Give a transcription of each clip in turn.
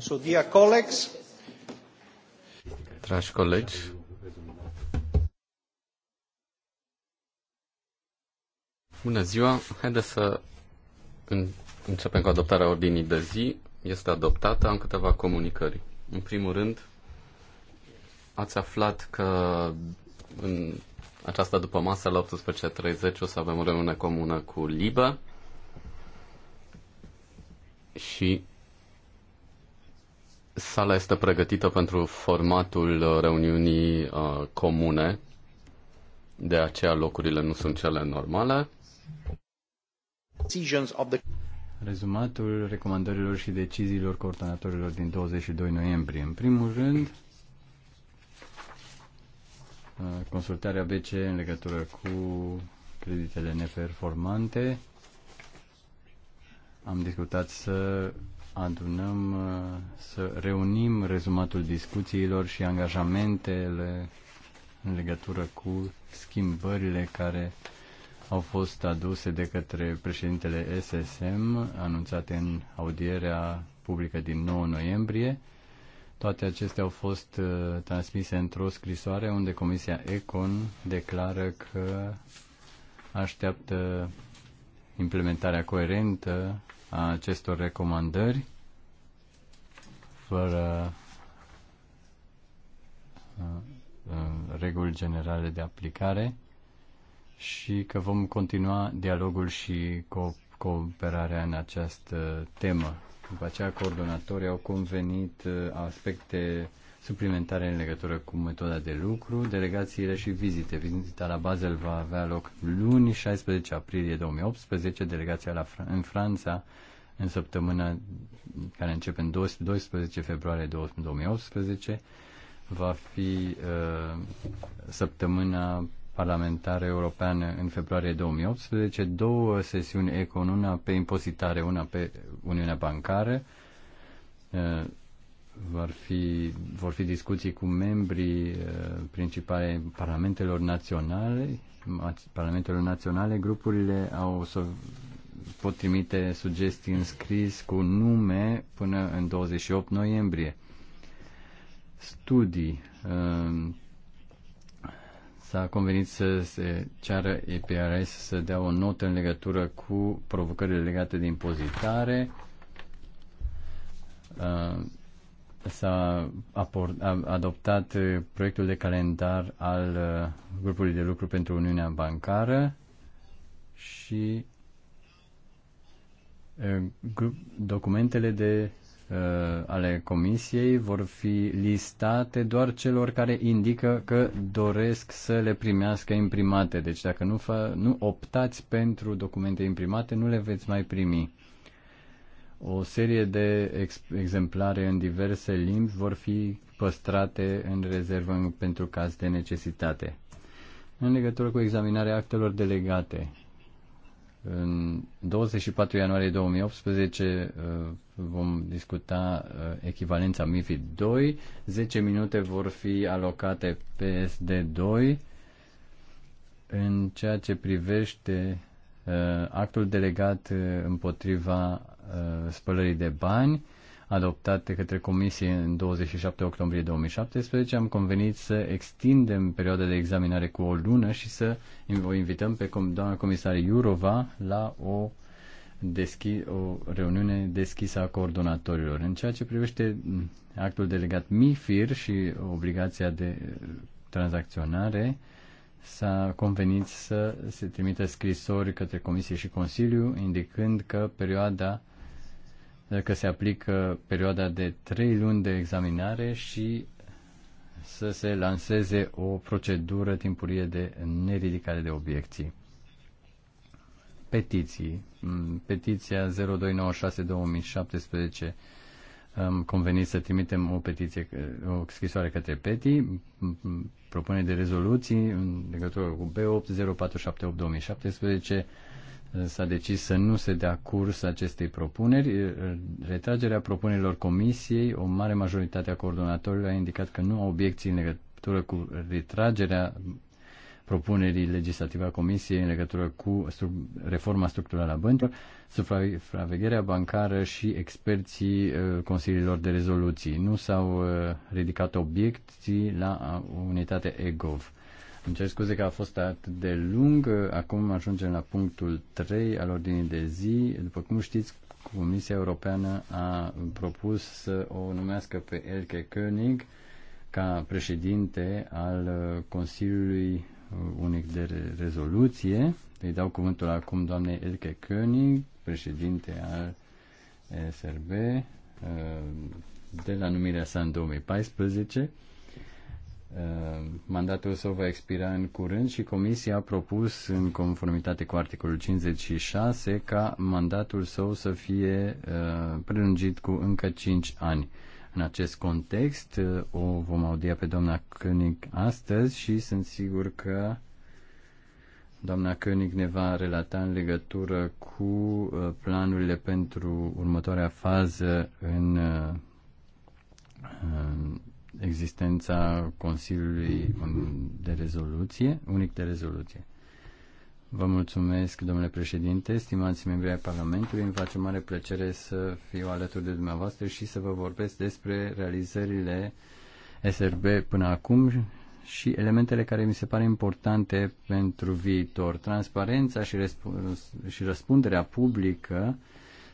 So, Dragi colegi, bună ziua! Haideți să începem cu adoptarea ordinii de zi. Este adoptată, am câteva comunicări. În primul rând, ați aflat că în aceasta după masă la 18.30 o să avem o reuniune comună cu Liba și Sala este pregătită pentru formatul uh, reuniunii uh, comune, de aceea locurile nu sunt cele normale. Rezumatul recomandărilor și deciziilor coordonatorilor din 22 noiembrie. În primul rând, uh, consultarea BC în legătură cu creditele neperformante. Am discutat să adunăm, uh, să reunim rezumatul discuțiilor și angajamentele în legătură cu schimbările care au fost aduse de către președintele SSM, anunțate în audierea publică din 9 noiembrie. Toate acestea au fost uh, transmise într-o scrisoare unde Comisia Econ declară că așteaptă implementarea coerentă a acestor recomandări, fără reguli generale de aplicare și că vom continua dialogul și co- cooperarea în această temă. După aceea, coordonatorii au convenit aspecte suplimentare în legătură cu metoda de lucru, delegațiile și vizite. Vizita la Basel va avea loc luni, 16 aprilie 2018, delegația la Fra- în Franța în săptămâna care începe în 12 februarie 2018 va fi uh, săptămâna parlamentară europeană în februarie 2018, două sesiuni ECON, una pe impozitare, una pe Uniunea Bancară, uh, vor fi, vor fi discuții cu membrii eh, principale parlamentelor naționale, parlamentelor naționale, grupurile au să pot trimite sugestii în scris cu nume până în 28 noiembrie. Studii. Eh, s-a convenit să se ceară EPRS să dea o notă în legătură cu provocările legate de impozitare eh, s-a adoptat uh, proiectul de calendar al uh, grupului de lucru pentru Uniunea Bancară și uh, documentele de ale comisiei vor fi listate doar celor care indică că doresc să le primească imprimate. Deci dacă nu, fa, nu optați pentru documente imprimate, nu le veți mai primi. O serie de ex- exemplare în diverse limbi vor fi păstrate în rezervă pentru caz de necesitate. În legătură cu examinarea actelor delegate, în 24 ianuarie 2018 uh, vom discuta uh, echivalența MIFID 2. 10 minute vor fi alocate PSD 2 în ceea ce privește uh, actul delegat împotriva Uh, spălării de bani, adoptat de către Comisie în 27 octombrie 2017, am convenit să extindem perioada de examinare cu o lună și să o invităm pe doamna comisar Iurova la o, deschi, o reuniune deschisă a coordonatorilor. În ceea ce privește actul delegat MIFIR și obligația de uh, tranzacționare, s-a convenit să se trimită scrisori către Comisie și Consiliu, indicând că perioada că se aplică perioada de trei luni de examinare și să se lanseze o procedură timpurie de neridicare de obiecții. Petiții. Mm, petiția 0296-2017 am convenit să trimitem o petiție, o scrisoare către PETI, mm, mm, propune de rezoluții în legătură cu B8047-2017 s-a decis să nu se dea curs acestei propuneri. Retragerea propunerilor comisiei, o mare majoritate a coordonatorilor a indicat că nu au obiecții în legătură cu retragerea propunerii legislative a Comisiei în legătură cu reforma structurală a băncilor, supravegherea bancară și experții uh, consiliilor de rezoluții. Nu s-au uh, ridicat obiecții la uh, unitatea EGOV. Îmi cer scuze că a fost atât de lung. Acum ajungem la punctul 3 al ordinii de zi. După cum știți, Comisia Europeană a propus să o numească pe Elke König ca președinte al Consiliului Unic de Rezoluție. Îi dau cuvântul acum doamnei Elke König, președinte al SRB, de la numirea sa în 2014 Uh, mandatul său va expira în curând și Comisia a propus, în conformitate cu articolul 56, ca mandatul său să fie uh, prelungit cu încă 5 ani. În acest context, uh, o vom audia pe doamna Cânic astăzi și sunt sigur că doamna Cânic ne va relata în legătură cu planurile pentru următoarea fază în existența Consiliului de rezoluție, unic de rezoluție. Vă mulțumesc, domnule președinte, stimați membri ai Parlamentului, îmi face mare plăcere să fiu alături de dumneavoastră și să vă vorbesc despre realizările SRB până acum și elementele care mi se pare importante pentru viitor. Transparența și, răsp- și răspunderea publică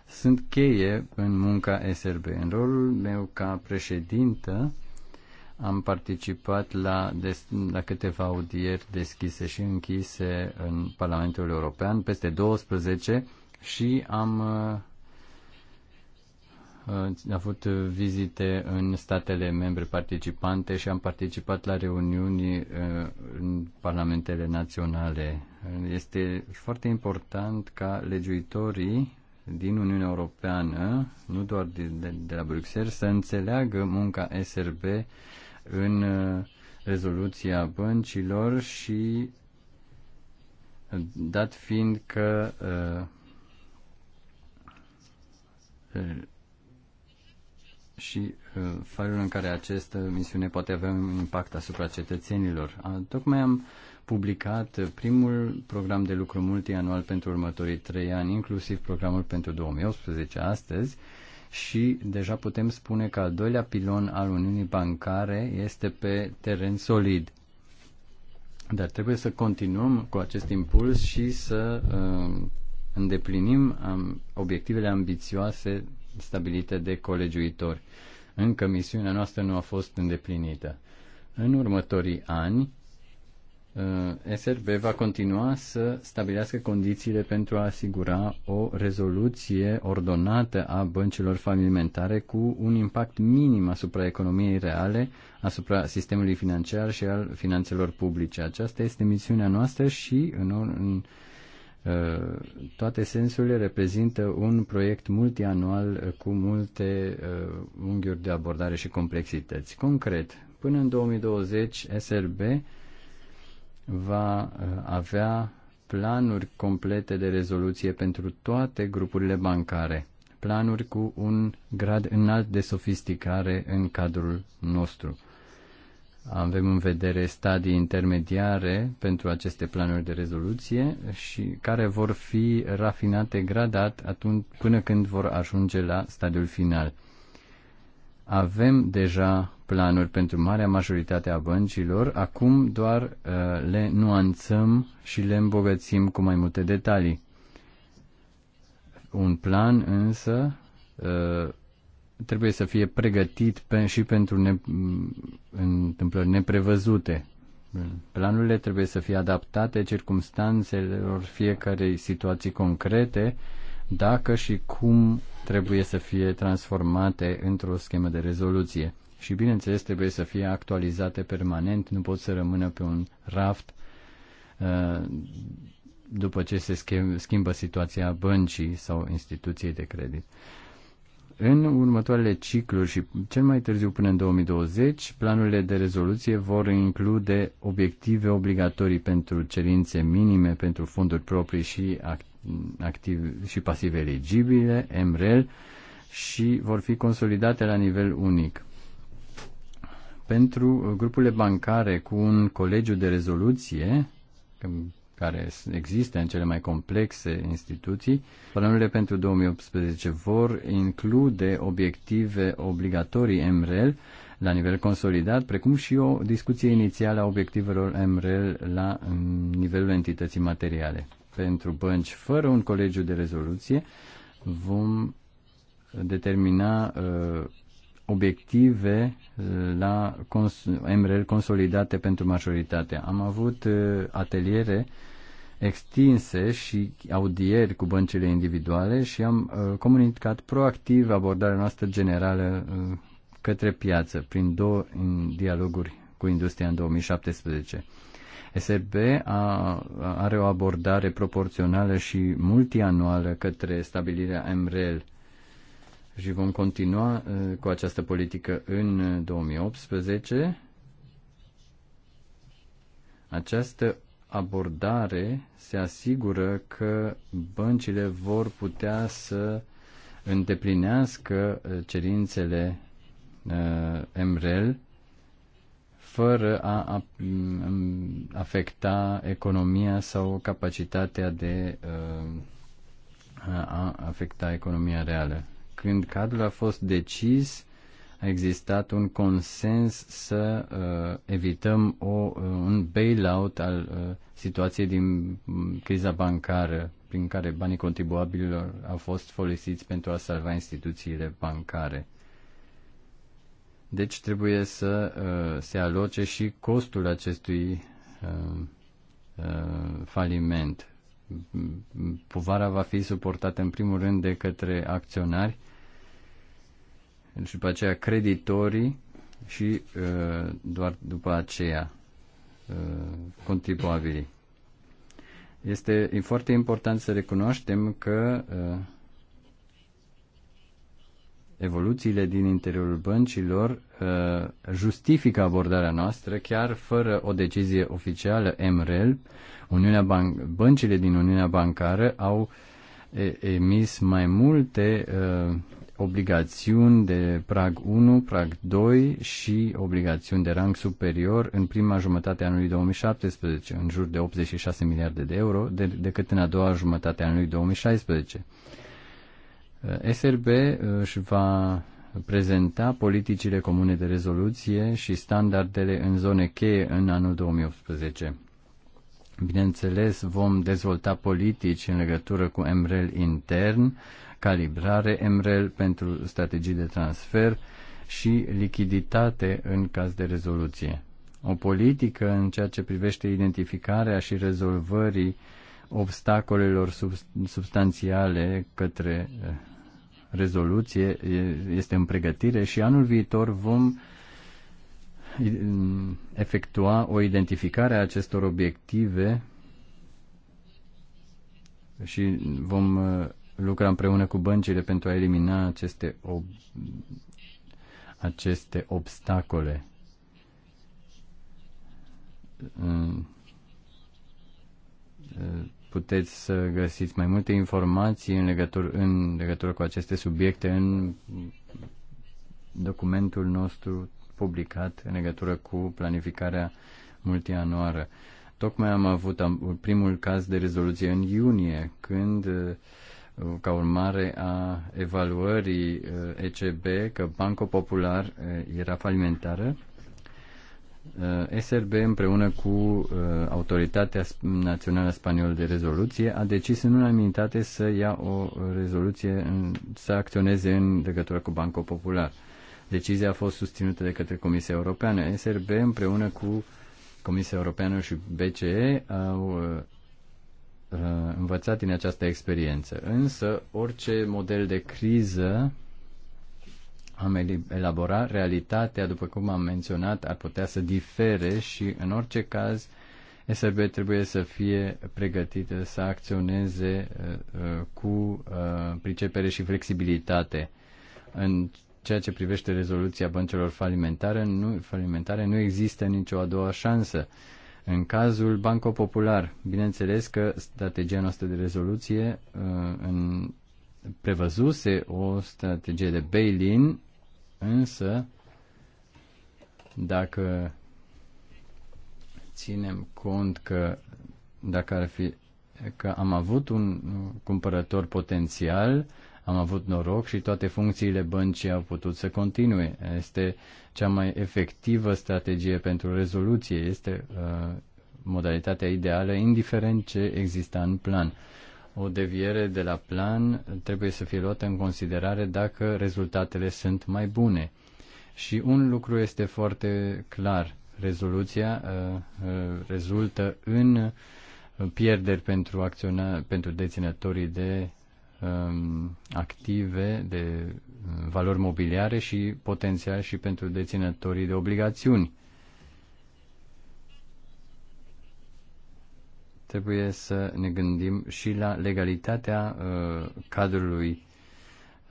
sunt cheie în munca SRB. În rolul meu ca președintă, am participat la, des, la câteva audieri deschise și închise în Parlamentul European, peste 12, și am uh, avut vizite în statele membre participante și am participat la reuniuni uh, în parlamentele naționale. Este foarte important ca legiuitorii din Uniunea Europeană, nu doar de, de, de la Bruxelles, să înțeleagă munca SRB în uh, rezoluția băncilor și uh, dat fiind că uh, și felul în care această misiune poate avea un impact asupra cetățenilor. Tocmai am publicat primul program de lucru multianual pentru următorii trei ani, inclusiv programul pentru 2018 astăzi, și deja putem spune că al doilea pilon al Uniunii Bancare este pe teren solid. Dar trebuie să continuăm cu acest impuls și să uh, îndeplinim um, obiectivele ambițioase stabilite de colegiuitori. Încă misiunea noastră nu a fost îndeplinită. În următorii ani, Uh, SRB va continua să stabilească condițiile pentru a asigura o rezoluție ordonată a băncilor falimentare cu un impact minim asupra economiei reale, asupra sistemului financiar și al finanțelor publice. Aceasta este misiunea noastră și în, în uh, toate sensurile reprezintă un proiect multianual cu multe uh, unghiuri de abordare și complexități. Concret, până în 2020, SRB va uh, avea planuri complete de rezoluție pentru toate grupurile bancare, planuri cu un grad înalt de sofisticare în cadrul nostru. Avem în vedere stadii intermediare pentru aceste planuri de rezoluție și care vor fi rafinate gradat atunci, până când vor ajunge la stadiul final. Avem deja planuri pentru marea majoritate a băncilor, acum doar uh, le nuanțăm și le îmbogățim cu mai multe detalii. Un plan însă uh, trebuie să fie pregătit pe, și pentru ne, întâmplări neprevăzute. Planurile trebuie să fie adaptate circumstanțelor fiecarei situații concrete, dacă și cum trebuie să fie transformate într-o schemă de rezoluție și, bineînțeles, trebuie să fie actualizate permanent, nu pot să rămână pe un raft uh, după ce se schimbă situația băncii sau instituției de credit. În următoarele cicluri și cel mai târziu până în 2020, planurile de rezoluție vor include obiective obligatorii pentru cerințe minime pentru fonduri proprii și, activ, și pasive eligibile, MREL, și vor fi consolidate la nivel unic pentru grupurile bancare cu un colegiu de rezoluție care există în cele mai complexe instituții, planurile pentru 2018 vor include obiective obligatorii MREL la nivel consolidat, precum și o discuție inițială a obiectivelor MREL la nivelul entității materiale. Pentru bănci fără un colegiu de rezoluție vom determina uh, obiective eh, la cons- MRL consolidate pentru majoritatea. Am avut eh, ateliere extinse și audieri cu băncile individuale și am eh, comunicat proactiv abordarea noastră generală către piață prin două dialoguri cu industria în 2017. SRB a, are o abordare proporțională și multianuală către stabilirea MREL și vom continua uh, cu această politică în 2018. Uh, această abordare se asigură că băncile vor putea să îndeplinească uh, cerințele MREL fără a afecta economia sau capacitatea de a afecta economia reală. Când cadrul a fost decis, a existat un consens să uh, evităm o, uh, un bailout al uh, situației din mm, criza bancară, prin care banii contribuabililor au fost folosiți pentru a salva instituțiile bancare. Deci trebuie să uh, se aloce și costul acestui uh, uh, faliment. Mm, mm, povara va fi suportată în primul rând de către acționari uh, și după aceea creditorii și uh, doar după aceea uh, contribuabilii. Este foarte important să recunoaștem că uh, evoluțiile din interiorul băncilor justifică abordarea noastră chiar fără o decizie oficială MREL. Uniunea Ban- băncile din Uniunea Bancară au emis mai multe obligațiuni de prag 1, prag 2 și obligațiuni de rang superior în prima jumătate a anului 2017, în jur de 86 miliarde de euro, de, decât în a doua jumătate a anului 2016. Uh, SRB uh, își va prezenta politicile comune de rezoluție și standardele în zone cheie în anul 2018. Bineînțeles, vom dezvolta politici în legătură cu MREL intern calibrare MREL pentru strategii de transfer și lichiditate în caz de rezoluție. O politică în ceea ce privește identificarea și rezolvării obstacolelor substanțiale către eh, rezoluție este în pregătire și anul viitor vom mm, efectua o identificare a acestor obiective și vom eh, lucra împreună cu băncile pentru a elimina aceste, ob- aceste obstacole. Puteți să găsiți mai multe informații în legătură, în legătură cu aceste subiecte în documentul nostru publicat în legătură cu planificarea multianuară. Tocmai am avut primul caz de rezoluție în iunie, când ca urmare a evaluării uh, ECB că Banco Popular uh, era falimentară, uh, SRB împreună cu Autoritatea Națională Spaniolă de Rezoluție a decis în unanimitate să ia o rezoluție, să acționeze în legătură cu Banco Popular. Decizia a fost susținută de către Comisia Europeană. SRB împreună cu Comisia Europeană și BCE au Uh, învățat din această experiență. Însă, orice model de criză am elaborat, realitatea, după cum am menționat, ar putea să difere și, în orice caz, SRB trebuie să fie pregătită să acționeze uh, uh, cu pricepere și flexibilitate. În ceea ce privește rezoluția băncilor falimentare, nu, falimentare, nu există nicio a doua șansă. Uh, în cazul Banco Popular, bineînțeles că strategia noastră de rezoluție uh, în, prevăzuse o strategie de bail-in, însă dacă ținem cont că dacă ar fi că am avut un cumpărător potențial, am avut noroc și toate funcțiile băncii au putut să continue. Este cea mai efectivă strategie pentru rezoluție. Este uh, modalitatea ideală, indiferent ce exista în plan. O deviere de la plan trebuie să fie luată în considerare dacă rezultatele sunt mai bune. Și un lucru este foarte clar. Rezoluția uh, uh, rezultă în pierderi pentru, acționa, pentru deținătorii de Um, active de um, valori mobiliare și potențial și pentru deținătorii de obligațiuni. Trebuie să ne gândim și la legalitatea uh, cadrului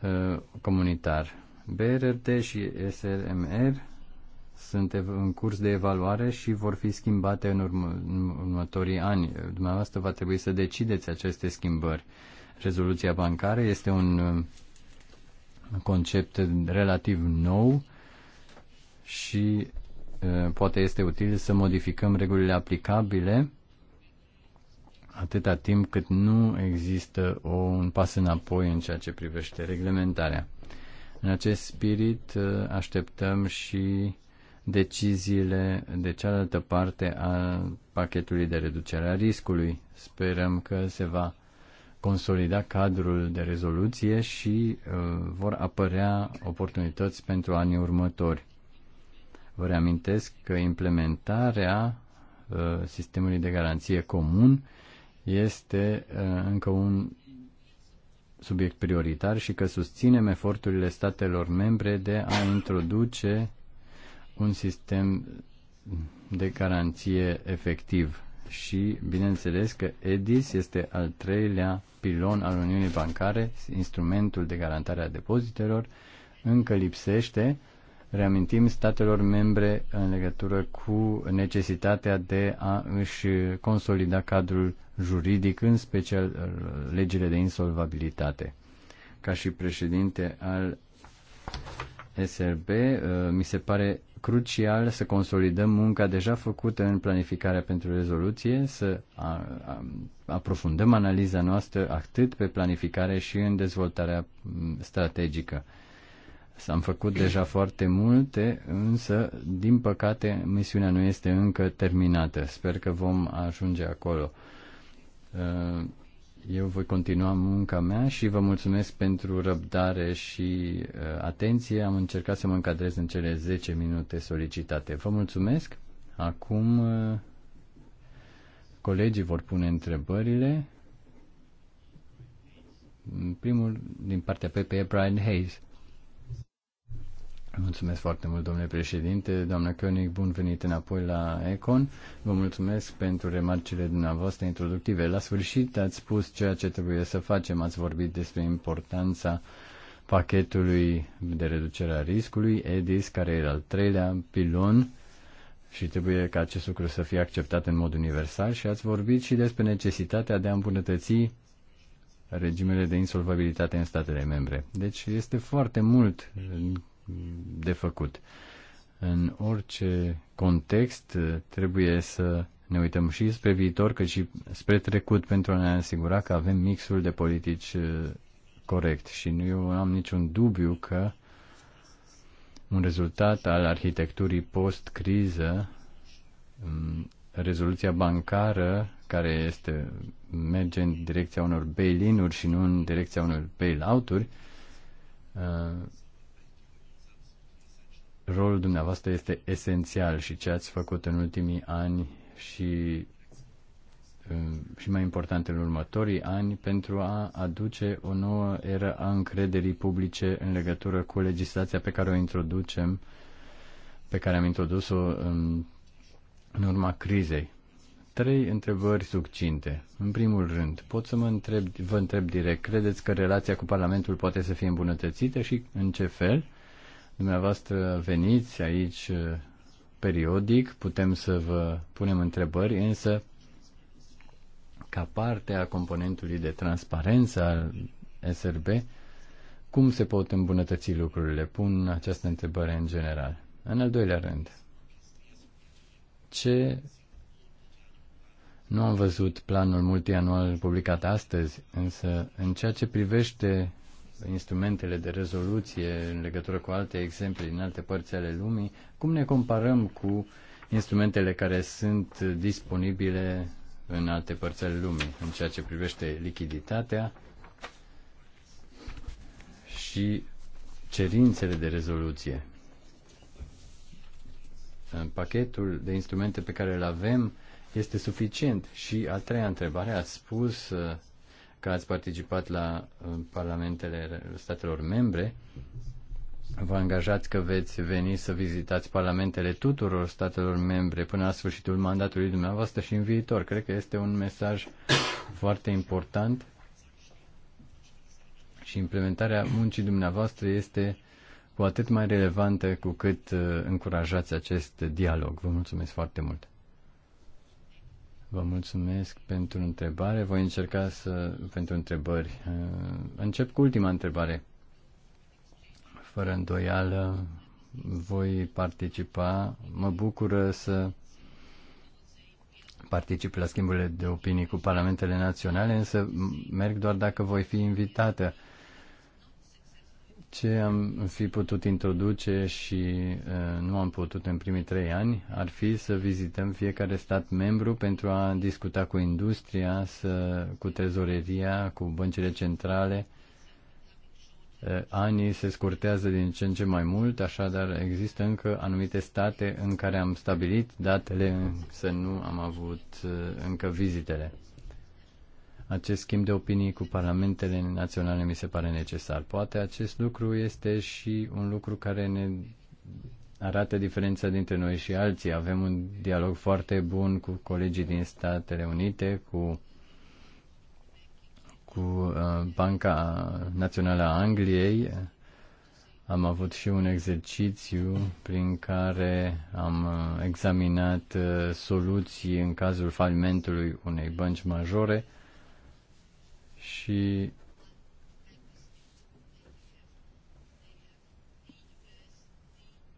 uh, comunitar. BRRT și SRMR sunt în curs de evaluare și vor fi schimbate în, urmă, în următorii ani. Dumneavoastră va trebui să decideți aceste schimbări. Uh, Rezoluția bancară este un um, concept relativ nou și uh, poate este util să modificăm regulile aplicabile atâta timp cât nu există o, un pas înapoi în ceea ce privește reglementarea. În acest spirit uh, așteptăm și deciziile de cealaltă parte a pachetului de reducere a riscului. Sperăm că se va consolida cadrul de rezoluție și uh, vor apărea oportunități pentru anii următori. Vă reamintesc că implementarea uh, sistemului de garanție comun este uh, încă un subiect prioritar și că susținem eforturile statelor membre de a introduce un sistem de garanție efectiv și, bineînțeles, că EDIS este al treilea pilon al Uniunii Bancare, instrumentul de garantare a depozitelor, încă lipsește. Reamintim statelor membre în legătură cu necesitatea de a își consolida cadrul juridic, în special uh, legile de insolvabilitate. Ca și președinte al SRB, uh, mi se pare crucial să consolidăm munca deja făcută în planificarea pentru rezoluție, să a, a, aprofundăm analiza noastră atât pe planificare și în dezvoltarea strategică. S-am făcut deja foarte multe, însă, din păcate, misiunea nu este încă terminată. Sper că vom ajunge acolo. Uh, eu voi continua munca mea și vă mulțumesc pentru răbdare și uh, atenție. Am încercat să mă încadrez în cele 10 minute solicitate. Vă mulțumesc. Acum uh, colegii vor pune întrebările. În primul, din partea PPE, Brian Hayes. Mulțumesc foarte mult, domnule președinte. Doamna König, bun venit înapoi la Econ. Vă mulțumesc pentru remarcile dumneavoastră introductive. La sfârșit ați spus ceea ce trebuie să facem. Ați vorbit despre importanța pachetului de reducere a riscului, EDIS, care era al treilea pilon și trebuie ca acest lucru să fie acceptat în mod universal și ați vorbit și despre necesitatea de a îmbunătăți regimele de insolvabilitate în statele membre. Deci este foarte mult de făcut. În orice context trebuie să ne uităm și spre viitor, cât și spre trecut pentru a ne asigura că avem mixul de politici uh, corect. Și nu eu am niciun dubiu că un rezultat al arhitecturii post-criză, mm, rezoluția bancară, care este, merge în direcția unor bail-in-uri și nu în direcția unor bail-out-uri, uh, rolul dumneavoastră este esențial și ce ați făcut în ultimii ani și um, și mai important în următorii ani pentru a aduce o nouă eră a încrederii publice în legătură cu legislația pe care o introducem, pe care am introdus-o în, um, în urma crizei. Trei întrebări succinte. În primul rând, pot să mă întreb, vă întreb direct, credeți că relația cu Parlamentul poate să fie îmbunătățită și în ce fel? Dumneavoastră veniți aici uh, periodic, putem să vă punem întrebări, însă ca parte a componentului de transparență al SRB, cum se pot îmbunătăți lucrurile? Pun această întrebare în general. În al doilea rând, ce nu am văzut planul multianual publicat astăzi, însă în ceea ce privește instrumentele de rezoluție în legătură cu alte exemple din alte părți ale lumii, cum ne comparăm cu instrumentele care sunt disponibile în alte părți ale lumii în ceea ce privește lichiditatea și cerințele de rezoluție. Pachetul de instrumente pe care îl avem este suficient. Și a treia întrebare, a spus uh, că ați participat la uh, parlamentele statelor membre. Vă angajați că veți veni să vizitați parlamentele tuturor statelor membre până la sfârșitul mandatului dumneavoastră și în viitor. Cred că este un mesaj foarte important și implementarea muncii dumneavoastră este cu atât mai relevantă cu cât uh, încurajați acest dialog. Vă mulțumesc foarte mult! Vă mulțumesc pentru întrebare. Voi încerca să... pentru întrebări. Eh, încep cu ultima întrebare. Fără îndoială voi participa. Mă bucură să particip la schimburile de opinii cu parlamentele naționale, însă merg doar dacă voi fi invitată ce am fi putut introduce și uh, nu am putut în primii trei ani ar fi să vizităm fiecare stat membru pentru a discuta cu industria, să, cu trezoreria, cu băncile centrale. Uh, anii se scurtează din ce în ce mai mult, așadar există încă anumite state în care am stabilit datele, însă nu am avut uh, încă vizitele. Acest schimb de opinii cu parlamentele naționale mi se pare necesar. Poate acest lucru este și un lucru care ne arată diferența dintre noi și alții. Avem un dialog foarte bun cu colegii din Statele Unite, cu cu uh, Banca Națională a Angliei. Am avut și un exercițiu prin care am uh, examinat uh, soluții în cazul falimentului unei bănci majore și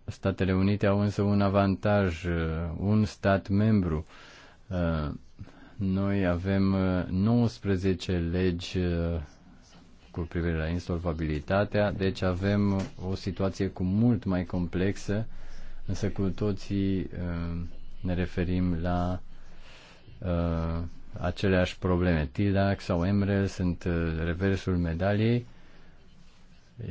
Statele Unite au însă un avantaj, uh, un stat membru. Uh, noi avem 19 uh, legi cu privire la insolvabilitatea, deci avem o situație cu mult mai complexă, însă cu toții ne referim la aceleași probleme. Tildac sau Emrel sunt uh, reversul medaliei.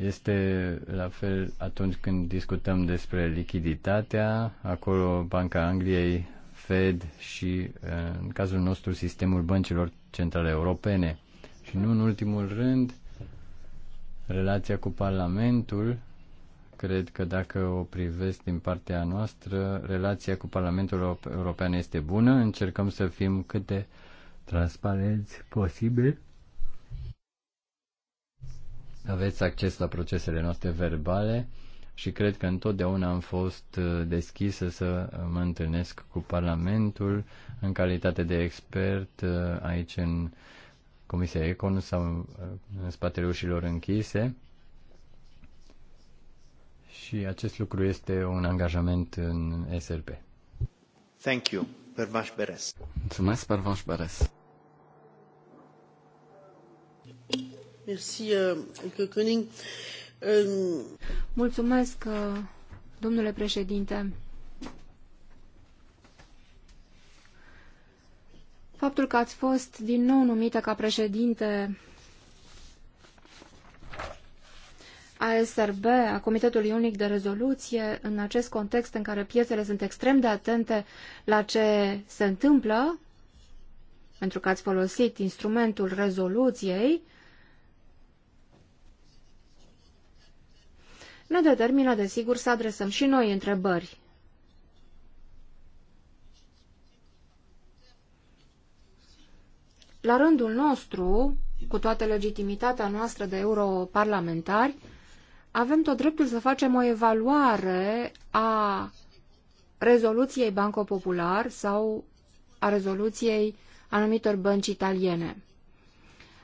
Este la fel atunci când discutăm despre lichiditatea, acolo Banca Angliei, Fed și, uh, în cazul nostru, sistemul băncilor centrale europene. Și nu în ultimul rând, relația cu Parlamentul, cred că dacă o privesc din partea noastră, relația cu Parlamentul European este bună, încercăm să fim câte de transparenți posibil. Aveți acces la procesele noastre verbale și cred că întotdeauna am fost uh, deschisă să uh, mă întâlnesc cu Parlamentul în calitate de expert uh, aici în Comisia Econ sau în spatele ușilor închise. Și acest lucru este un angajament în SRP. Thank you. Pervaș Beres. Mulțumesc, Pervaș Beres. Euh, euh, Mulțumesc, uh, domnule președinte. Faptul că ați fost din nou numită ca președinte ASRB, a Comitetului Unic de Rezoluție, în acest context în care piețele sunt extrem de atente la ce se întâmplă, pentru că ați folosit instrumentul rezoluției, ne determină, desigur, să adresăm și noi întrebări. La rândul nostru, cu toată legitimitatea noastră de europarlamentari, avem tot dreptul să facem o evaluare a rezoluției Banco Popular sau a rezoluției anumitor bănci italiene.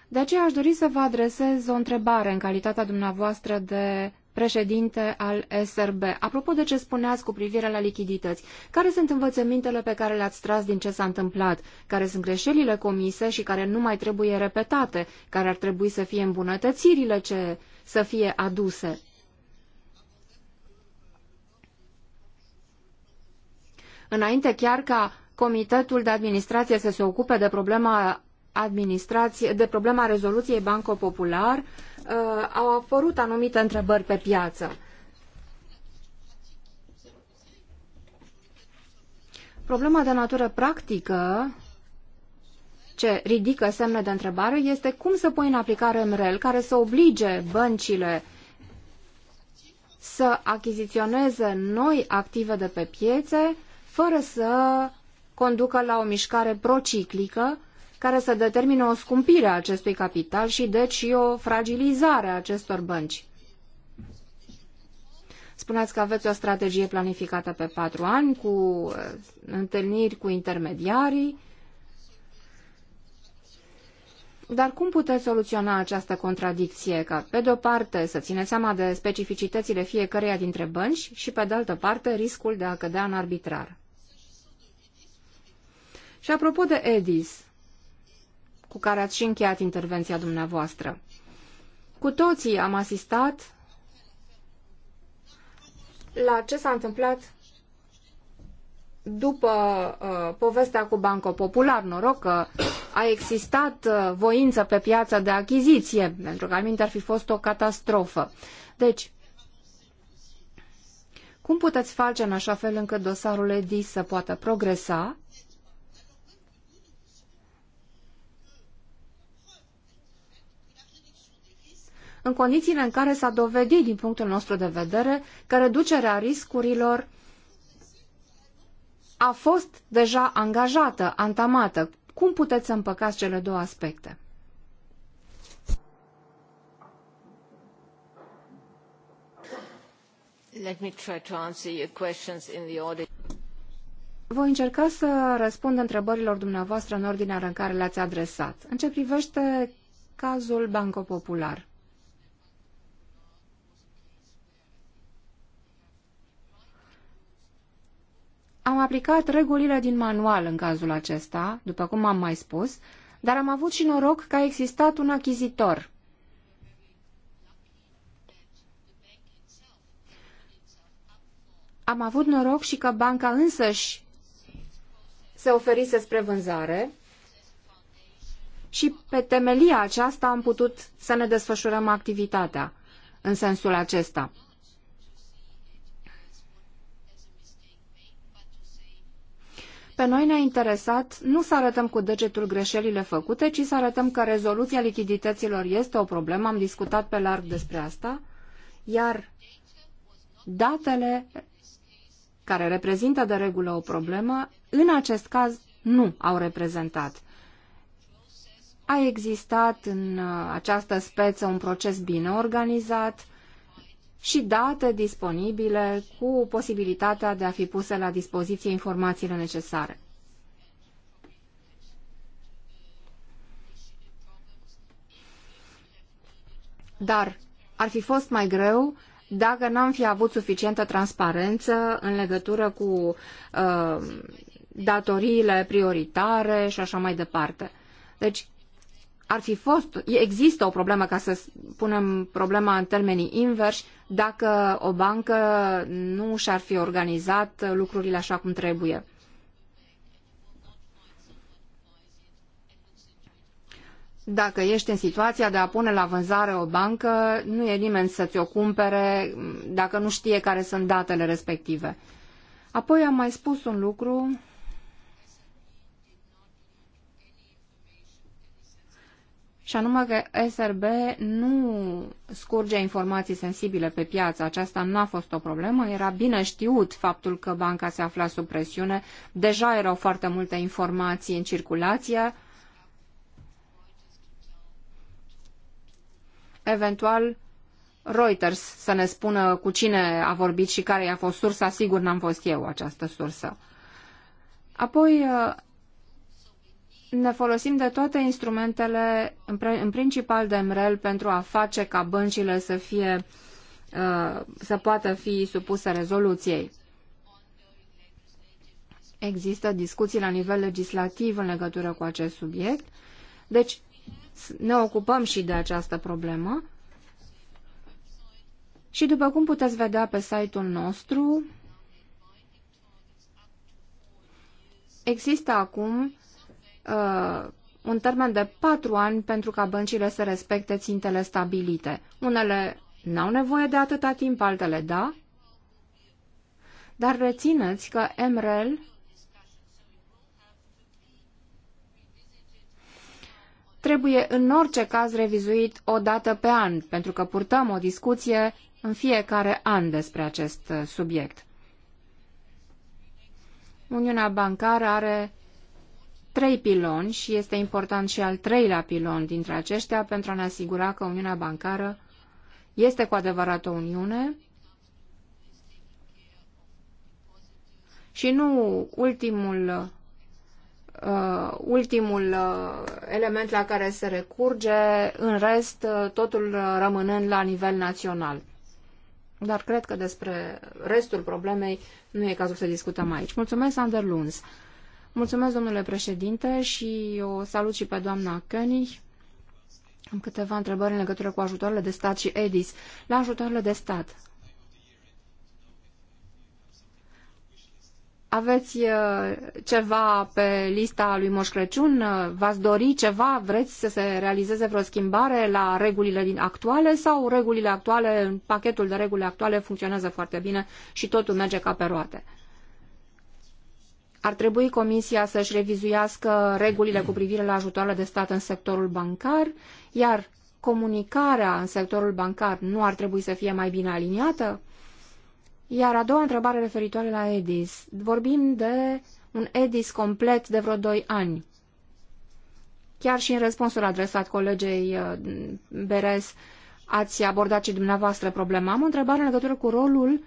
De aceea aș dori să vă adresez o întrebare în calitatea dumneavoastră de președinte al SRB. Apropo de ce spuneați cu privire la lichidități, care sunt învățămintele pe care le-ați tras din ce s-a întâmplat? Care sunt greșelile comise și care nu mai trebuie repetate? Care ar trebui să fie îmbunătățirile ce să fie aduse. Înainte chiar ca Comitetul de Administrație să se ocupe de problema administrație, de problema rezoluției Banco Popular, uh, au apărut anumite întrebări pe piață. Problema de natură practică ce ridică semne de întrebare este cum să pui în aplicare MREL care să oblige băncile să achiziționeze noi active de pe piețe fără să conducă la o mișcare prociclică care să determine o scumpire a acestui capital și deci și o fragilizare a acestor bănci. Spuneați că aveți o strategie planificată pe patru ani cu eh, întâlniri cu intermediarii dar cum puteți soluționa această contradicție, ca pe de o parte să țineți seama de specificitățile fiecăreia dintre bănci și pe de altă parte riscul de a cădea în arbitrar? Și apropo de EDIS, cu care ați și încheiat intervenția dumneavoastră, cu toții am asistat la ce s-a întâmplat după uh, povestea cu Banco Popular, noroc că a existat uh, voință pe piața de achiziție, pentru că alminte ar fi fost o catastrofă. Deci, cum puteți face în așa fel încât dosarul EDIS să poată progresa? în condițiile în care s-a dovedit, din punctul nostru de vedere, că reducerea riscurilor a fost deja angajată, antamată. Cum puteți să împăcați cele două aspecte? Let me try to answer your questions in the order. Voi încerca să răspund întrebărilor dumneavoastră în ordinea în care le-ați adresat. În ce privește cazul Banco Popular. Am aplicat regulile din manual în cazul acesta, după cum am mai spus, dar am avut și noroc că a existat un achizitor. Am avut noroc și că banca însăși se oferise spre vânzare și pe temelia aceasta am putut să ne desfășurăm activitatea în sensul acesta. Pe noi ne-a interesat nu să arătăm cu degetul greșelile făcute, ci să arătăm că rezoluția lichidităților este o problemă, am discutat pe larg despre asta, iar datele care reprezintă de regulă o problemă, în acest caz nu au reprezentat. A existat în uh, această speță un proces bine organizat, și date disponibile cu posibilitatea de a fi puse la dispoziție informațiile necesare. Dar ar fi fost mai greu dacă n-am fi avut suficientă transparență în legătură cu uh, datoriile prioritare și așa mai departe. Deci, ar fi fost, există o problemă, ca să punem problema în termenii invers, dacă o bancă nu și-ar fi organizat lucrurile așa cum trebuie. Dacă ești în situația de a pune la vânzare o bancă, nu e nimeni să ți-o cumpere dacă nu știe care sunt datele respective. Apoi am mai spus un lucru și anume că SRB nu scurge informații sensibile pe piață. Aceasta nu a fost o problemă, era bine știut faptul că banca se afla sub presiune, deja erau foarte multe informații în circulație, eventual Reuters să ne spună cu cine a vorbit și care i-a fost sursa, sigur n-am fost eu această sursă. Apoi ne folosim de toate instrumentele, în principal de MREL, pentru a face ca băncile să fie uh, să poată fi supuse rezoluției. Există discuții la nivel legislativ în legătură cu acest subiect, deci ne ocupăm și de această problemă. Și după cum puteți vedea pe site-ul nostru, există acum uh, un termen de patru ani pentru ca băncile să respecte țintele stabilite. Unele n-au nevoie de atâta timp, altele da. Dar rețineți că MREL trebuie în orice caz revizuit o dată pe an, pentru că purtăm o discuție în fiecare an despre acest uh, subiect. Uniunea bancară are trei piloni și este important și al treilea pilon dintre aceștia pentru a ne asigura că Uniunea Bancară este cu adevărat o Uniune și nu ultimul, uh, ultimul uh, element la care se recurge, în rest uh, totul rămânând la nivel național. Dar cred că despre restul problemei nu e cazul să discutăm aici. Mulțumesc, Sander Luns. Mulțumesc, domnule președinte, și o salut și pe doamna König. Am câteva întrebări în legătură cu ajutoarele de stat și EDIS. La ajutoarele de stat, aveți uh, ceva pe lista lui Moș Crăciun? Uh, v-ați dori ceva? Vreți să se realizeze vreo schimbare la regulile din actuale sau regulile actuale, pachetul de reguli actuale funcționează foarte bine și totul merge ca pe roate? Ar trebui Comisia să-și revizuiască regulile cu privire la ajutoarele de stat în sectorul bancar, iar comunicarea în sectorul bancar nu ar trebui să fie mai bine aliniată? Iar a doua întrebare referitoare la EDIS. Vorbim de un EDIS complet de vreo 2 ani. Chiar și în răspunsul adresat colegei uh, Beres, ați abordat și dumneavoastră problema. Am o întrebare în legătură cu rolul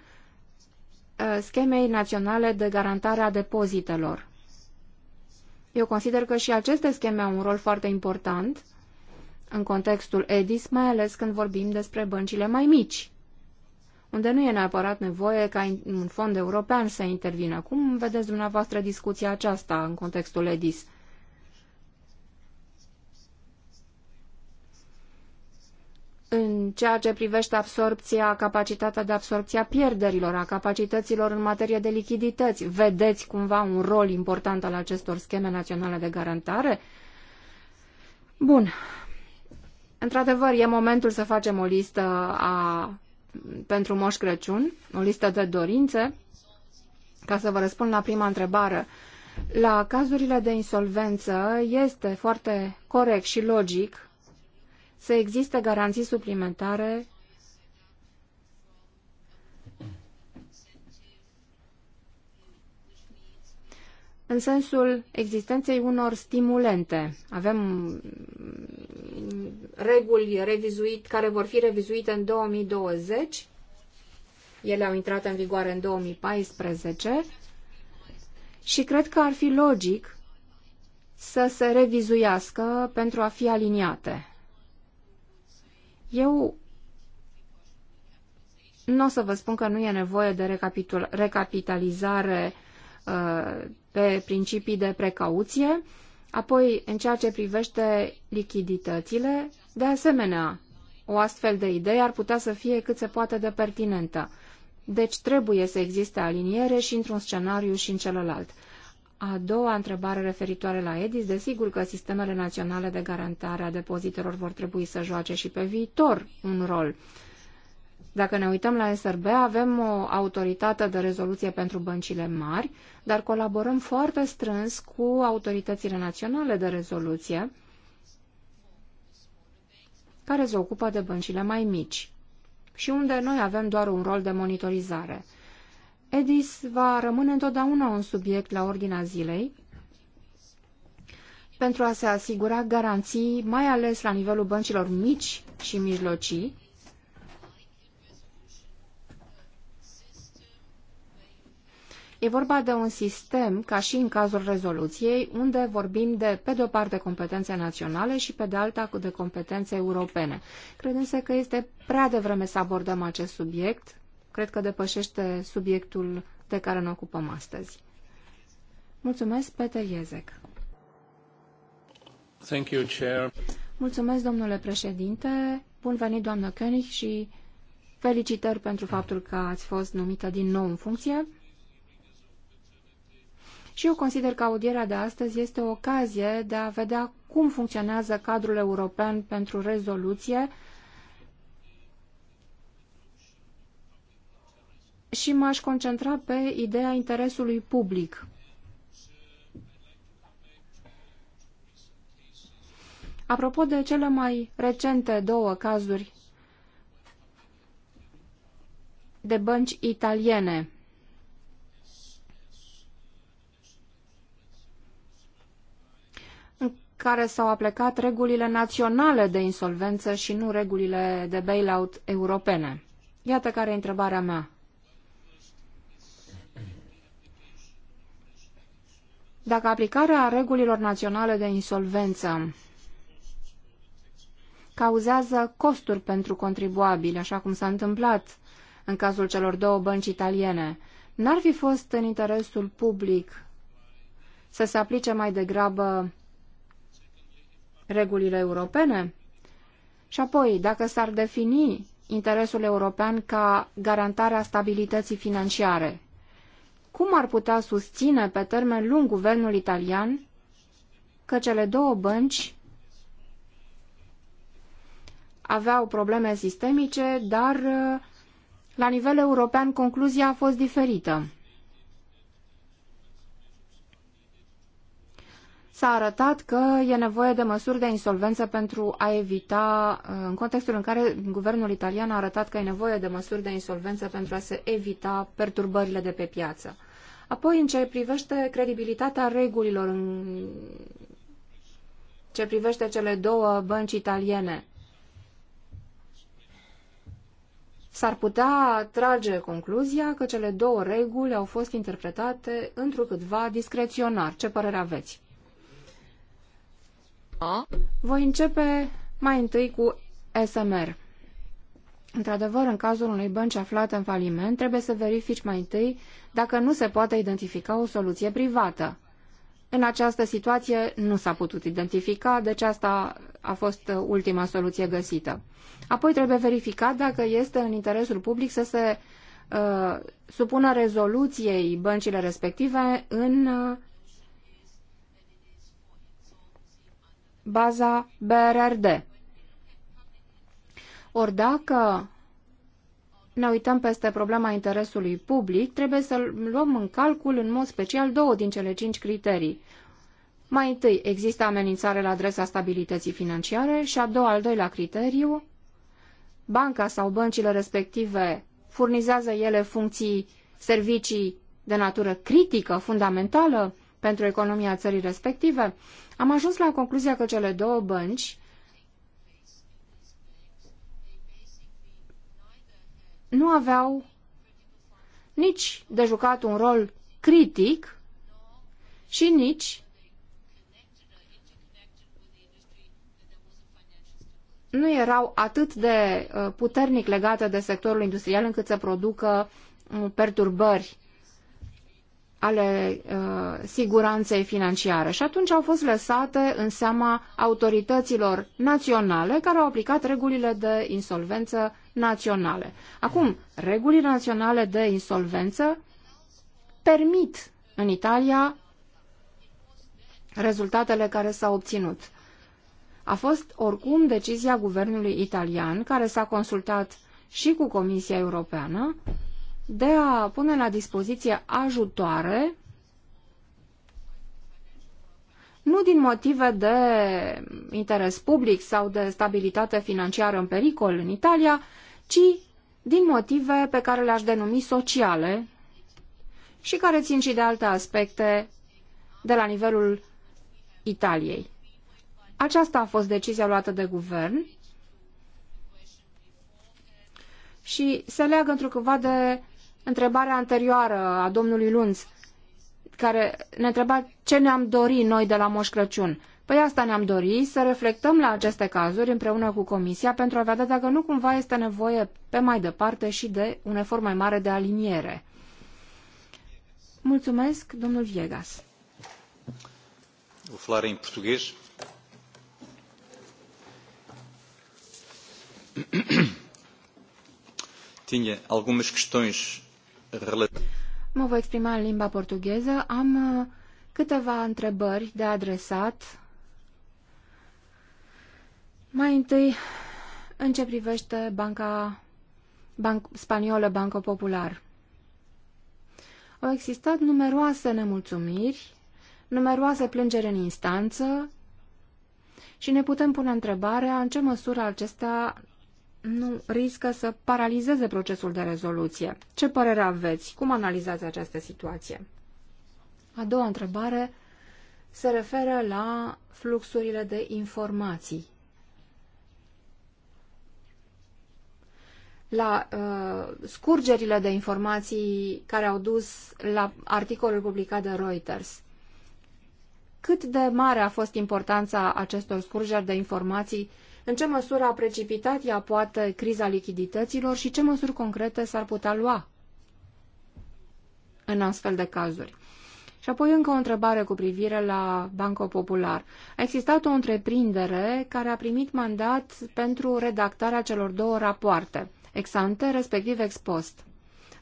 Uh, schemei naționale de garantare a depozitelor. Eu consider că și aceste scheme au un rol foarte important în contextul EDIS, mai ales când vorbim despre băncile mai mici, unde nu e neapărat nevoie ca un fond european să intervină. Cum vedeți dumneavoastră discuția aceasta în contextul EDIS? în ceea ce privește absorpția, capacitatea de absorpție a pierderilor, a capacităților în materie de lichidități. Vedeți cumva un rol important al acestor scheme naționale de garantare? Bun. Într-adevăr, e momentul să facem o listă a, pentru Moș Crăciun, o listă de dorințe. Ca să vă răspund la prima întrebare, la cazurile de insolvență este foarte corect și logic să existe garanții suplimentare în sensul existenței unor stimulente. Avem mm, reguli revizuit, care vor fi revizuite în 2020. Ele au intrat în vigoare în 2014 și cred că ar fi logic să se revizuiască pentru a fi aliniate. Eu nu o să vă spun că nu e nevoie de recapitalizare uh, pe principii de precauție, apoi în ceea ce privește lichiditățile, de asemenea, o astfel de idee ar putea să fie cât se poate de pertinentă. Deci trebuie să existe aliniere și într-un scenariu și în celălalt. A doua întrebare referitoare la EDIS, desigur că sistemele naționale de garantare a depozitelor vor trebui să joace și pe viitor un rol. Dacă ne uităm la SRB, avem o autoritate de rezoluție pentru băncile mari, dar colaborăm foarte strâns cu autoritățile naționale de rezoluție, care se ocupă de băncile mai mici și unde noi avem doar un rol de monitorizare – EDIS va rămâne întotdeauna un subiect la ordinea zilei pentru a se asigura garanții, mai ales la nivelul băncilor mici și mijlocii, E vorba de un sistem, ca și în cazul rezoluției, unde vorbim de, pe de-o parte, competențe naționale și, pe de alta, de competențe europene. Credem că este prea devreme să abordăm acest subiect cred că depășește subiectul de care ne ocupăm astăzi. Mulțumesc, Peter Iezec. Thank you, Chair. Mulțumesc, domnule președinte. Bun venit, doamnă König, și felicitări pentru faptul că ați fost numită din nou în funcție. Și eu consider că audierea de astăzi este o ocazie de a vedea cum funcționează cadrul european pentru rezoluție, și m-aș concentra pe ideea interesului public. Apropo de cele mai recente două cazuri de bănci italiene, în care s-au aplicat regulile naționale de insolvență și nu regulile de bailout europene. Iată care e întrebarea mea. Dacă aplicarea regulilor naționale de insolvență cauzează costuri pentru contribuabili, așa cum s-a întâmplat în cazul celor două bănci italiene, n-ar fi fost în interesul public să se aplice mai degrabă regulile europene? Și apoi, dacă s-ar defini interesul european ca garantarea stabilității financiare, cum ar putea susține pe termen lung guvernul italian că cele două bănci aveau probleme sistemice, dar uh, la nivel european concluzia a fost diferită. S-a arătat că e nevoie de măsuri de insolvență pentru a evita, uh, în contextul în care guvernul italian a arătat că e nevoie de măsuri de insolvență pentru a se evita perturbările de pe piață. Apoi, în ce privește credibilitatea regulilor, în ce privește cele două bănci italiene, s-ar putea trage concluzia că cele două reguli au fost interpretate întrucâtva discreționar. Ce părere aveți? Voi începe mai întâi cu SMR. Într-adevăr, în cazul unei bănci aflate în faliment, trebuie să verifici mai întâi dacă nu se poate identifica o soluție privată. În această situație nu s-a putut identifica, deci asta a fost ultima soluție găsită. Apoi trebuie verificat dacă este în interesul public să se uh, supună rezoluției băncile respective în uh, baza BRRD. Ori dacă ne uităm peste problema interesului public, trebuie să luăm în calcul în mod special două din cele cinci criterii. Mai întâi, există amenințare la adresa stabilității financiare și a doua, al doilea criteriu, banca sau băncile respective furnizează ele funcții, servicii de natură critică, fundamentală pentru economia țării respective, am ajuns la concluzia că cele două bănci nu aveau nici de jucat un rol critic și nici nu erau atât de uh, puternic legate de sectorul industrial încât să producă uh, perturbări ale uh, siguranței financiare și atunci au fost lăsate în seama autorităților naționale care au aplicat regulile de insolvență naționale. Acum, regulile naționale de insolvență permit în Italia rezultatele care s-au obținut. A fost oricum decizia guvernului italian care s-a consultat și cu Comisia Europeană de a pune la dispoziție ajutoare nu din motive de interes public sau de stabilitate financiară în pericol în Italia, ci din motive pe care le-aș denumi sociale și care țin și de alte aspecte de la nivelul Italiei. Aceasta a fost decizia luată de guvern și se leagă întrucâtva de întrebarea anterioară a domnului Lunț, care ne întreba ce ne-am dorit noi de la Moș Crăciun. Păi asta ne-am dorit, să reflectăm la aceste cazuri împreună cu Comisia pentru a vedea dacă nu cumva este nevoie pe mai departe și de un efort mai mare de aliniere. Mulțumesc, domnul Viegas. Vou falar em português. Tinha algumas questões Mă voi exprima în limba portugheză. Am uh, câteva întrebări de adresat. Mai întâi, în ce privește banca Ban spaniolă Banco Popular. Au existat numeroase nemulțumiri, numeroase plângeri în instanță și ne putem pune întrebarea în ce măsură acestea nu riscă să paralizeze procesul de rezoluție. Ce părere aveți? Cum analizați această situație? A doua întrebare se referă la fluxurile de informații. La uh, scurgerile de informații care au dus la articolul publicat de Reuters. Cât de mare a fost importanța acestor scurgeri de informații uh, în ce măsură a precipitat ea poate criza lichidităților și ce măsuri concrete s-ar putea lua în astfel de cazuri. Și apoi încă o întrebare cu privire la Banco Popular. A existat o întreprindere care a primit mandat pentru redactarea celor două rapoarte, ex-ante, respectiv ex-post.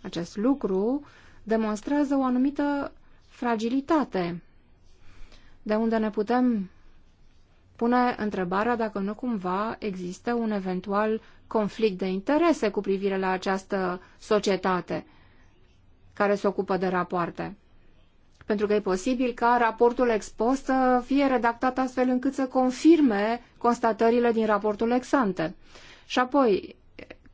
Acest lucru demonstrează o anumită fragilitate, de unde ne putem pune întrebarea dacă nu cumva există un eventual conflict de interese cu privire la această societate care se ocupă de rapoarte. Pentru că e posibil ca raportul expost să fie redactat astfel încât să confirme constatările din raportul exante. Și apoi,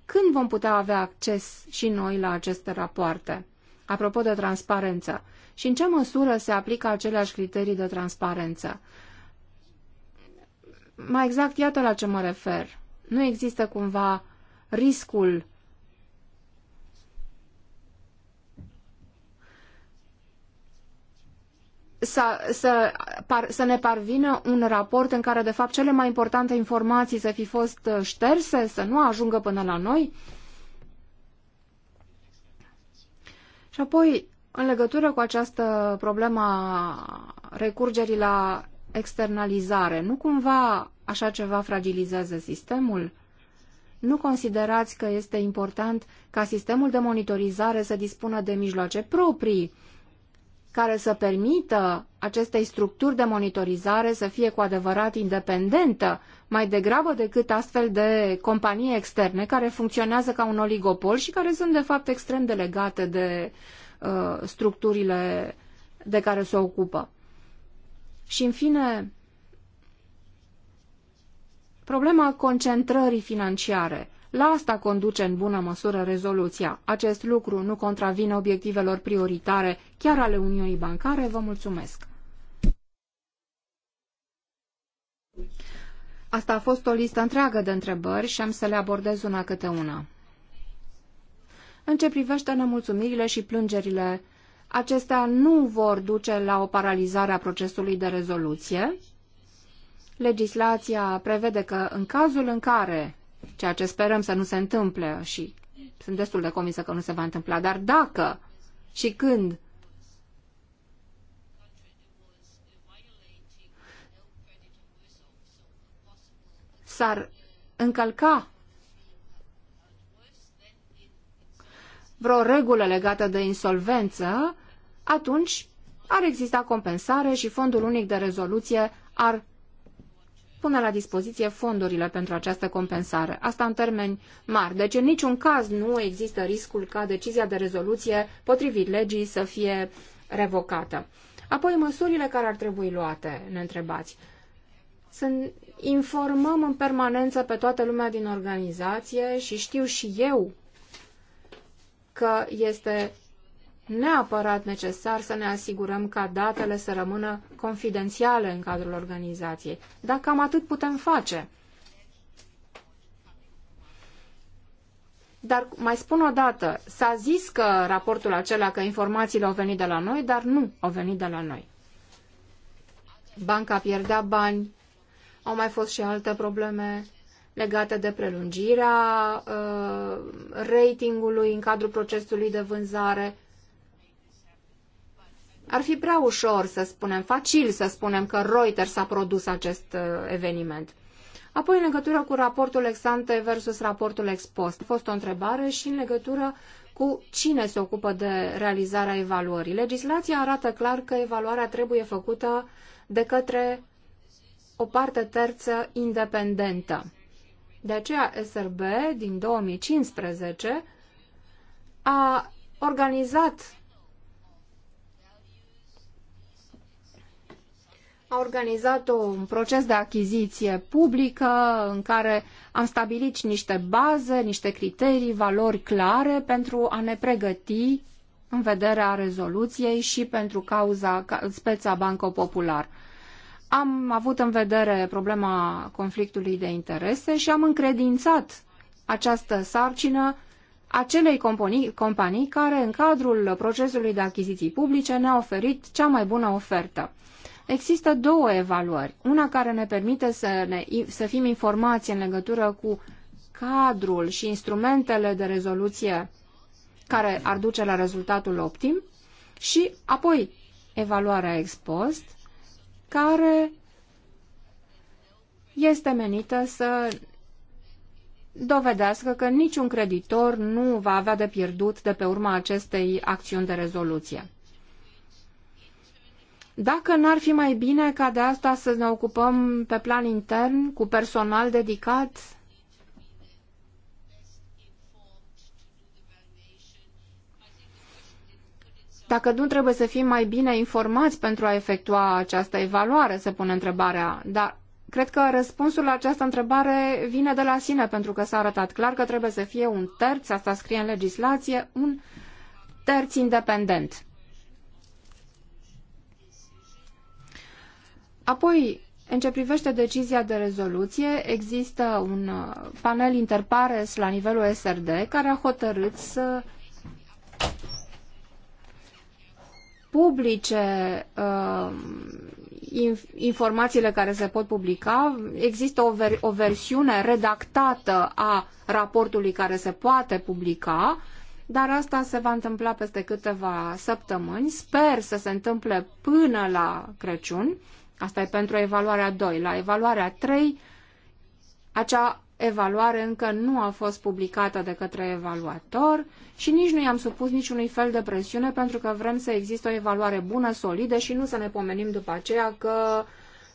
când vom putea avea acces și noi la aceste rapoarte? Apropo de transparență, și în ce măsură se aplică aceleași criterii de transparență? Mai exact, iată la ce mă refer. Nu există cumva riscul să, să, par, să ne parvină un raport în care, de fapt, cele mai importante informații să fi fost uh, șterse, să nu ajungă până la noi? Și apoi, în legătură cu această problemă a recurgerii la externalizare, nu cumva așa ceva fragilizează sistemul? Nu considerați că este important ca sistemul de monitorizare să dispună de mijloace proprii care să permită acestei structuri de monitorizare să fie cu adevărat independentă, mai degrabă decât astfel de companii externe care funcționează ca un oligopol și care sunt de fapt extrem de legate de uh, structurile de care se ocupă. Și, în fine, problema concentrării financiare. La asta conduce în bună măsură rezoluția. Acest lucru nu contravine obiectivelor prioritare chiar ale Uniunii Bancare. Vă mulțumesc! Asta a fost o listă întreagă de întrebări și am să le abordez una câte una. În ce privește nemulțumirile și plângerile acestea nu vor duce la o paralizare a procesului de rezoluție. Legislația prevede că în cazul în care, ceea ce sperăm să nu se întâmple și sunt destul de convinsă că nu se va întâmpla, dar dacă și când s-ar încălca vreo regulă legată de insolvență, atunci ar exista compensare și fondul unic de rezoluție ar pune la dispoziție fondurile pentru această compensare. Asta în termeni mari. Deci în niciun caz nu există riscul ca decizia de rezoluție potrivit legii să fie revocată. Apoi măsurile care ar trebui luate, ne întrebați. Să informăm în permanență pe toată lumea din organizație și știu și eu că este neapărat necesar să ne asigurăm ca datele să rămână confidențiale în cadrul organizației. Dar cam atât putem face. Dar mai spun o dată, s-a zis că raportul acela, că informațiile au venit de la noi, dar nu au venit de la noi. Banca pierdea bani, au mai fost și alte probleme legate de prelungirea uh, ratingului în cadrul procesului de vânzare. Ar fi prea ușor să spunem, facil să spunem că Reuters a produs acest uh, eveniment. Apoi, în legătură cu raportul ex-ante versus raportul ex-post, a fost o întrebare și în legătură cu cine se ocupă de realizarea evaluării. Legislația arată clar că evaluarea trebuie făcută de către o parte terță independentă. De aceea SRB din 2015 a organizat a organizat un proces de achiziție publică în care am stabilit niște baze, niște criterii, valori clare pentru a ne pregăti în vederea rezoluției și pentru cauza speța Banco Popular am avut în vedere problema conflictului de interese și am încredințat această sarcină acelei companii, companii care, în cadrul procesului de achiziții publice, ne-a oferit cea mai bună ofertă. Există două evaluări. Una care ne permite să, ne, să fim informați în legătură cu cadrul și instrumentele de rezoluție care ar duce la rezultatul optim și apoi evaluarea ex post, care este menită să dovedească că niciun creditor nu va avea de pierdut de pe urma acestei acțiuni de rezoluție. Dacă n-ar fi mai bine ca de asta să ne ocupăm pe plan intern, cu personal dedicat, Dacă nu trebuie să fim mai bine informați pentru a efectua această evaluare, se pune întrebarea, dar cred că răspunsul la această întrebare vine de la sine, pentru că s-a arătat clar că trebuie să fie un terț, asta scrie în legislație, un terț independent. Apoi, în ce privește decizia de rezoluție, există un panel interpares la nivelul SRD care a hotărât să publice uh, informațiile care se pot publica, există o, ver o, versiune redactată a raportului care se poate publica, dar asta se va întâmpla peste câteva săptămâni. Sper să se întâmple până la Crăciun. Asta e pentru evaluarea 2. La evaluarea 3, acea evaluare încă nu a fost publicată de către evaluator și nici nu i-am supus niciunui fel de presiune pentru că vrem să existe o evaluare bună, solidă și nu să ne pomenim după aceea că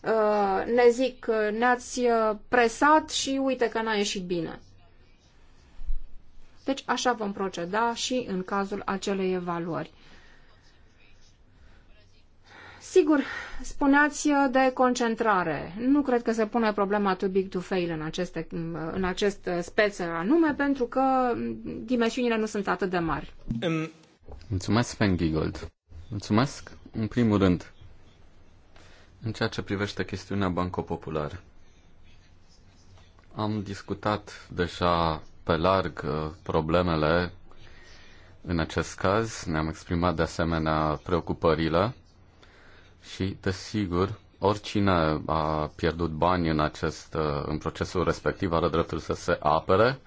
uh, ne zic ne-ați uh, presat și uite că n-a ieșit bine. Deci așa vom proceda și în cazul acelei evaluări. Sigur, spuneați uh, de concentrare. Nu cred că se pune problema too big to fail în, aceste, uh, în acest uh, speță anume, pentru că mm, dimensiunile nu sunt atât de mari. Mulțumesc, Sven Giegold. Mulțumesc. În primul rând, în ceea ce privește chestiunea Banco Popular, am discutat deja pe larg problemele în acest caz, ne-am exprimat de asemenea preocupările și, desigur, oricine a pierdut bani în, acest, uh, în procesul respectiv are dreptul să se apere.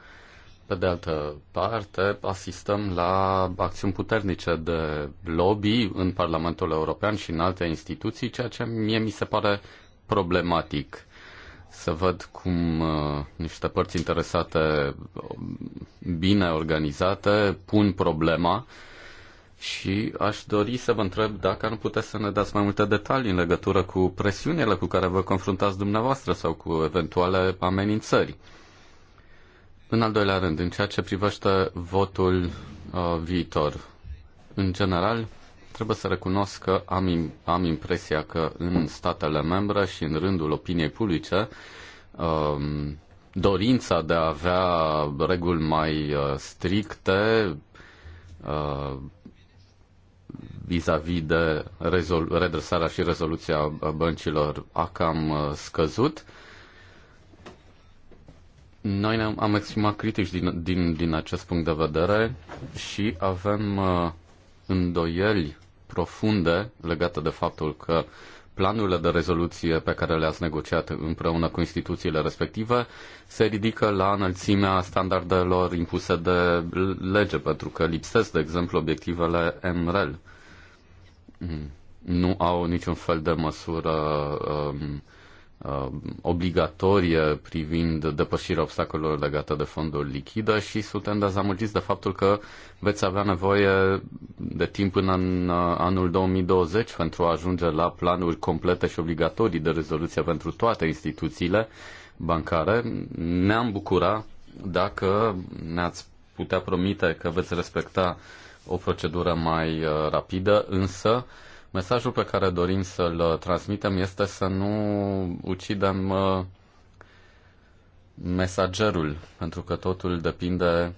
Pe de altă parte, asistăm la acțiuni puternice de lobby în Parlamentul European și în alte instituții, ceea ce mie mi se pare problematic. Să văd cum uh, niște părți interesate um, bine organizate pun problema uh, și aș dori să vă întreb dacă nu puteți să ne dați mai multe detalii în legătură cu presiunile cu care vă confruntați dumneavoastră sau cu eventuale amenințări. În al doilea rând, în ceea ce privește votul uh, viitor, în general, trebuie să recunosc că am, am impresia că în statele membre și în rândul opiniei publice, um, uh, dorința de a avea reguli mai uh, stricte, uh, vis-a-vis de redresarea și rezoluția băncilor a cam uh, scăzut. Noi ne-am am exprimat critici din, din, din acest punct de vedere și avem uh, îndoieli profunde legate de faptul că planurile de rezoluție pe care le-ați negociat împreună cu instituțiile respective se ridică la înălțimea standardelor impuse de lege, pentru că lipsesc, de exemplu, obiectivele MREL. Mhm. nu au niciun fel de măsură um, um, obligatorie privind depășirea obstacolelor legate de fonduri lichidă și suntem dezamăgiți de faptul că veți avea nevoie de timp până în uh, anul 2020 pentru a ajunge la planuri complete și obligatorii de rezoluție pentru toate instituțiile bancare. Ne-am bucura dacă ne-ați putea promite că veți respecta uh, o procedură mai uh, rapidă, însă mesajul pe care dorim să-l uh, transmitem este să nu ucidem uh, mesagerul, pentru că totul depinde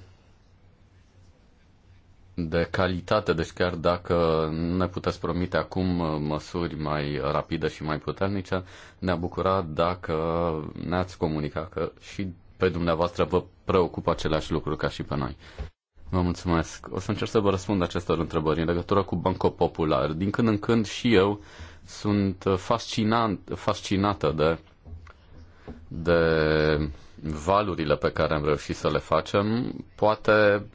de calitate, deci chiar dacă nu ne puteți promite acum măsuri mai rapide și mai puternice, ne-a bucurat dacă ne-ați comunica că și pe dumneavoastră vă preocupă aceleași lucruri ca și pe noi. Vă mulțumesc. O să încerc să vă răspund acestor întrebări în legătură cu Banco Popular. Din când în când și eu sunt fascinant, fascinată de, de valurile pe care am reușit să le facem. Poate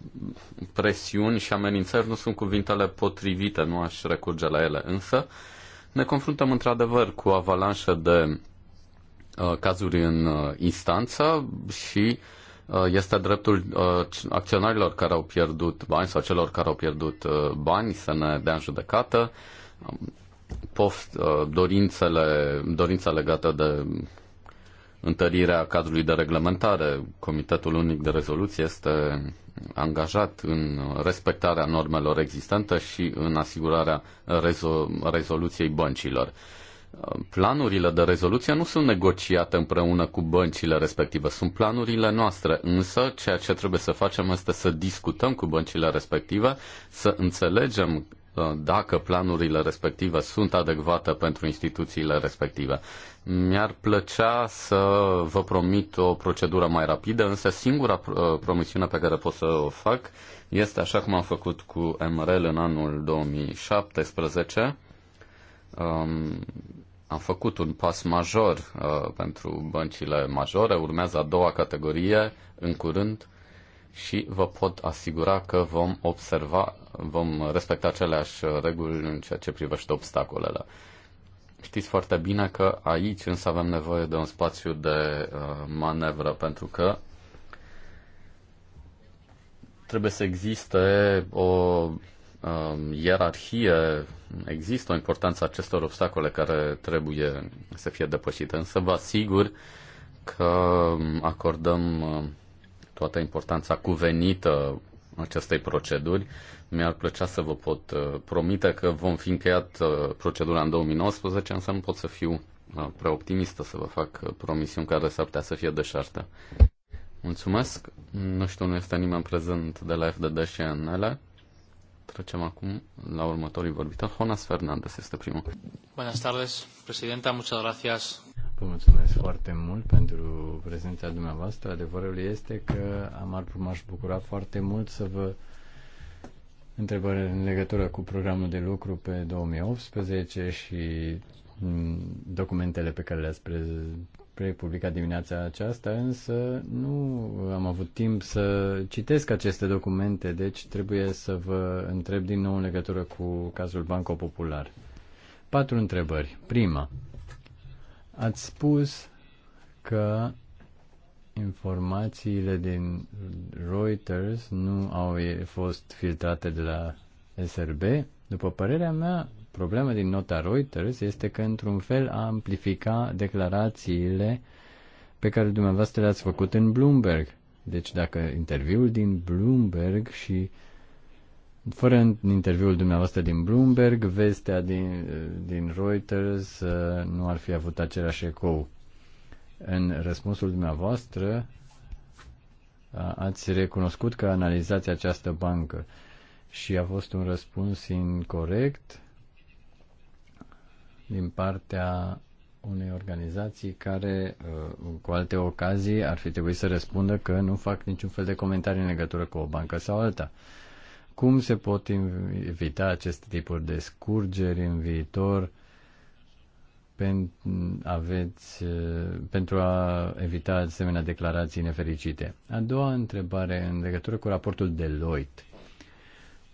presiuni și amenințări nu sunt cuvintele potrivite, nu aș recurge la ele, însă ne confruntăm într-adevăr cu o avalanșă de uh, cazuri în uh, instanță și uh, Uh, este dreptul uh, acționarilor care au pierdut bani sau celor care au pierdut uh, bani să ne dea în judecată. Um, poft, dorințele, dorința legată de întărirea cadrului de reglementare, Comitetul Unic de Rezoluție este angajat în respectarea normelor existente și în asigurarea rezo- rezoluției băncilor planurile de rezoluție nu sunt negociate împreună cu băncile respective, sunt planurile noastre, însă ceea ce trebuie să facem este să discutăm cu băncile respective, să înțelegem uh, dacă planurile respective sunt adecvate pentru instituțiile respective. Mi-ar plăcea să vă promit o procedură mai rapidă, însă singura uh, promisiune pe care pot să o fac este așa cum am făcut cu MRL în anul 2017, um, am făcut un pas major uh, pentru băncile majore, urmează a doua categorie în curând și vă pot asigura că vom observa, vom respecta aceleași reguli în ceea ce privește obstacolele. Știți foarte bine că aici însă avem nevoie de un spațiu de uh, manevră pentru că trebuie să existe o um, ierarhie, există o importanță acestor obstacole care trebuie să fie depășite, însă vă asigur că um, acordăm um, toată importanța cuvenită acestei proceduri. Mi-ar plăcea să vă pot uh, promite că vom fi încheiat uh, procedura în 2019, însă nu pot să fiu uh, prea optimistă să vă fac promisiuni care s-ar putea să fie deșartă. Mulțumesc. Nu știu, nu este nimeni prezent de la FDD și NL. Trecem acum la următorii vorbitor. Jonas Fernandez este primul. Buenas tardes, presidenta, muchas gracias. Vă mulțumesc foarte mult pentru prezența dumneavoastră. Adevărul este că am m-aș bucura foarte mult să vă întrebări în legătură cu programul de lucru pe 2018 și mm, documentele pe care le-ați publica dimineața aceasta, însă nu am avut timp să citesc aceste documente, deci trebuie să vă întreb din nou în legătură cu cazul Banco Popular. Patru întrebări. Prima, ați spus că informațiile din Reuters nu au fost filtrate de la SRB. După părerea mea, Problema din nota Reuters este că, într-un fel, a amplifica declarațiile pe care dumneavoastră le-ați făcut în Bloomberg. Deci, dacă interviul din Bloomberg și fără interviul dumneavoastră din Bloomberg, vestea din, din Reuters uh, nu ar fi avut același ecou. În răspunsul dumneavoastră uh, ați recunoscut că analizați această bancă și a fost un răspuns incorrect din partea unei organizații care, uh, cu alte ocazii, ar fi trebuit să răspundă că nu fac niciun fel de comentarii în legătură cu o bancă sau alta. Cum se pot evita aceste tipuri de scurgeri în viitor aveți, uh, pentru a evita asemenea declarații nefericite? A doua întrebare în legătură cu raportul Deloitte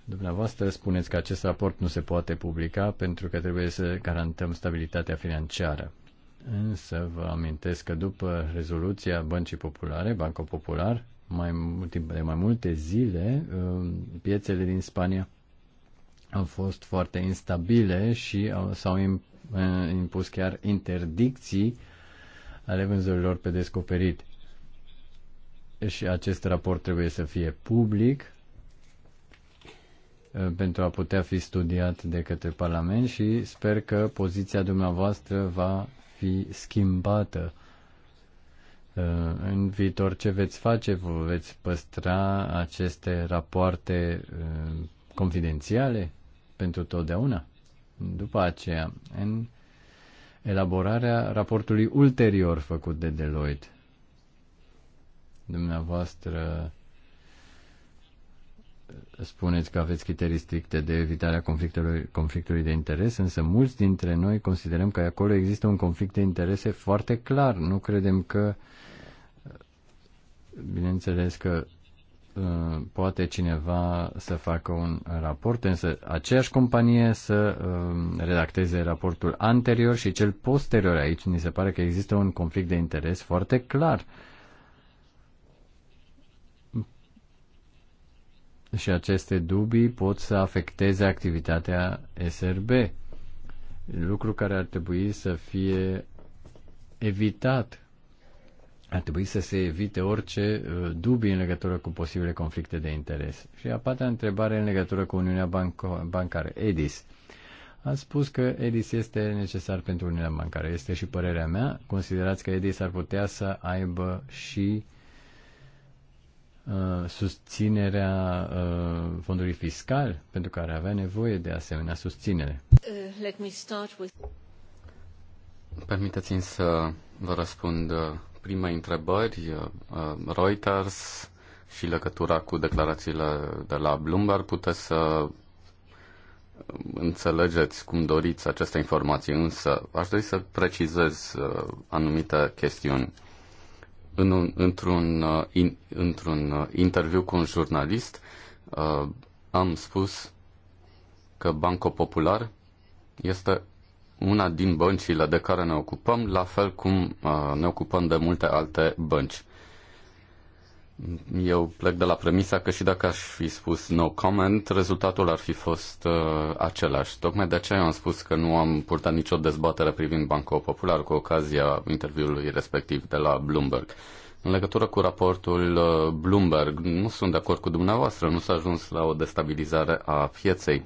Dumneavoastră spuneți că acest raport nu se poate publica pentru că trebuie să garantăm stabilitatea financiară. Însă vă amintesc că după rezoluția Băncii Populare, Banco Popular, mai, timp de mai multe zile, um, piețele din Spania au fost foarte instabile și s-au uh, impus chiar interdicții ale vânzărilor pe descoperit. Și acest raport trebuie să fie public Uh, pentru a putea fi studiat de către Parlament și sper că poziția dumneavoastră va fi schimbată uh, în viitor. Ce veți face? Vă veți păstra aceste rapoarte uh, confidențiale pentru totdeauna? După aceea, în elaborarea raportului ulterior făcut de Deloitte, dumneavoastră spuneți că aveți criterii stricte de evitarea conflictului, conflictului de interes, însă mulți dintre noi considerăm că acolo există un conflict de interese foarte clar. Nu credem că, bineînțeles că uh, poate cineva să facă un raport, însă aceeași companie să um, redacteze raportul anterior și cel posterior. Aici mi se pare că există un conflict de interes foarte clar. Uh, și aceste dubii pot să afecteze activitatea SRB, lucru care ar trebui să fie evitat. Ar trebui să se evite orice uh, dubii în legătură cu posibile conflicte de interes. Și a patra întrebare în legătură cu Uniunea Banco- Bancară, EDIS. A spus că EDIS este necesar pentru Uniunea Bancară. Este și părerea mea. Considerați că EDIS ar putea să aibă și uh, Uh, susținerea uh, fondului fiscal, pentru care avea nevoie de asemenea susținere. Uh, with... Permiteți-mi să vă răspund prima întrebări. Reuters și legătura cu declarațiile de la Bloomberg, puteți să um, înțelegeți cum doriți aceste informații, însă aș dori să precizez anumite chestiuni în un, într-un, uh, in, într-un uh, interviu cu un jurnalist, uh, am spus că Banco Popular este una din băncile de care ne ocupăm, la fel cum uh, ne ocupăm de multe alte bănci. Eu plec de la premisa că și dacă aș fi spus no comment, rezultatul ar fi fost uh, același. Tocmai de aceea am spus că nu am purtat nicio dezbatere privind Banco Popular cu ocazia interviului respectiv de la Bloomberg. În legătură cu raportul uh, Bloomberg, nu sunt de acord cu dumneavoastră, nu s-a ajuns la o destabilizare a pieței.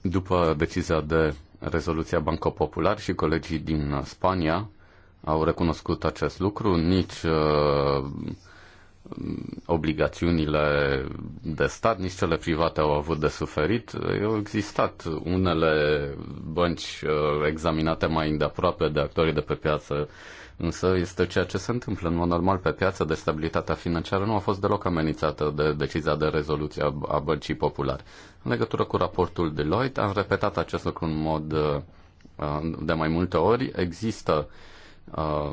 După decizia de rezoluția Banco Popular și colegii din Spania au recunoscut acest lucru, nici uh, obligațiunile de stat, nici cele private au avut de suferit. Au existat unele bănci uh, examinate mai îndeaproape de actorii de pe piață însă este ceea ce se întâmplă în mod normal pe piață, de deci stabilitatea financiară nu a fost deloc amenințată de decizia de rezoluție a, a băncii populare. În legătură cu raportul Deloitte, am repetat acest lucru în mod uh, de mai multe ori. Există uh,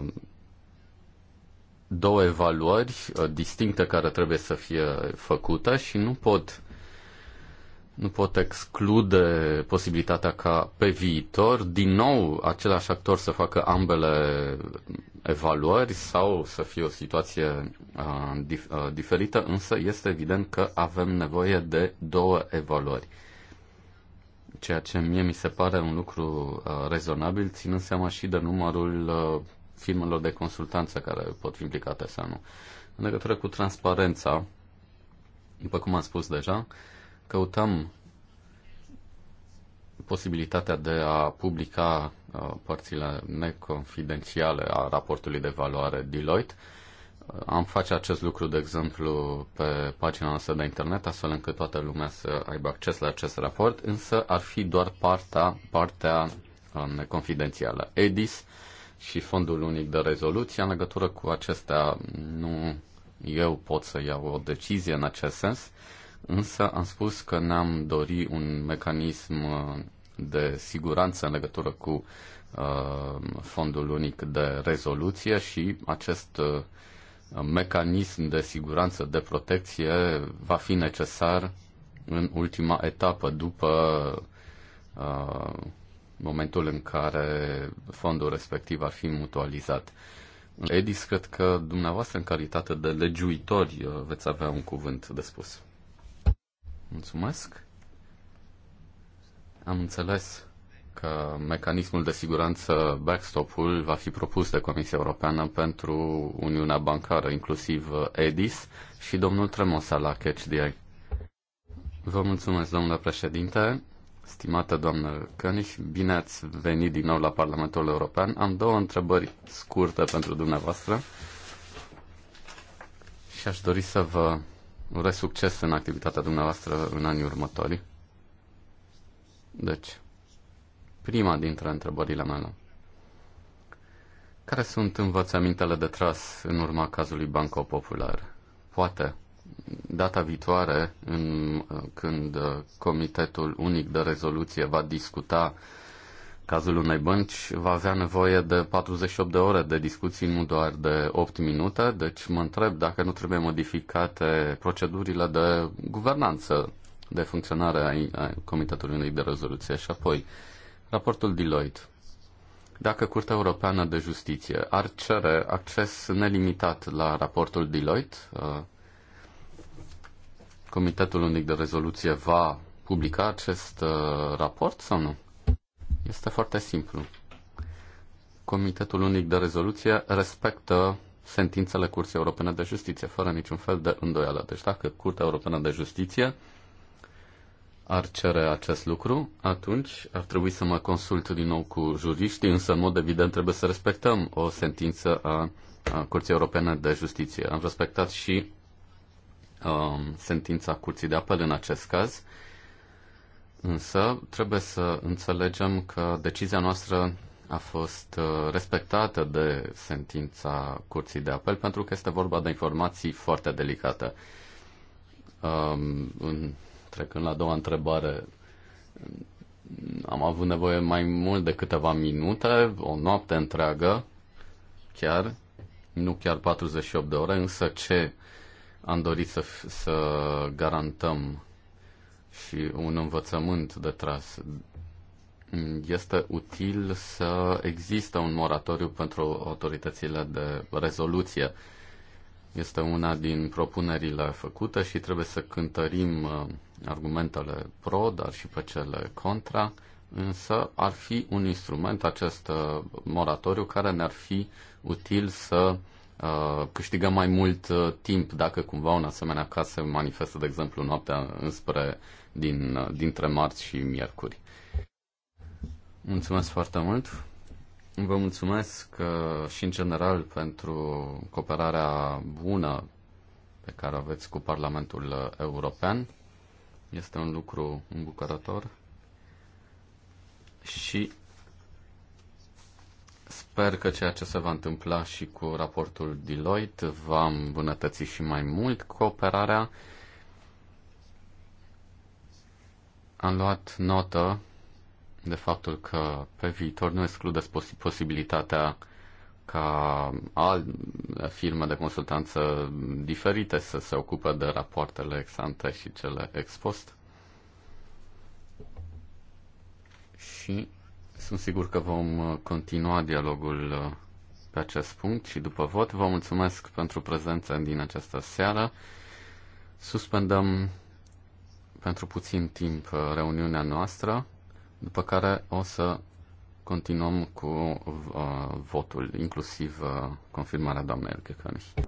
două evaluări uh, distincte care trebuie să fie făcute și nu pot nu pot exclude posibilitatea ca pe viitor din nou același actor să facă ambele evaluări sau să fie o situație uh, dif- uh, diferită, însă este evident că avem nevoie de două evaluări. Ceea ce mie mi se pare un lucru uh, rezonabil, ținând seama și de numărul uh, firmelor de consultanță care pot fi implicate sau nu. În legătură cu transparența, după cum am spus deja, uh, Căutăm posibilitatea de a publica uh, părțile neconfidențiale a raportului de valoare Deloitte. Uh, am face acest lucru, de exemplu, pe pagina noastră de internet, astfel încât toată lumea să aibă acces la acest raport, însă ar fi doar partea, partea uh, neconfidențială. EDIS și Fondul Unic de Rezoluție, în legătură cu acestea, nu eu pot să iau o decizie în acest sens însă am spus că ne-am dori un mecanism uh, de siguranță în legătură cu uh, fondul unic de rezoluție și acest uh, mecanism de siguranță, de protecție va fi necesar în ultima etapă după momentul în care fondul respectiv ar fi mutualizat. Edis, cred că dumneavoastră, în calitate de legiuitori, veți avea un cuvânt de spus. Mulțumesc. Am înțeles că mecanismul de siguranță backstop-ul va fi propus de Comisia Europeană pentru Uniunea Bancară, inclusiv EDIS și domnul Tremosa la CatchDI. Vă mulțumesc, domnule președinte. Stimată doamnă Căniș, bine ați venit din nou la Parlamentul European. Am două întrebări scurte pentru dumneavoastră și aș dori să vă urez succes în activitatea dumneavoastră în anii următori. Deci, prima dintre întrebările mele. Care sunt învățămintele de tras în urma cazului Banco Popular? Poate data viitoare, în, când Comitetul Unic de Rezoluție va discuta uh, Cazul unei bănci va avea nevoie de 48 de ore de discuții, nu doar de 8 minute, deci mă întreb dacă nu trebuie modificate procedurile de guvernanță, de funcționare a Comitetului Unic de Rezoluție și apoi raportul Deloitte dacă Curtea Europeană de Justiție ar cere acces nelimitat la raportul Deloitte, uh, Comitetul Unic de Rezoluție va publica acest uh, raport sau nu? Este foarte simplu. Comitetul Unic de Rezoluție respectă sentințele Curții Europene de Justiție, fără niciun fel de îndoială. Deci dacă Curtea Europeană de Justiție ar cere acest lucru, atunci ar trebui să mă consult din nou cu juriștii, însă în mod evident trebuie să respectăm o sentință a, a Curții Europene de Justiție. Am respectat și um, sentința Curții de Apel în acest caz. Însă trebuie să înțelegem că decizia noastră a fost uh, respectată de sentința Curții de Apel pentru că este vorba de informații foarte delicate. Um, în, trecând la a doua întrebare, am avut nevoie mai mult de câteva minute, o noapte întreagă, chiar, nu chiar 48 de ore, însă ce am dorit să, să garantăm și un învățământ de tras. Este util să există un moratoriu pentru autoritățile de rezoluție. Este una din propunerile făcute și trebuie să cântărim uh, argumentele pro, dar și pe cele contra, însă ar fi un instrument, acest uh, moratoriu, care ne-ar fi util să uh, câștigăm mai mult timp dacă cumva un asemenea caz se manifestă, de exemplu, noaptea înspre din, dintre marți și miercuri. Mulțumesc foarte mult! Vă mulțumesc uh, și în general pentru cooperarea bună pe care o aveți cu Parlamentul European. Este un lucru îmbucurător și sper că ceea ce se va întâmpla și cu raportul Deloitte va îmbunătăți și mai mult cooperarea Am luat notă de faptul că pe viitor nu excludeți pos- posibilitatea ca al, firme de consultanță diferite să se ocupe de rapoartele ex și cele ex post. Și sunt sigur că vom continua dialogul uh, pe acest punct și după vot. Vă mulțumesc pentru prezența din această seară. Suspendăm pentru puțin timp uh, reuniunea noastră, după care o să continuăm cu uh, votul, inclusiv uh, confirmarea doamnei Elke König.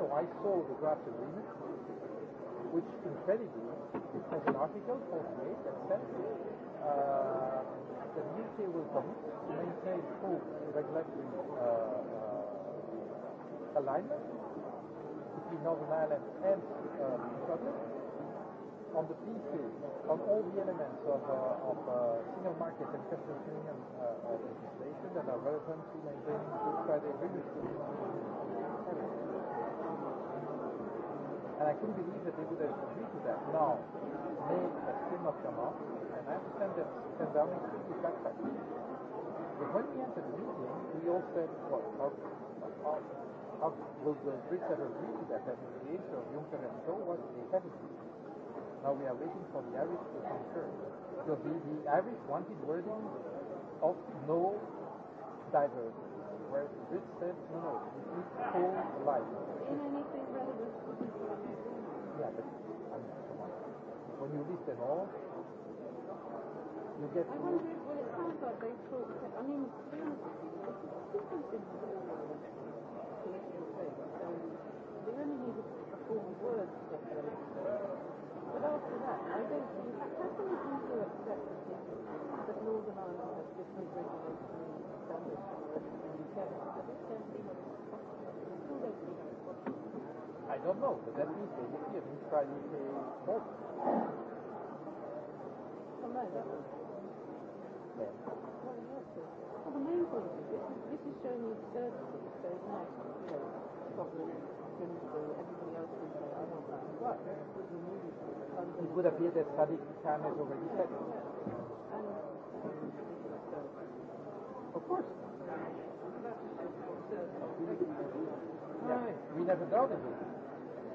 so I saw the draft agreement, which incredibly has an article 48 that says uh, that the UK will commit to maintain full regulatory uh, uh, alignment between Northern Ireland and uh, on the pieces, on all the elements of, uh, of uh, single market and customs union uh, legislation that are relevant to maintaining Good Friday Agreement. And I couldn't believe that they would have agreed to that. Now, they have still not come out, and I understand that Sam Downing could be backpacked. But when we entered the meeting, we all said, well, how, how, how will the Brits have agreed to that? That the creation of Juncker and so was they haven't. Now we are waiting for the Irish to concur. So the, the Irish wanted wording of no divergence, whereas the Brits said, no, no, we need full alignment. Yeah, but I mean, come on. When you list them all, you get. I wonder if, well, it sounds like they talk. I mean, they only need a form of words to get them. But after that, I don't think. How can you do accept that Northern Ireland has different regulations and standards than the UK? Păi, să-i don't know, but that means they will be trying to solve it. this, this is showing the would It would appear that Sadiq Khan has already said it. of course. Yeah. We never doubted it.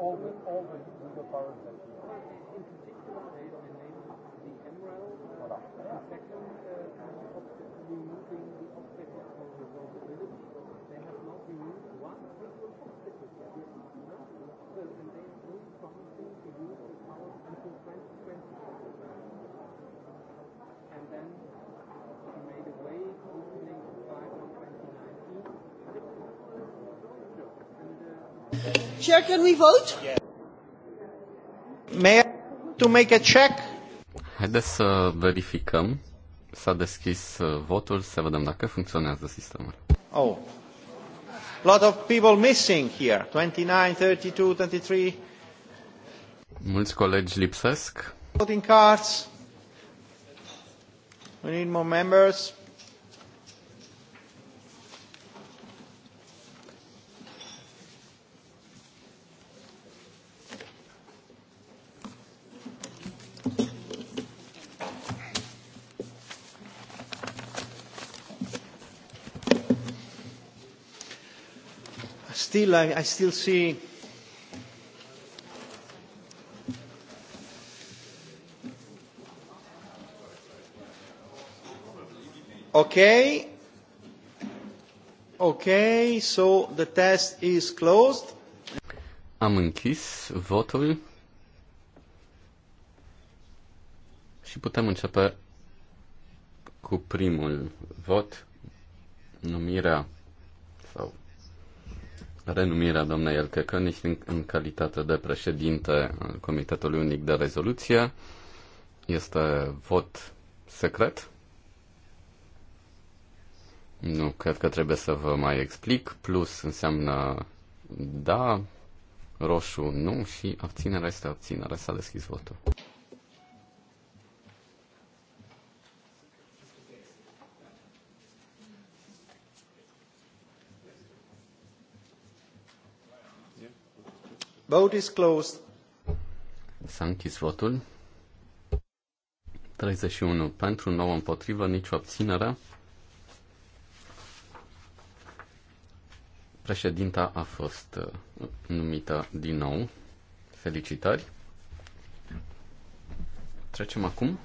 always, always do the parent In particular, they, they named the MREL uh, second Chair, can we vote? May I to make a check? Haideți să verificăm. S-a deschis uh, votul, să vedem dacă funcționează sistemul. Oh. Lot of people missing here. 29, 32, 23. Mulți colegi lipsesc. Voting cards. We need more members. still, I, I still see Okay. Okay, so the test is closed. Am închis votul și putem începe cu primul vot, numirea sau renumirea doamnei Elke Koenig în, în calitate de președinte al Comitetului Unic de Rezoluție. Este vot secret. Nu, cred că trebuie să vă mai explic. Plus înseamnă da, roșu nu și abținerea este abținerea. S-a deschis votul. Vote is closed. S-a închis votul. 31 pentru, 9 împotrivă, nicio abținere. Președinta a fost uh, numită din nou. Felicitări! Trecem acum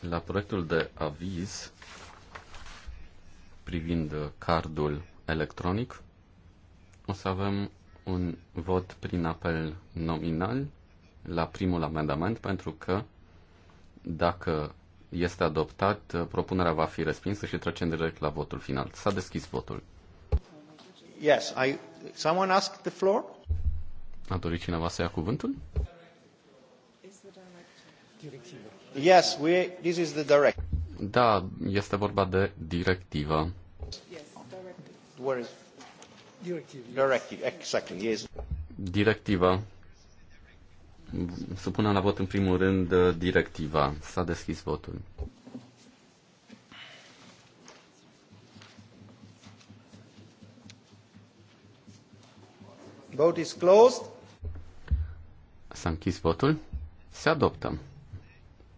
la proiectul de aviz privind cardul electronic. O să avem un vot prin apel nominal la primul amendament, pentru că dacă este adoptat, propunerea va fi respinsă și trecem direct la votul final. S-a deschis votul. Yes, I... Someone asked the floor? A dorit cineva să ia cuvântul? Yes, we, this is the direct. Da, este vorba de directivă. Yes, Where is... Directive. Directive, exactly, yes. Directiva. Să punem la vot în primul rând uh, directiva. S-a deschis votul. Vote is closed. S-a închis votul. Se adoptă.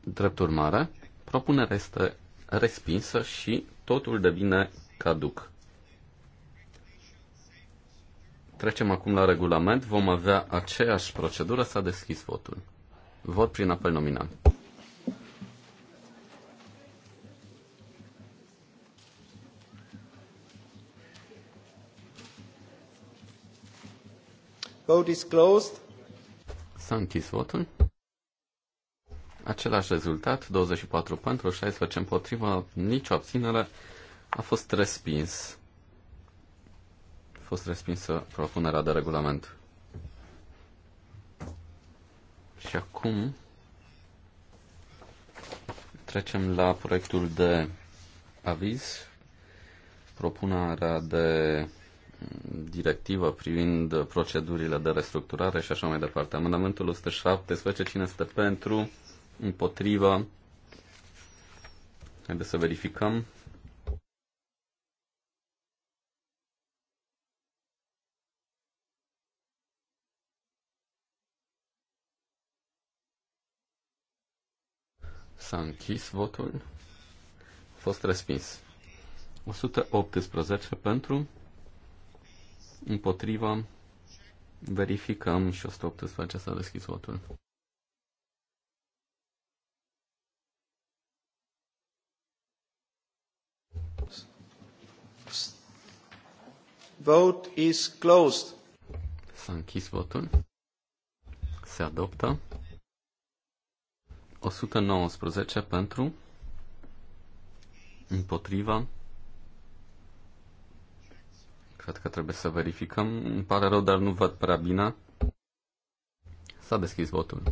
Drept urmare, propunerea este respinsă și totul devine caduc. Trecem acum la regulament. Vom avea aceeași procedură. S-a deschis votul. Vot prin apel nominal. Vote is closed. S-a închis votul. Același rezultat, 24 pentru, 16 împotriva, nicio abținere, a fost respins fost respinsă propunerea de regulament. Și acum trecem la proiectul de aviz, propunerea de directivă privind procedurile de restructurare și așa mai departe. Amendamentul 117, cine este pentru, împotriva, haideți să verificăm. S-a închis votul. A fost respins. 118 pentru. Împotriva. Verificăm și 118 s-a deschis votul. Vote is closed. S-a închis votul. Se adoptă. 119 pentru, împotriva. Cred că trebuie să verificăm. Îmi pare rău, dar nu văd prea bine. S-a deschis votul.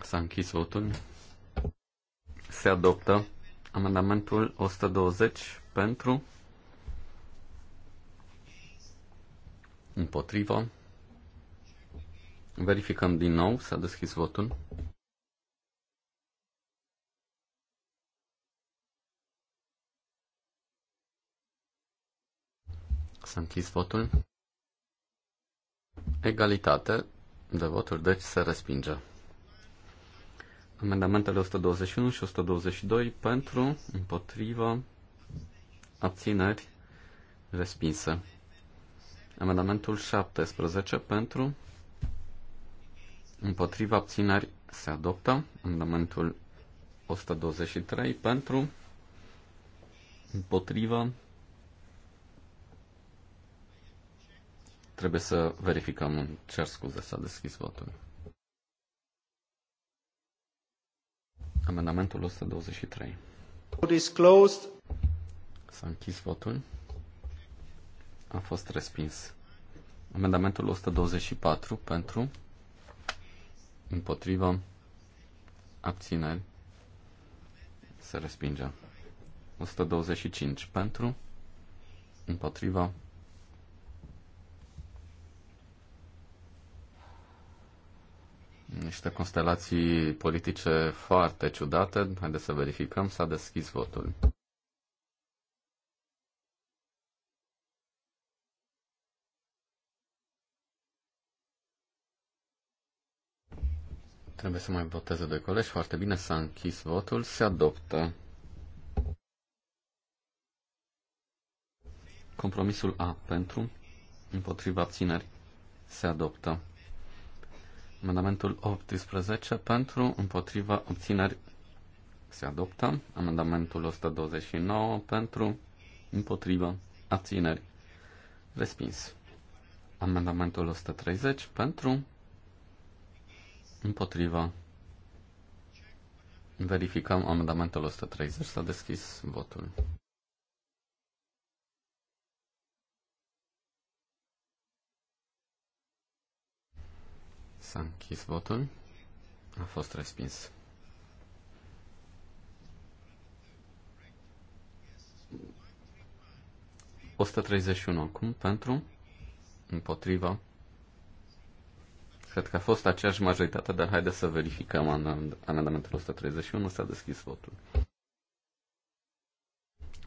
S-a închis votul. Se adoptă amendamentul 120 pentru, împotriva. Verificăm din nou, s-a deschis votul. S-a închis votul. Egalitate de voturi, deci se respinge. Amendamentele 121 și 122 pentru, împotriva, abțineri, respinse. Amendamentul 17 pentru, împotriva abțineri se adoptă. Amendamentul 123 pentru, împotriva, trebuie să verificăm, în cer scuze, s-a deschis votul. Amendamentul 123. S-a închis votul. A fost respins. Amendamentul 124 pentru împotriva, abțineri, se respinge. 125 pentru, împotriva, niște constelații politice foarte ciudate. Haideți să verificăm, s-a deschis votul. Trebuie să mai voteze doi colegi. Foarte bine, s-a închis votul. Se adoptă. Compromisul A pentru, împotriva abțineri, se adoptă. Amendamentul 18 pentru, împotriva abțineri, se adoptă. Amendamentul 129 pentru, împotriva abțineri, respins. Amendamentul 130 pentru, Împotriva. Verificăm amendamentul 130. S-a deschis votul. S-a închis votul. A fost respins. ...131 acum pentru, împotriva, Cred că a fost aceeași majoritate, dar haideți să verificăm amendamentul 131. S-a deschis votul.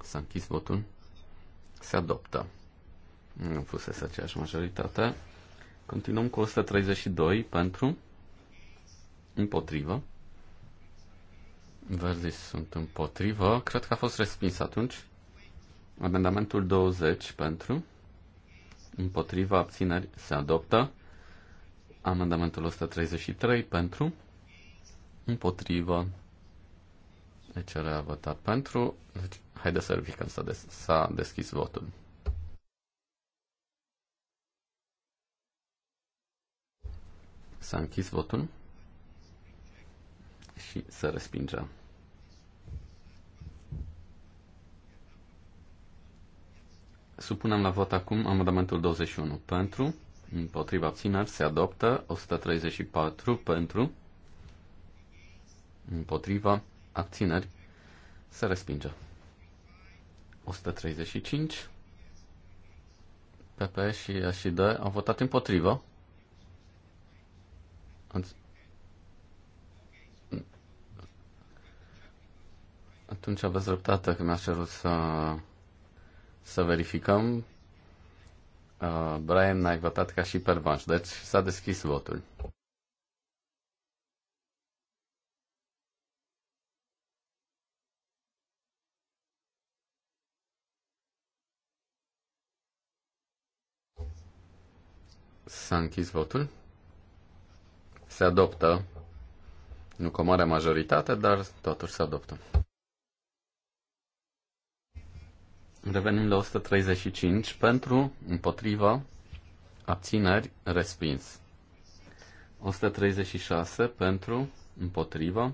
S-a închis votul. Se adoptă. Nu fusese aceeași majoritate. Continuăm cu 132 pentru împotrivă. Verzi sunt împotrivă. Cred că a fost respins atunci. Amendamentul 20 pentru împotriva abțineri se adoptă. Amendamentul 133 pentru, împotrivă, ECR a votat pentru, deci haide să verificăm, s-a, des- s-a deschis votul. S-a închis votul și se respinge. Supunem la vot acum amendamentul 21 pentru, împotriva abțineri se adoptă, 134 pentru, împotriva abțineri se respinge. 135 PP și ASD au votat împotrivă. Atunci aveți dreptate că mi-a cerut să, să verificăm. Uh, Brian a votat ca și pervanș, deci s-a deschis votul. S-a închis votul. Se adoptă, nu cu o mare majoritate, dar totuși se adoptă. Revenim la 135 pentru, împotriva, abțineri, respins. 136 pentru, împotriva,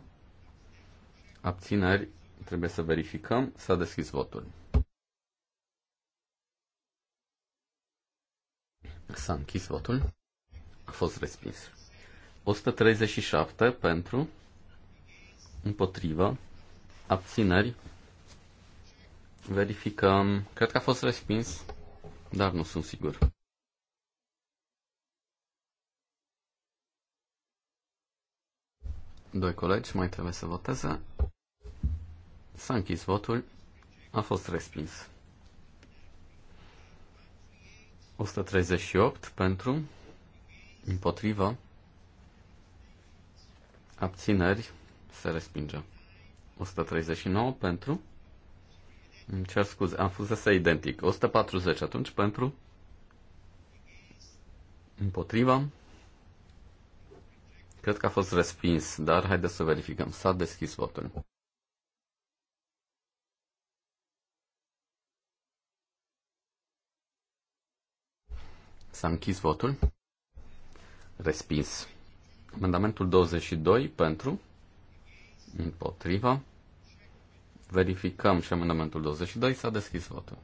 abțineri, trebuie să verificăm, s-a deschis votul. S-a închis votul, a fost respins. 137 pentru, împotriva, abțineri, Verificăm. Cred că a fost respins, dar nu sunt sigur. Doi colegi mai trebuie să voteze. S-a închis votul. A fost respins. 138 pentru, împotrivă, abțineri, se respinge. 139 pentru, îmi cer scuze, am fost să identic. 140 atunci pentru? Împotriva? Cred că a fost respins, dar haideți să verificăm. S-a deschis votul. S-a închis votul. Respins. Amendamentul 22 pentru, împotriva, Verificăm și amendamentul 22. S-a deschis votul.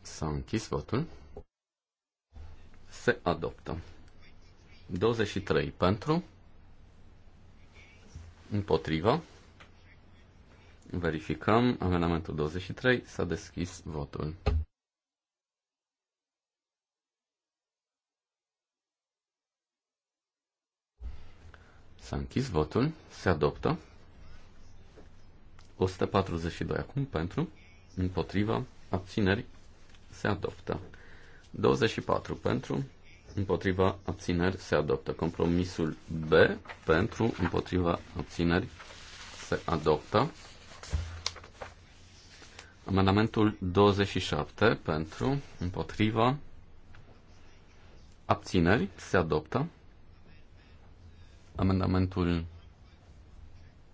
S-a închis votul. Se adoptă. 23 pentru. Împotriva. Verificăm amendamentul 23. S-a deschis votul. S-a închis votul. Se adoptă. 142 acum pentru, împotriva, abțineri, se adoptă. 24 pentru, împotriva, abțineri, se adoptă. Compromisul B pentru, împotriva, abțineri, se adoptă. Amendamentul 27 pentru, împotriva, abțineri, se adoptă. Amendamentul...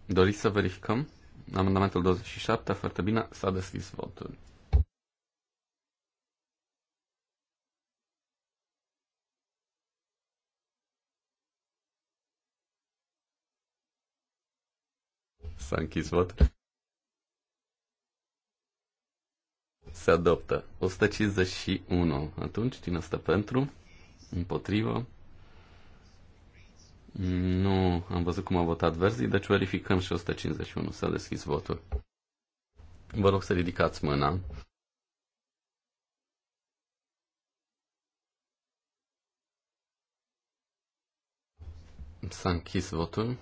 Doriți să verificăm? Amendamentul 27, foarte bine, s-a deschis votul. S-a închis votul. Se adoptă. 151. Atunci, cine stă pentru? Împotrivă? Nu am văzut cum a votat verzii, deci verificăm și 151. S-a deschis votul. Vă rog să ridicați mâna. S-a închis votul.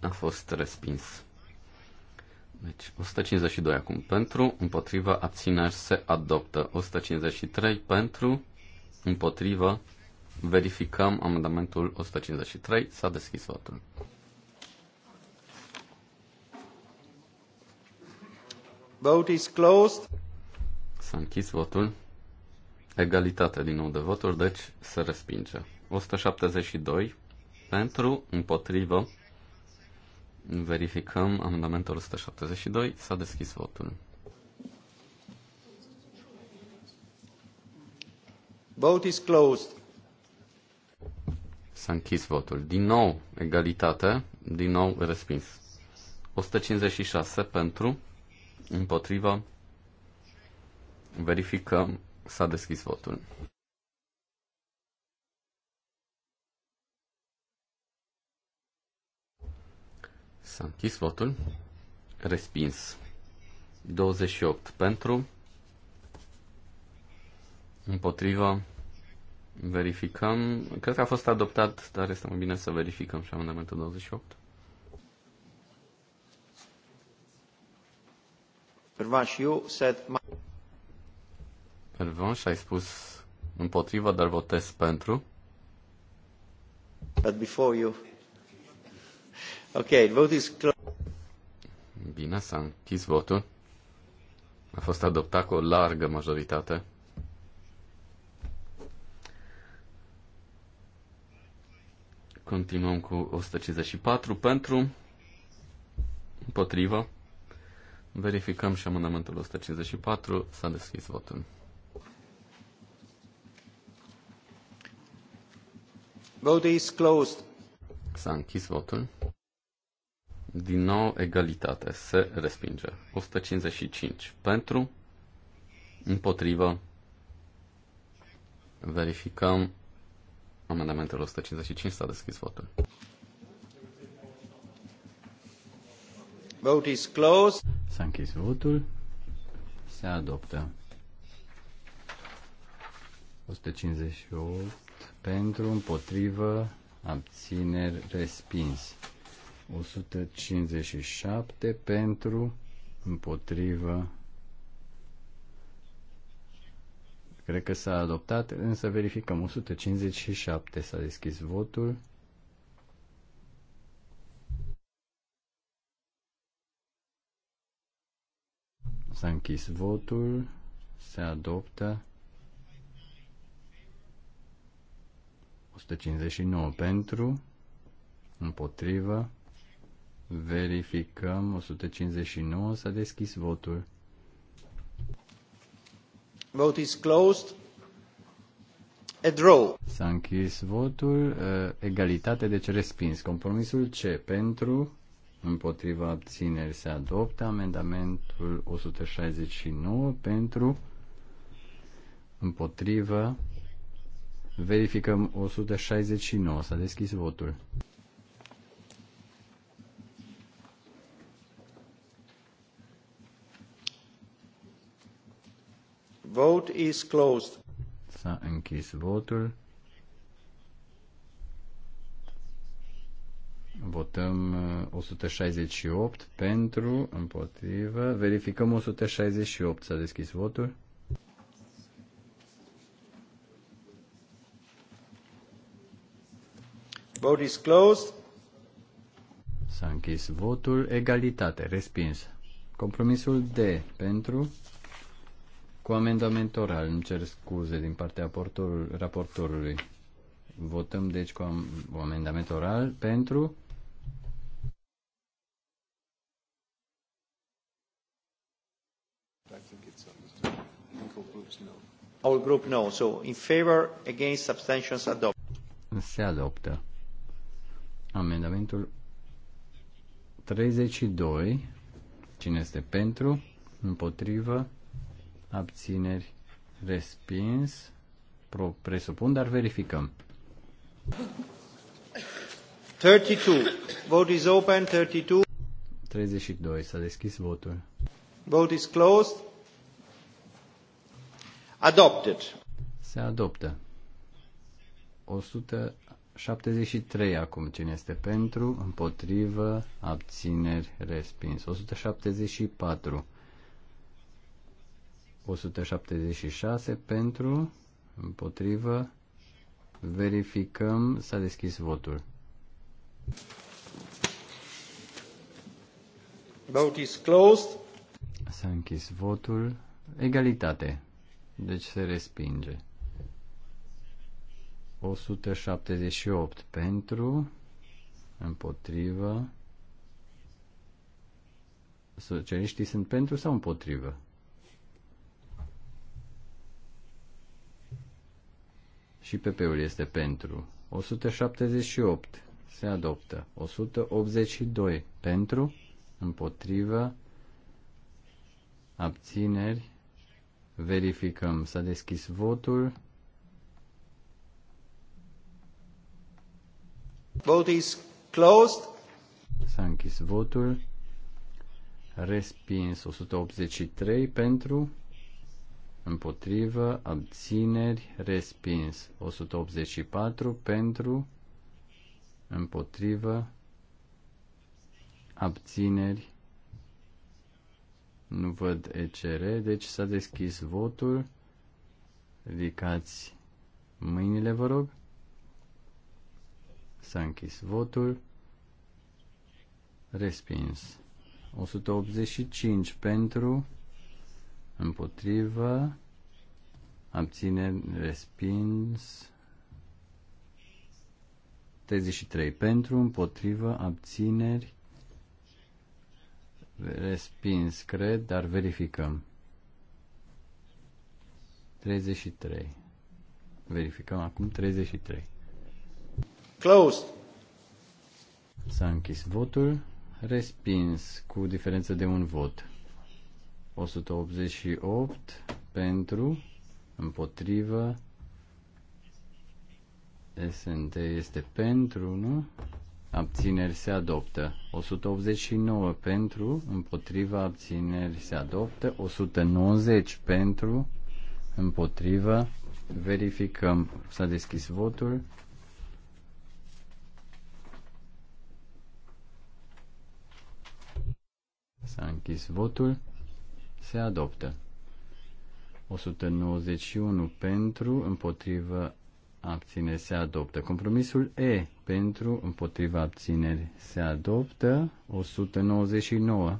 A fost respins. Deci 152 acum pentru, împotriva, abțineri se adoptă. 153 pentru, împotriva, verificăm amendamentul 153. S-a deschis votul. Vote is closed. S-a închis votul. Egalitate din nou de voturi, deci se respinge. 172 pentru, împotrivă. Verificăm amendamentul 172. S-a deschis votul. Vote is closed. S-a închis votul. Din nou egalitate, din nou respins. 156 pentru, împotriva, verificăm, s-a deschis votul. S-a închis votul. Respins. 28 pentru, împotriva, Verificăm. Cred că a fost adoptat, dar este mai bine să verificăm și amendamentul 28. Pervanș, ai spus împotrivă, dar votez pentru. But before you... Okay, vote is Bine, s-a închis votul. A fost adoptat cu o largă majoritate. Continuăm cu 154 pentru, împotrivă. Verificăm și amendamentul 154. S-a deschis votul. Vote is closed. S-a închis votul. Din nou egalitate. Se respinge. 155 pentru, împotrivă. Verificăm Amendamentul 155 s-a deschis votul. Vote is closed. S-a închis votul. Se adoptă. 158 pentru, împotrivă, abțineri, respins. 157 pentru, împotrivă, Cred că s-a adoptat, însă verificăm. 157 s-a deschis votul. S-a închis votul. Se adoptă. 159 pentru. Împotrivă. Verificăm. 159 s-a deschis votul. Vote is closed. A draw. S-a închis votul. Egalitate, deci respins. Compromisul C pentru, împotriva abțineri se adoptă. Amendamentul 169 pentru, împotrivă. Verificăm 169. S-a deschis votul. Vote is closed. S-a închis votul. Votăm 168 uh, pentru, împotrivă. Verificăm 168. S-a deschis votul. Vote is closed. S-a închis votul. Egalitate. Respins. Compromisul D pentru, cu amendament oral, îmi cer scuze din partea raportorului. Votăm deci cu am, un amendament oral pentru uh, Our group no. So in favor against abstentions adopt. Se adoptă. Amendamentul 32. Cine este pentru? Împotrivă? abțineri, respins, Pro, presupun, dar verificăm. 32. Vote is open, 32. 32. S-a deschis votul. Vote is closed. Adopted. Se adoptă. 173 acum cine este pentru, împotrivă, abțineri, respins. 174 176 pentru, împotrivă, verificăm, s-a deschis votul. Vote is closed. S-a închis votul. Egalitate. Deci se respinge. 178 pentru, împotrivă. Socialiștii sunt pentru sau împotrivă? și PP-ul este pentru. 178 se adoptă. 182 pentru, împotrivă, abțineri, verificăm. S-a deschis votul. Vote is closed. S-a închis votul. Respins 183 pentru, împotrivă, abțineri, respins. 184 pentru, împotrivă, abțineri, nu văd ECR, deci s-a deschis votul. Ridicați mâinile, vă rog. S-a închis votul. Respins. 185 pentru, împotrivă, abține, respins, 33 pentru, împotrivă, abțineri, respins, cred, dar verificăm. 33. Verificăm acum 33. Closed. S-a închis votul, respins cu diferență de un vot. 188 pentru, împotrivă, SND este pentru, nu? Abțineri se adoptă. 189 pentru, împotriva abțineri se adoptă. 190 pentru, împotriva. Verificăm. S-a deschis votul. S-a închis votul se adoptă. 191 pentru, împotrivă, abține, se adoptă. Compromisul E pentru, împotriva abțineri se adoptă. 199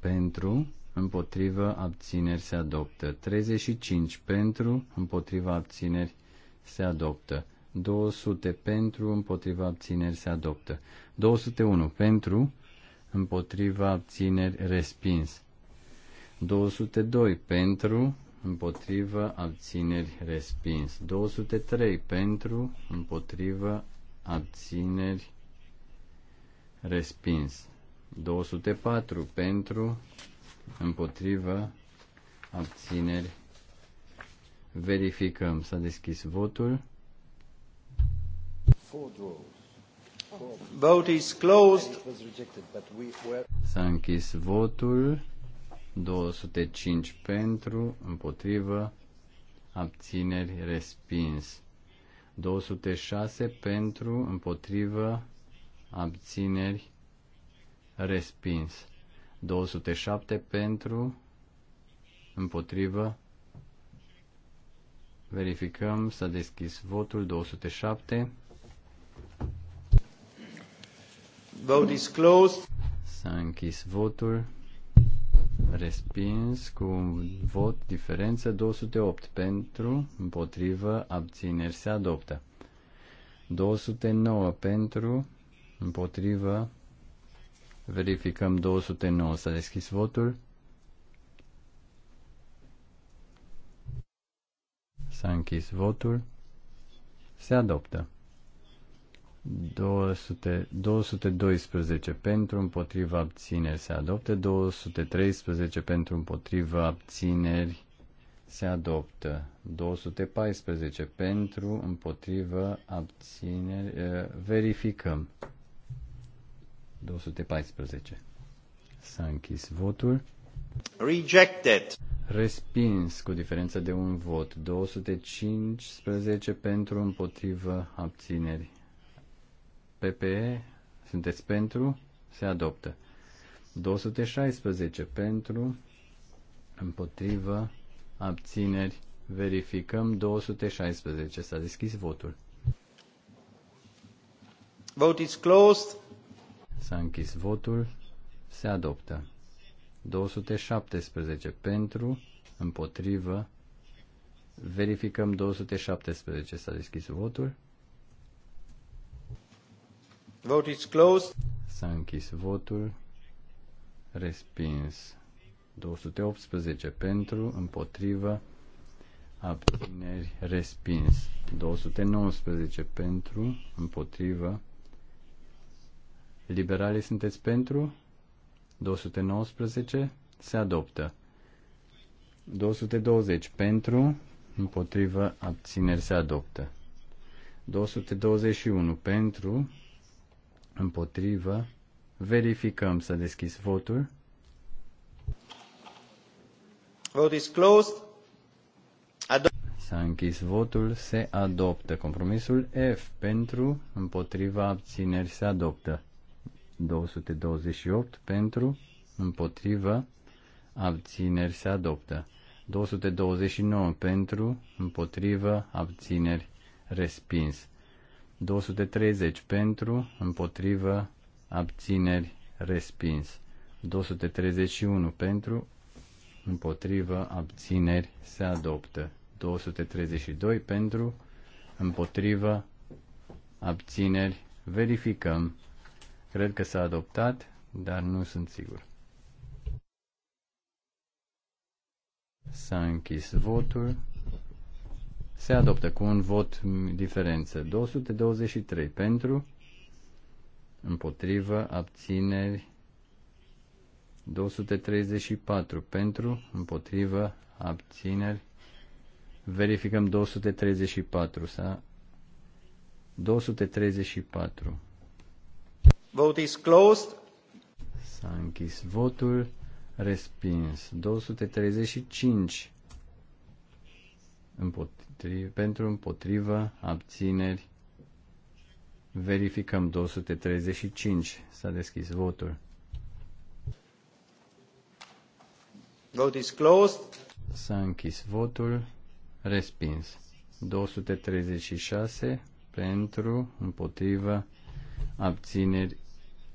pentru, împotriva abțineri se adoptă. 35 pentru, împotriva abțineri se adoptă. 200 pentru, împotriva abțineri se adoptă. 201 pentru, împotriva abțineri respins. 202 pentru, împotrivă, abțineri, respins. 203 pentru, împotrivă, abțineri, respins. 204 pentru, împotrivă, abțineri, verificăm. S-a deschis votul. Vote is closed. S-a închis votul 205 pentru, împotrivă, abțineri, respins. 206 pentru, împotrivă, abțineri, respins. 207 pentru, împotrivă, verificăm, s-a deschis votul, 207. Vote is closed. S-a închis votul. Respins cu un vot diferență 208 pentru, împotrivă, abțineri se adoptă. 209 pentru, împotrivă, verificăm 209. S-a deschis votul. S-a închis votul. Se adoptă. 200, 212 pentru împotriva abțineri se adoptă, 213 pentru împotriva abțineri se adoptă, 214 pentru împotriva abțineri verificăm. 214. S-a închis votul. Rejected. Respins cu diferență de un vot. 215 pentru împotrivă abțineri PPE, sunteți pentru, se adoptă. 216 pentru, împotrivă, abțineri, verificăm 216. S-a deschis votul. Vote is closed. S-a închis votul. Se adoptă. 217 pentru, împotrivă, verificăm 217. S-a deschis votul. Vote is closed. S-a închis votul. Respins. 218 pentru, împotrivă, abțineri, respins. 219 pentru, împotrivă. Liberalii sunteți pentru? 219 se adoptă. 220 pentru, împotrivă, abțineri se adoptă. 221 pentru, împotrivă, verificăm să deschis votul. Vote is closed. S-a închis votul, se adoptă. Compromisul F pentru, împotriva, abțineri se adoptă. 228 pentru, împotriva, abțineri se adoptă. 229 pentru, împotrivă, abțineri, respins. 230 pentru, împotrivă, abțineri, respins. 231 pentru, împotrivă, abțineri, se adoptă. 232 pentru, împotrivă, abțineri, verificăm. Cred că s-a adoptat, dar nu sunt sigur. S-a închis votul se adoptă cu un vot diferență. 223 pentru, împotrivă, abțineri. 234 pentru, împotrivă, abțineri. Verificăm 234. Sa 234. Vote is closed. S-a închis votul. Respins. 235 împotri, pentru împotrivă, abțineri. Verificăm 235. S-a deschis votul. Vote is closed. S-a închis votul. Respins. 236 pentru, împotrivă, abțineri,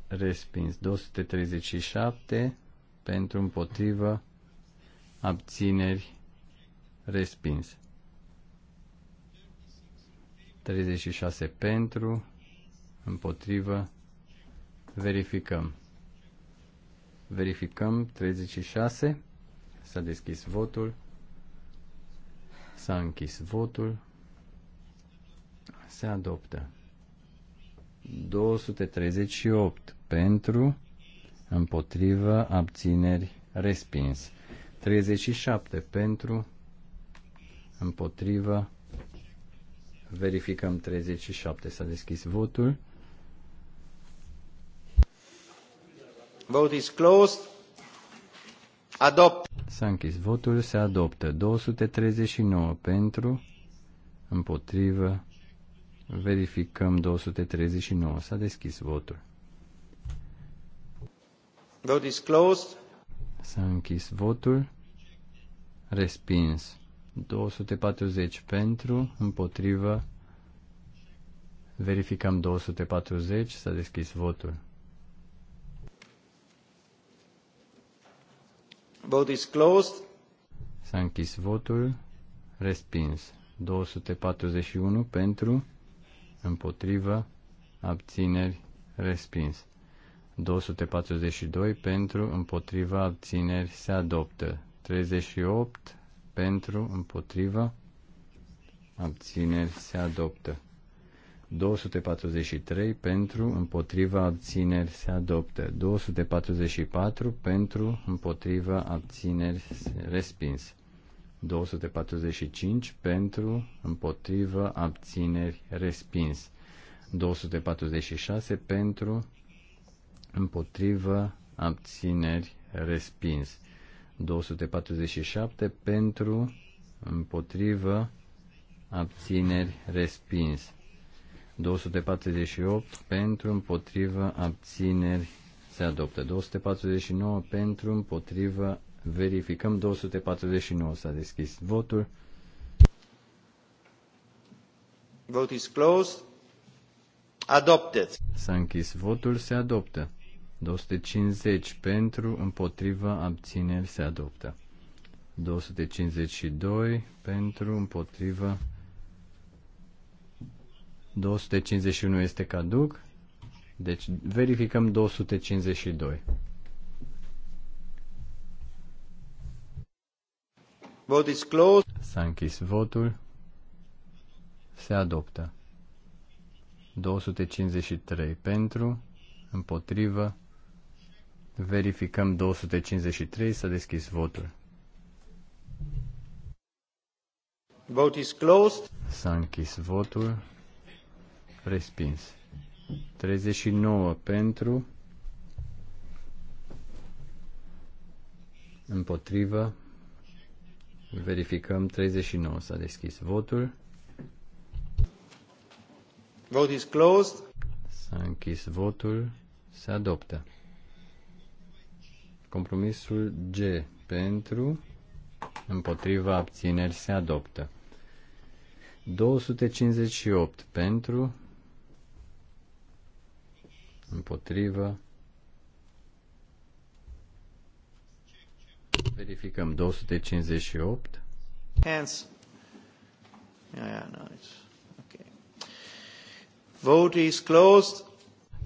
respins. 237 pentru, împotrivă, abțineri, respins. 36 pentru, împotrivă, verificăm. Verificăm 36, s-a deschis votul, s-a închis votul, se adoptă. 238 pentru, împotrivă, abțineri, respins. 37 pentru, împotrivă, Verificăm 37. S-a deschis votul. Vote is closed. Adopt. S-a închis votul, se adoptă 239 pentru, împotrivă, verificăm 239, s-a deschis votul. Vote is closed. S-a închis votul, respins 240 pentru, împotrivă, verificăm 240, s-a deschis votul. Vote is closed. S-a închis votul, respins. 241 pentru, împotrivă, abțineri, respins. 242 pentru, împotrivă, abțineri, se adoptă. 38 pentru, împotriva, abțineri se adoptă. 243 pentru, împotriva, abțineri se adoptă. 244 pentru, împotriva, abțineri respins. 245 pentru, împotrivă, abțineri, respins. 246 pentru, împotrivă, abțineri, respins. 247 pentru, împotrivă, abțineri, respins. 248 pentru, împotrivă, abțineri, se adoptă. 249 pentru, împotrivă, verificăm. 249 s-a deschis votul. Vote is closed. Adopted. S-a închis votul, se adoptă. 250 pentru, împotriva, abțineri se adoptă. 252 pentru, împotriva, 251 este caduc, deci verificăm 252. Vot is closed. S-a închis votul. Se adoptă. 253 pentru, împotrivă, Verificăm 253, s-a deschis votul. Vote is closed. S-a închis votul. Respins. 39 pentru. Împotrivă. Verificăm 39. S-a deschis votul. Vote is closed. S-a închis votul. Se adoptă. Compromisul G pentru, împotriva abțineri se adoptă. 258 pentru, împotrivă. Verificăm 258. Hence Yeah, yeah, no, it's okay. Vote is closed.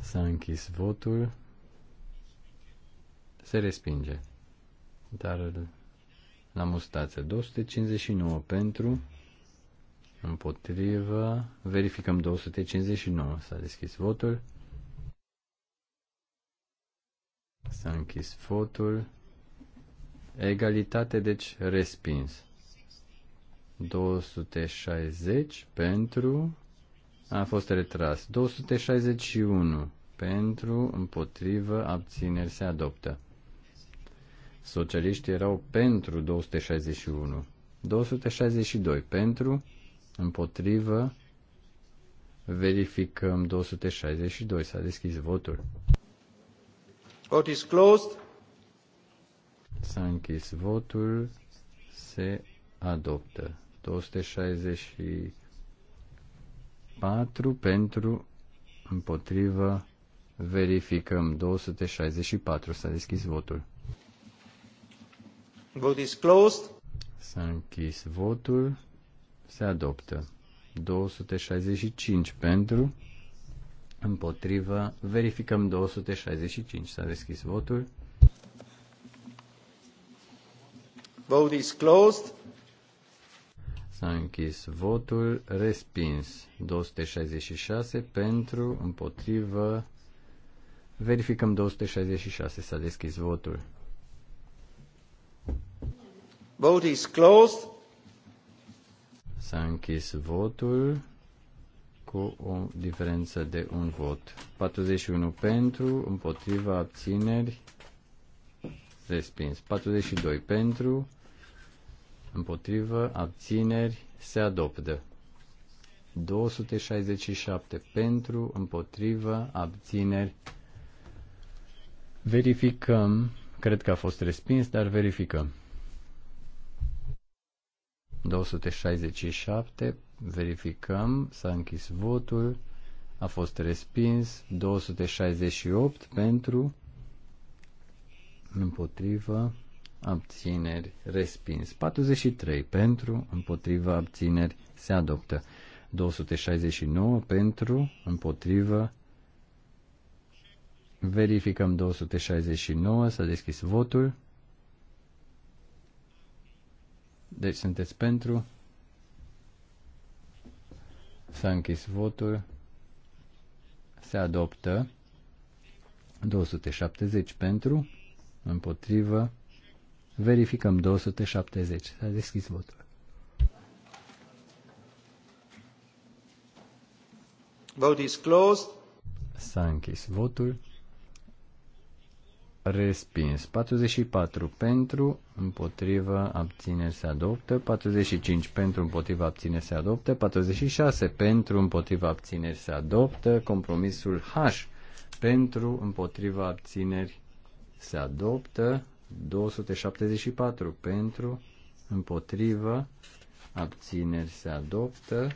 S-a închis votul se respinge. Dar la mustață 259 pentru, împotrivă, verificăm 259, s-a deschis votul. S-a închis votul. Egalitate, deci respins. 260 pentru a fost retras. 261 pentru, împotrivă, abțineri se adoptă. Socialiștii erau pentru 261. 262 pentru, împotrivă, verificăm 262. S-a deschis votul. Vote is closed. S-a închis votul. Se adoptă. 264 pentru, împotrivă, verificăm 264. S-a deschis votul. Vote is closed. S-a închis votul. Se adoptă. 265 pentru. Împotrivă. Verificăm 265. S-a deschis votul. Vote is closed. S-a închis votul. Respins. 266 pentru. Împotrivă. Verificăm 266. S-a deschis votul. Vote is closed. S-a închis votul cu o diferență de un vot. 41 pentru, împotriva abțineri, respins. 42 pentru, împotriva abțineri, se adoptă. 267 pentru, împotriva abțineri. Verificăm Cred că a fost respins, dar verificăm. 267, verificăm, s-a închis votul, a fost respins, 268 pentru, împotrivă, abțineri, respins, 43 pentru, împotrivă, abțineri, se adoptă, 269 pentru, împotrivă, Verificăm 269, s-a deschis votul. Deci sunteți pentru. S-a închis votul. Se adoptă 270 pentru, împotrivă. Verificăm 270. S-a deschis votul. Vote is closed. S-a închis votul respins. 44 pentru, împotrivă, abțineri se adoptă. 45 pentru, împotrivă, abțineri se adoptă. 46 pentru, împotrivă, abțineri se adoptă. Compromisul H pentru, împotrivă, abțineri se adoptă. 274 pentru, împotrivă, abțineri se adoptă.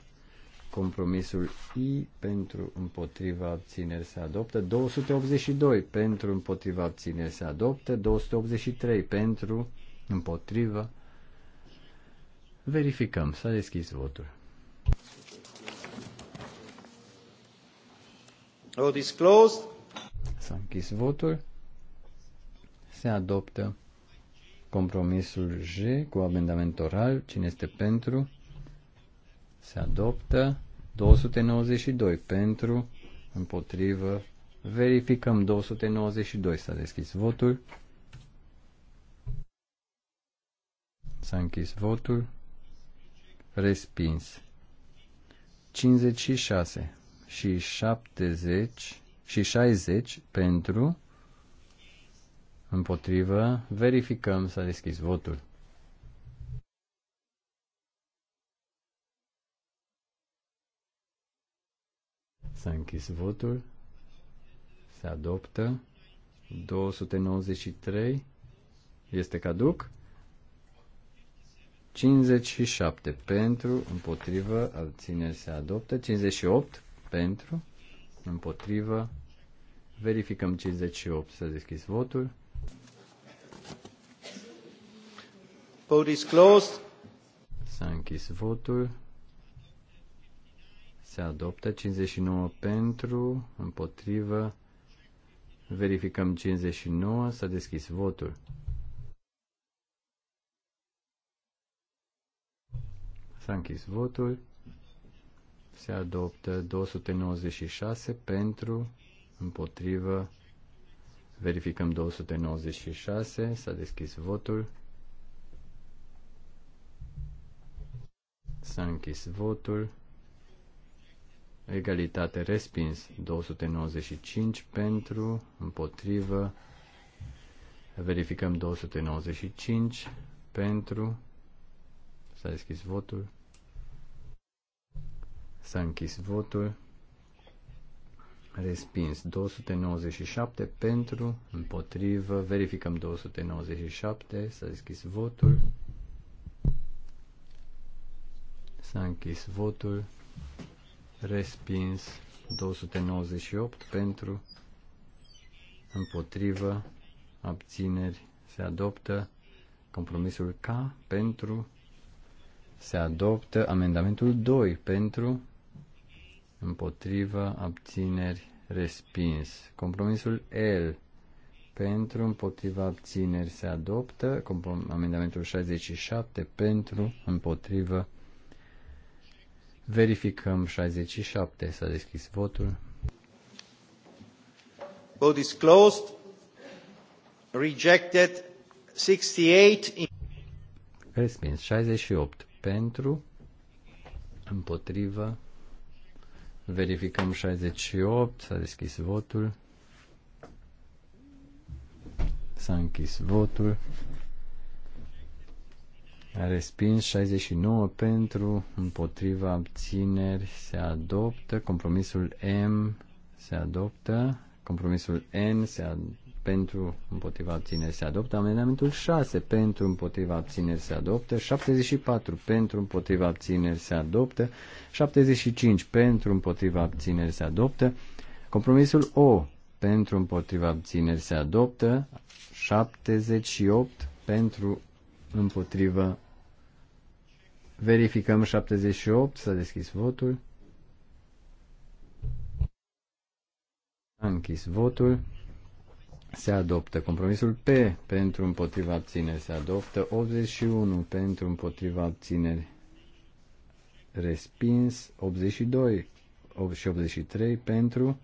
Compromisul I pentru împotriva abțineri se adoptă. 282 pentru împotriva abțineri se adoptă. 283 pentru împotriva. Verificăm. S-a deschis votul. Vote is closed. S-a închis votul. Se adoptă compromisul J cu amendament oral. Cine este pentru? se adoptă 292 pentru, împotrivă, verificăm 292, s-a deschis votul, s-a închis votul, respins 56 și 70 și 60 pentru, împotrivă, verificăm, s-a deschis votul. S-a închis votul. Se adoptă. 293 este caduc. 57 pentru, împotrivă, abțineri se adoptă. 58 pentru, împotrivă. Verificăm 58. S-a deschis votul. Vote is closed. S-a închis votul se adoptă, 59 pentru, împotrivă, verificăm 59, s-a deschis votul. S-a închis votul, se adoptă 296 pentru, împotrivă, verificăm 296, s-a deschis votul. S-a închis votul egalitate respins 295 pentru, împotrivă, verificăm 295 pentru, s-a deschis votul, s-a închis votul, respins 297 pentru, împotrivă, verificăm 297, s-a deschis votul, s-a închis votul, respins 298 pentru, împotrivă, abțineri, se adoptă compromisul K pentru, se adoptă amendamentul 2 pentru, împotrivă, abțineri, respins. Compromisul L pentru, împotriva abțineri se adoptă, amendamentul 67 pentru, împotrivă, Verificăm 67. S-a deschis votul. Vote is closed. Rejected 68. Respins 68 pentru, împotrivă. Verificăm 68. S-a deschis votul. S-a închis votul. Respins 69 pentru, împotriva abțineri se adoptă, compromisul M se adoptă, compromisul N se ad- pentru împotriva abțineri se adoptă, amendamentul 6 pentru împotriva abțineri se adoptă, 74 pentru împotriva abțineri se adoptă, 75 pentru împotriva abțineri se adoptă, compromisul O pentru împotriva abțineri se adoptă, 78 pentru împotrivă. Verificăm 78, s-a deschis votul. A închis votul. Se adoptă compromisul P pentru împotriva abțineri. Se adoptă 81 pentru împotriva abțineri. Respins 82 și 83 pentru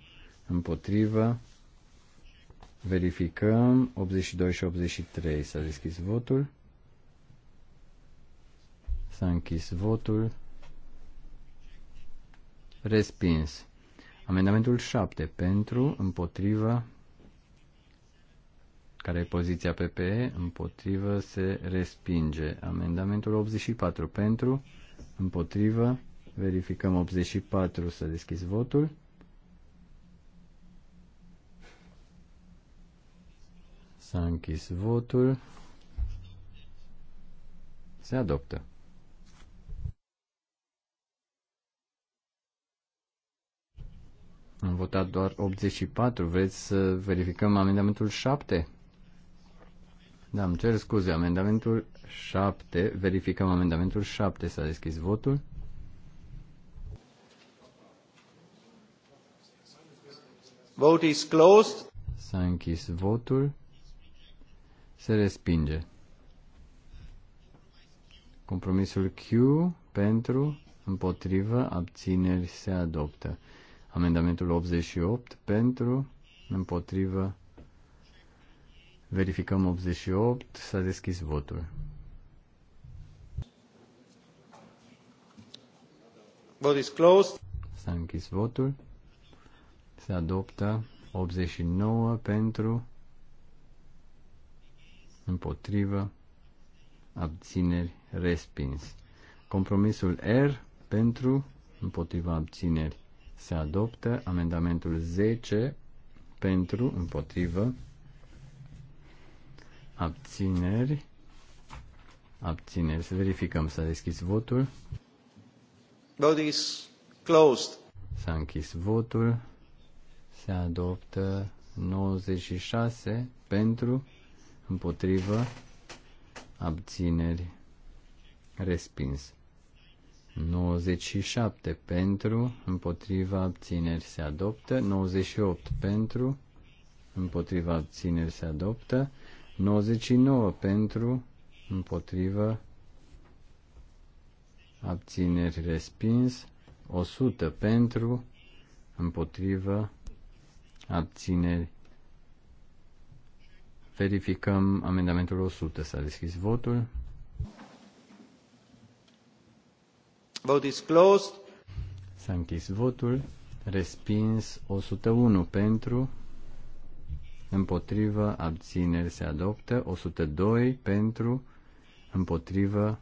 împotriva. Verificăm 82 și 83. S-a deschis votul. S-a închis votul. Respins. Amendamentul 7 pentru, împotrivă, care e poziția PPE, împotrivă se respinge. Amendamentul 84 pentru, împotrivă, verificăm 84 să deschis votul. S-a închis votul. Se adoptă. Am votat doar 84. Vreți să verificăm amendamentul 7? Da, îmi cer scuze. Amendamentul 7. Verificăm amendamentul 7. S-a deschis votul. Vote is closed. S-a închis votul. Se respinge. Compromisul Q pentru, împotrivă, abțineri se adoptă. Amendamentul 88 pentru, împotrivă, verificăm 88, s-a deschis votul. Vote is closed. S-a închis votul. Se adoptă 89 pentru, împotrivă, abțineri, respins. Compromisul R pentru, împotriva abțineri, se adoptă amendamentul 10 pentru, împotrivă, abțineri, abțineri. Să verificăm, s-a deschis votul. Vote is closed. S-a închis votul. Se adoptă 96 pentru, împotrivă, abțineri, respins. 97 pentru, împotriva abțineri se adoptă, 98 pentru, împotriva abțineri se adoptă, 99 pentru, împotriva abțineri respins, 100 pentru, împotriva abțineri. Verificăm amendamentul 100. S-a deschis votul. Vote is closed. S-a închis votul. Respins 101 pentru. Împotrivă. Abțineri se adoptă. 102 pentru. Împotrivă.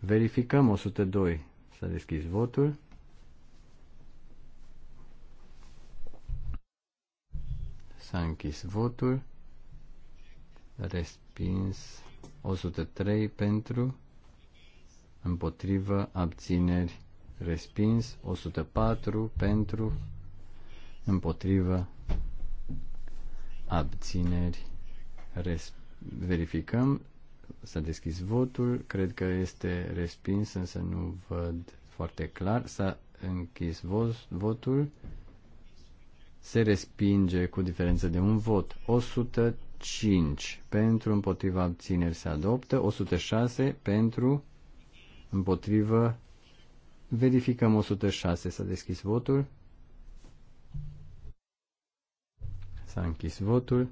Verificăm 102. S-a deschis votul. S-a închis votul. Respins 103 pentru împotrivă, abțineri, respins, 104 pentru, împotrivă, abțineri, res- verificăm, s-a deschis votul, cred că este respins, însă nu văd foarte clar, s-a închis votul, se respinge cu diferență de un vot, 105 pentru, împotriva abțineri se adoptă, 106 pentru, împotrivă, verificăm 106, s-a deschis votul, s-a închis votul,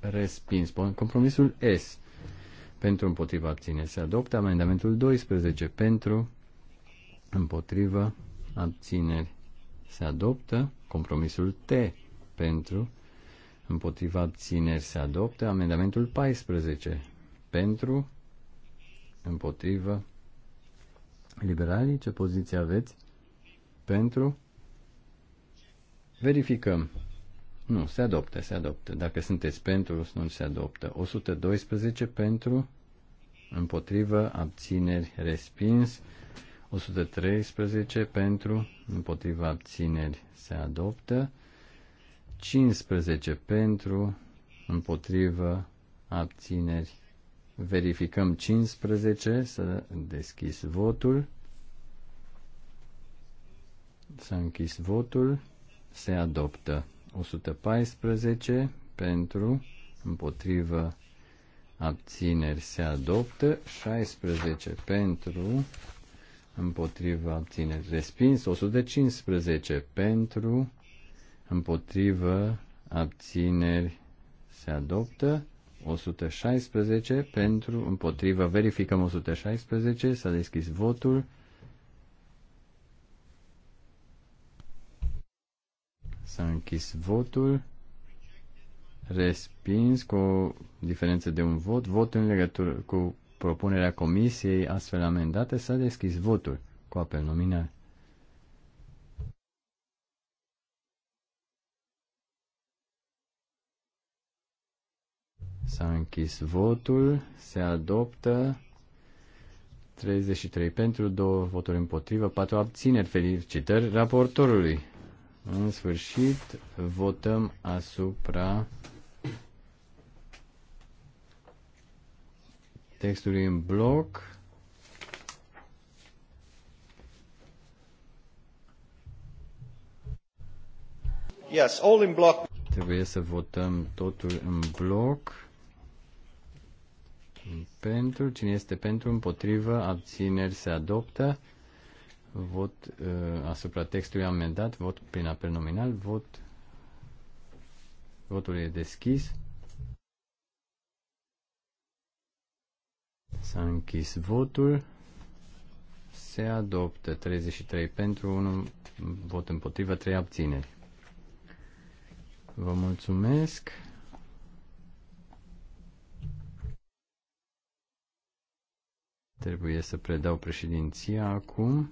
respins. Compromisul S pentru împotriva abține se adoptă, amendamentul 12 pentru împotriva abțineri se adoptă, compromisul T pentru împotriva abțineri se adoptă, amendamentul 14 pentru împotrivă. Liberalii, ce poziție aveți? Pentru? Verificăm. Nu, se adoptă, se adoptă. Dacă sunteți pentru, nu se adoptă. 112 pentru, împotrivă, abțineri, respins. 113 pentru, împotrivă, abțineri, se adoptă. 15 pentru, împotrivă, abțineri, Verificăm 15, să deschis votul. să închis votul. Se adoptă 114 pentru, împotrivă, abțineri se adoptă, 16 pentru, împotrivă, abțineri respins, 115 pentru, împotrivă, abțineri se adoptă, 116 pentru, împotrivă, verificăm 116, s-a deschis votul. S-a închis votul. Respins cu o diferență de un vot. Vot în legătură cu propunerea comisiei astfel amendate s-a deschis votul cu apel nominal. S-a închis votul, se adoptă 33 pentru, 2 voturi împotrivă, 4 abțineri. Felicitări raportorului. În sfârșit, votăm asupra textului în bloc. Yes, all in block. Trebuie să votăm totul în bloc pentru, cine este pentru, împotrivă, abțineri se adoptă. Vot uh, asupra textului amendat, vot prin apel nominal, vot. Votul e deschis. S-a închis votul. Se adoptă 33 pentru, 1 vot împotrivă, 3 abțineri. Vă mulțumesc. Trebuie să predau președinția acum.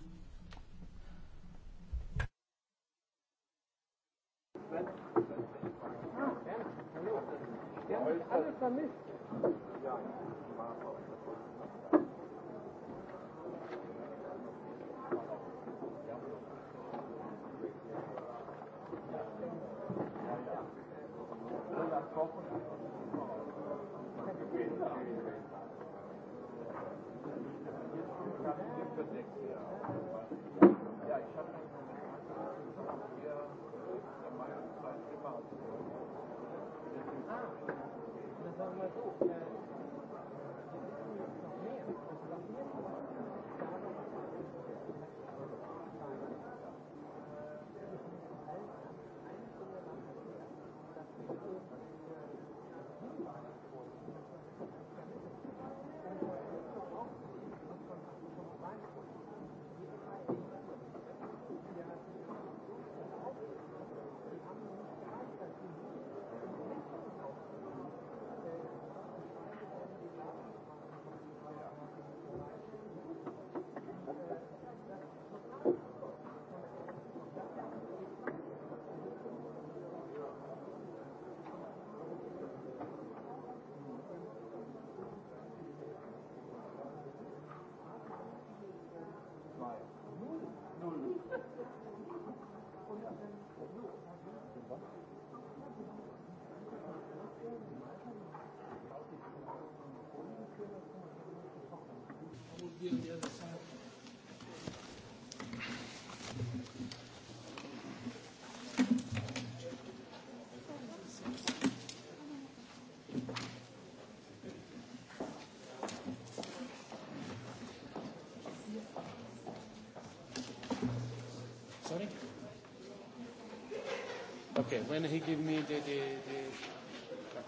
Okay, when he give me the, the, the okay,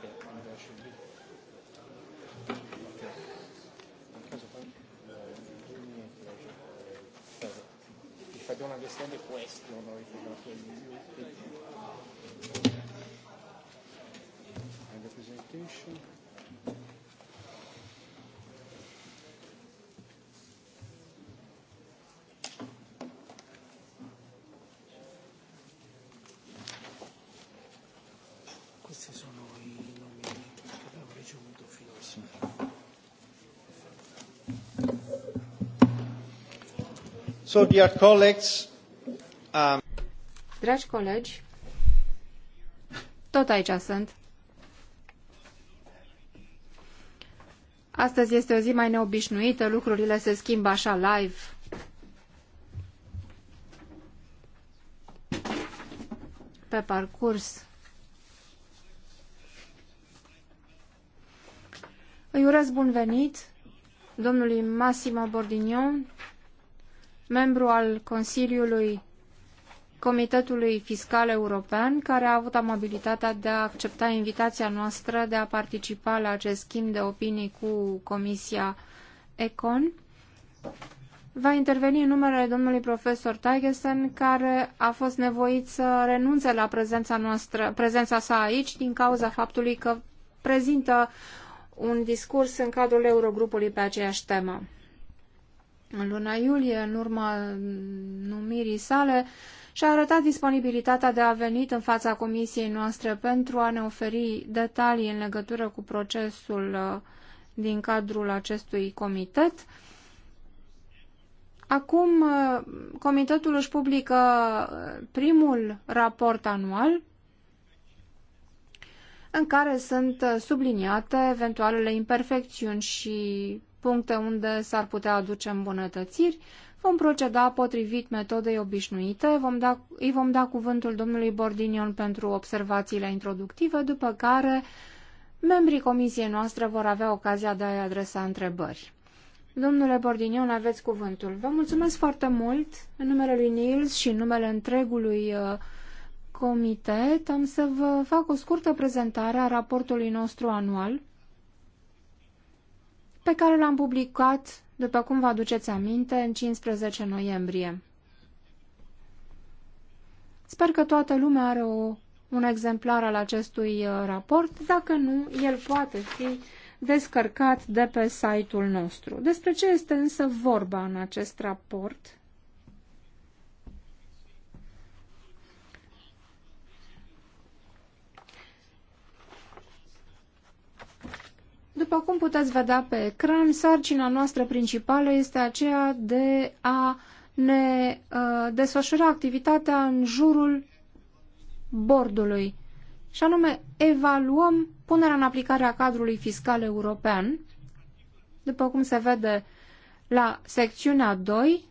there should be. Okay. Uh, if I don't understand the question or if you don't hear me, and the presentation. So, dear colleagues, um... Dragi colegi, tot aici sunt. Astăzi este o zi mai neobișnuită, lucrurile se schimbă așa live. Pe parcurs. Îi urez bun venit domnului Massimo Bordignon, membru al Consiliului Comitetului Fiscal European, care a avut amabilitatea de a accepta invitația noastră de a participa la acest schimb de opinii cu Comisia Econ. Va interveni în numele domnului profesor Tigesen, care a fost nevoit să renunțe la prezența, noastră, prezența sa aici din cauza faptului că prezintă un discurs în cadrul Eurogrupului pe aceeași temă în luna iulie, în urma numirii sale, și-a arătat disponibilitatea de a veni în fața comisiei noastre pentru a ne oferi detalii în legătură cu procesul uh, din cadrul acestui comitet. Acum, uh, comitetul își publică uh, primul raport anual în care sunt subliniate eventualele imperfecțiuni și puncte unde s-ar putea aduce îmbunătățiri, vom proceda potrivit metodei obișnuite, vom da, îi vom da cuvântul domnului Bordinion pentru observațiile introductive, după care membrii comisiei noastre vor avea ocazia de a-i adresa întrebări. Domnule Bordinion, aveți cuvântul. Vă mulțumesc foarte mult în numele lui Nils și în numele întregului uh, comitet. Am să vă fac o scurtă prezentare a raportului nostru anual pe care l-am publicat, după cum vă aduceți aminte, în 15 noiembrie. Sper că toată lumea are o, un exemplar al acestui uh, raport. Dacă nu, el poate fi descărcat de pe site-ul nostru. Despre ce este însă vorba în acest raport? După cum puteți vedea pe ecran, sarcina noastră principală este aceea de a ne uh, desfășura activitatea în jurul bordului. Și anume, evaluăm punerea în aplicare a cadrului fiscal european, după cum se vede la secțiunea 2,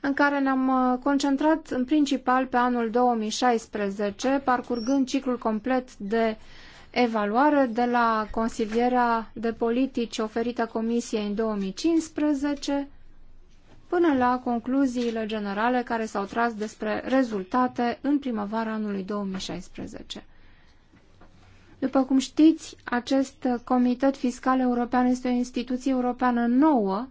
în care ne-am uh, concentrat în principal pe anul 2016, parcurgând ciclul complet de uh, evaluare de la consilierea de politici oferită Comisiei în 2015 până la concluziile generale care s-au tras despre rezultate în primăvara anului 2016. După cum știți, acest Comitet Fiscal European este o instituție europeană nouă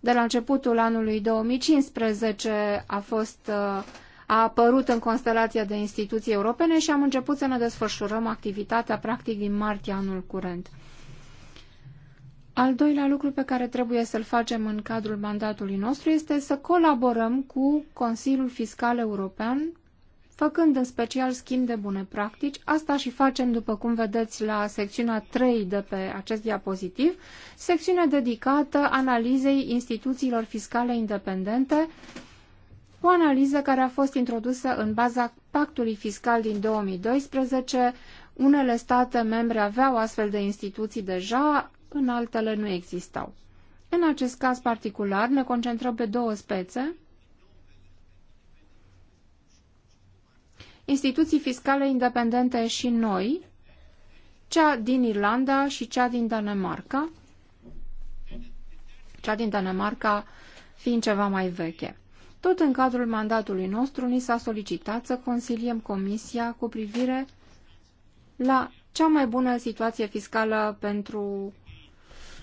de la începutul anului 2015 a fost uh, a apărut în constelația de instituții europene și am început să ne desfășurăm activitatea practic din martie anul curent. Al doilea lucru pe care trebuie să-l facem în cadrul mandatului nostru este să colaborăm cu Consiliul Fiscal European, făcând în special schimb de bune practici. Asta și facem, după cum vedeți, la secțiunea 3 de pe acest diapozitiv, secțiune dedicată analizei instituțiilor fiscale independente o analiză care a fost introdusă în baza pactului fiscal din 2012. Unele state membre aveau astfel de instituții deja, în altele nu existau. În acest caz particular ne concentrăm pe două spețe, instituții fiscale independente și noi, cea din Irlanda și cea din Danemarca, cea din Danemarca fiind ceva mai veche. Tot în cadrul mandatului nostru ni s-a solicitat să consiliem Comisia cu privire la cea mai bună situație fiscală pentru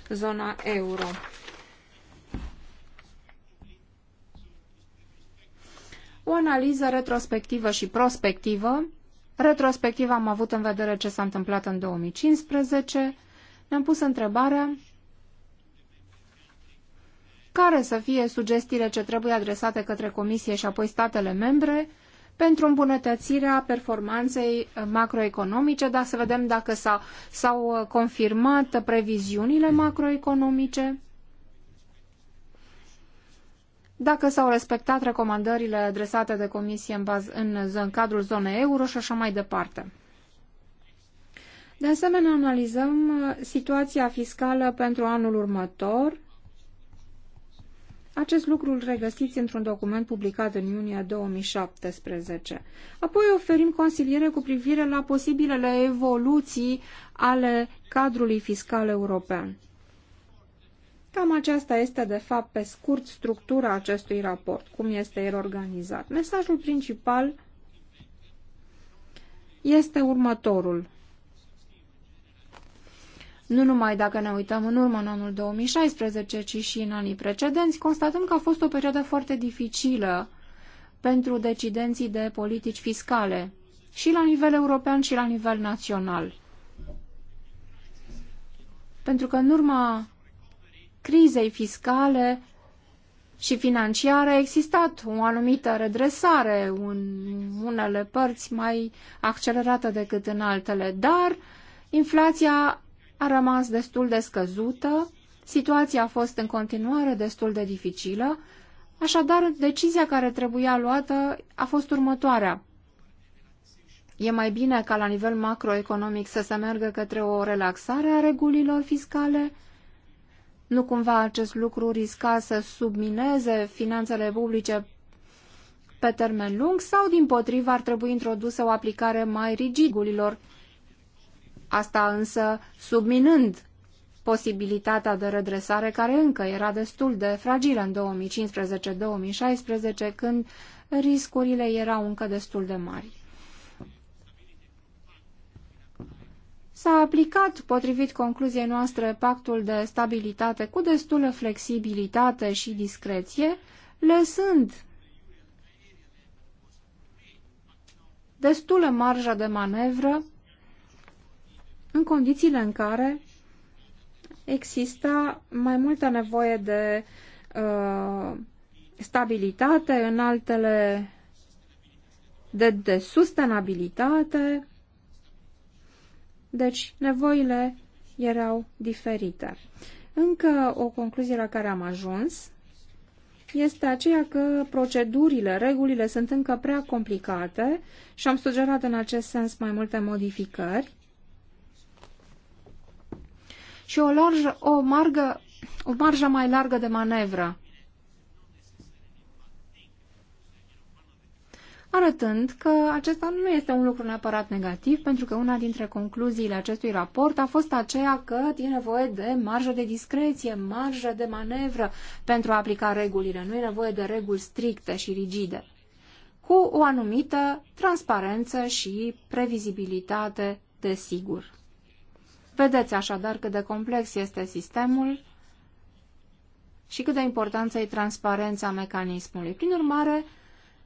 zona euro. O analiză retrospectivă și prospectivă. Retrospectiv am avut în vedere ce s-a întâmplat în 2015. Ne-am pus întrebarea care să fie sugestiile ce trebuie adresate către Comisie și apoi statele membre pentru îmbunătățirea performanței macroeconomice, dar să vedem dacă s-au uh, confirmat previziunile macroeconomice, dacă s-au respectat recomandările adresate de Comisie în, baz, în, în cadrul zonei euro și așa mai departe. De asemenea, analizăm uh, situația fiscală pentru anul următor, acest lucru îl regăsiți într-un document publicat în iunie 2017. Apoi oferim consiliere cu privire la posibilele evoluții ale cadrului fiscal european. Cam aceasta este, de fapt, pe scurt, structura acestui raport, cum este el organizat. Mesajul principal este următorul. Nu numai dacă ne uităm în urmă în anul 2016, ci și în anii precedenți, constatăm că a fost o perioadă foarte dificilă pentru decidenții de politici fiscale, și la nivel european și la nivel național. Pentru că în urma crizei fiscale și financiare a existat o anumită redresare în unele părți mai accelerată decât în altele, dar inflația a rămas destul de scăzută, situația a fost în continuare destul de dificilă, așadar decizia care trebuia luată a fost următoarea. E mai bine ca la nivel macroeconomic să se meargă către o relaxare a regulilor fiscale? Nu cumva acest lucru risca să submineze finanțele publice pe termen lung sau, din potrivă, ar trebui introdusă o aplicare mai rigidă regulilor Asta însă subminând posibilitatea de redresare care încă era destul de fragilă în 2015-2016, când riscurile erau încă destul de mari. S-a aplicat, potrivit concluziei noastre, pactul de stabilitate cu destulă flexibilitate și discreție, lăsând destulă marja de manevră în condițiile în care există mai multă nevoie de uh, stabilitate, în altele de, de sustenabilitate. Deci, nevoile erau diferite. Încă o concluzie la care am ajuns este aceea că procedurile, regulile sunt încă prea complicate și am sugerat în acest sens mai multe modificări și o, largă, o, margă, o marjă mai largă de manevră. arătând că acesta nu este un lucru neapărat negativ, pentru că una dintre concluziile acestui raport a fost aceea că e nevoie de marjă de discreție, marjă de manevră pentru a aplica regulile. Nu e nevoie de reguli stricte și rigide, cu o anumită transparență și previzibilitate, sigur Vedeți așadar cât de complex este sistemul și cât de importanță e transparența mecanismului. Prin urmare,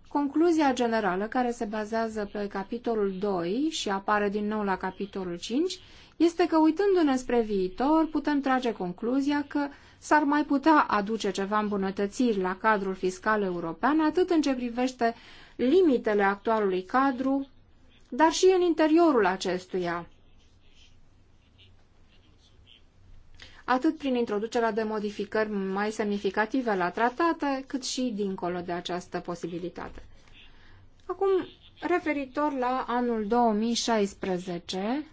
concluzia generală, care se bazează pe capitolul 2 și apare din nou la capitolul 5, este că uitându-ne spre viitor, putem trage concluzia că s-ar mai putea aduce ceva îmbunătățiri la cadrul fiscal european, atât în ce privește limitele actualului cadru, dar și în interiorul acestuia, atât prin introducerea de modificări mai semnificative la tratate, cât și dincolo de această posibilitate. Acum, referitor la anul 2016,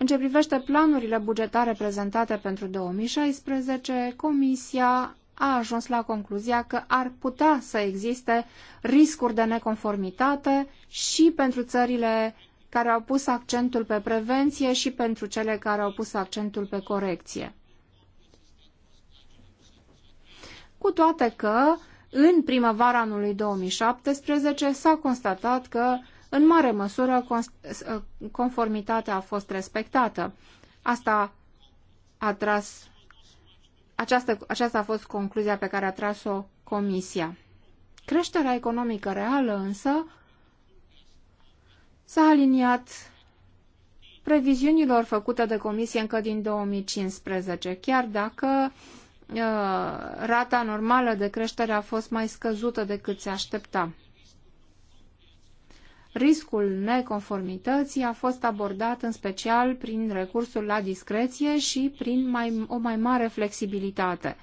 În ce privește planurile bugetare prezentate pentru 2016, Comisia a ajuns la concluzia că ar putea să existe riscuri de neconformitate și pentru țările care au pus accentul pe prevenție și pentru cele care au pus accentul pe corecție. Cu toate că, în primăvara anului 2017, s-a constatat că, în mare măsură, conformitatea a fost respectată. Asta a tras aceasta, aceasta a fost concluzia pe care a tras-o Comisia. Creșterea economică reală însă s-a aliniat previziunilor făcute de Comisie încă din 2015, chiar dacă uh, rata normală de creștere a fost mai scăzută decât se aștepta. Riscul neconformității a fost abordat în special prin recursul la discreție și prin mai, o mai mare flexibilitate.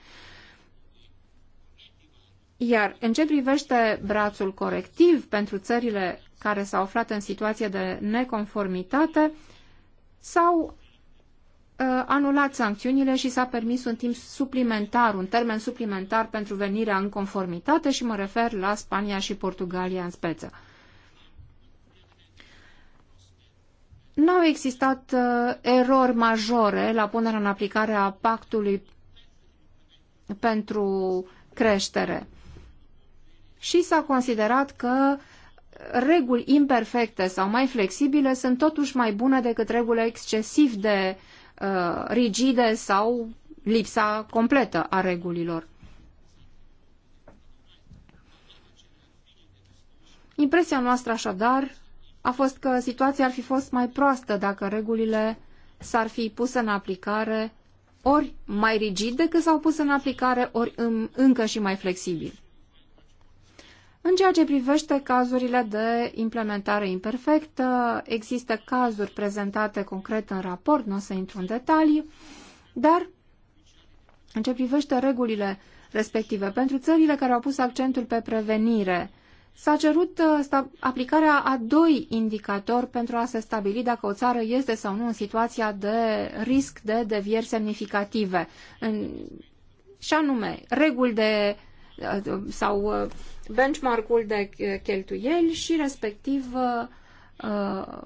Iar în ce privește brațul corectiv pentru țările care s-au aflat în situație de neconformitate, s-au uh, anulat sancțiunile și s-a permis un timp suplimentar, un termen suplimentar pentru venirea în conformitate și mă refer la Spania și Portugalia în speță. Nu au existat uh, erori majore la punerea în aplicare a pactului pentru creștere. Și s-a considerat că reguli imperfecte sau mai flexibile sunt totuși mai bune decât reguli excesiv de uh, rigide sau lipsa completă a regulilor. Impresia noastră așadar a fost că situația ar fi fost mai proastă dacă regulile s-ar fi pus în aplicare ori mai rigid decât s-au pus în aplicare, ori încă și mai flexibil. În ceea ce privește cazurile de implementare imperfectă, există cazuri prezentate concret în raport, nu o să intru în detalii, dar în ce privește regulile respective, pentru țările care au pus accentul pe prevenire, S-a cerut uh, aplicarea a doi indicatori pentru a se stabili dacă o țară este sau nu în situația de risc de devieri semnificative. În, și anume, reguli de uh, sau uh, benchmark-ul de cheltuieli și respectiv uh,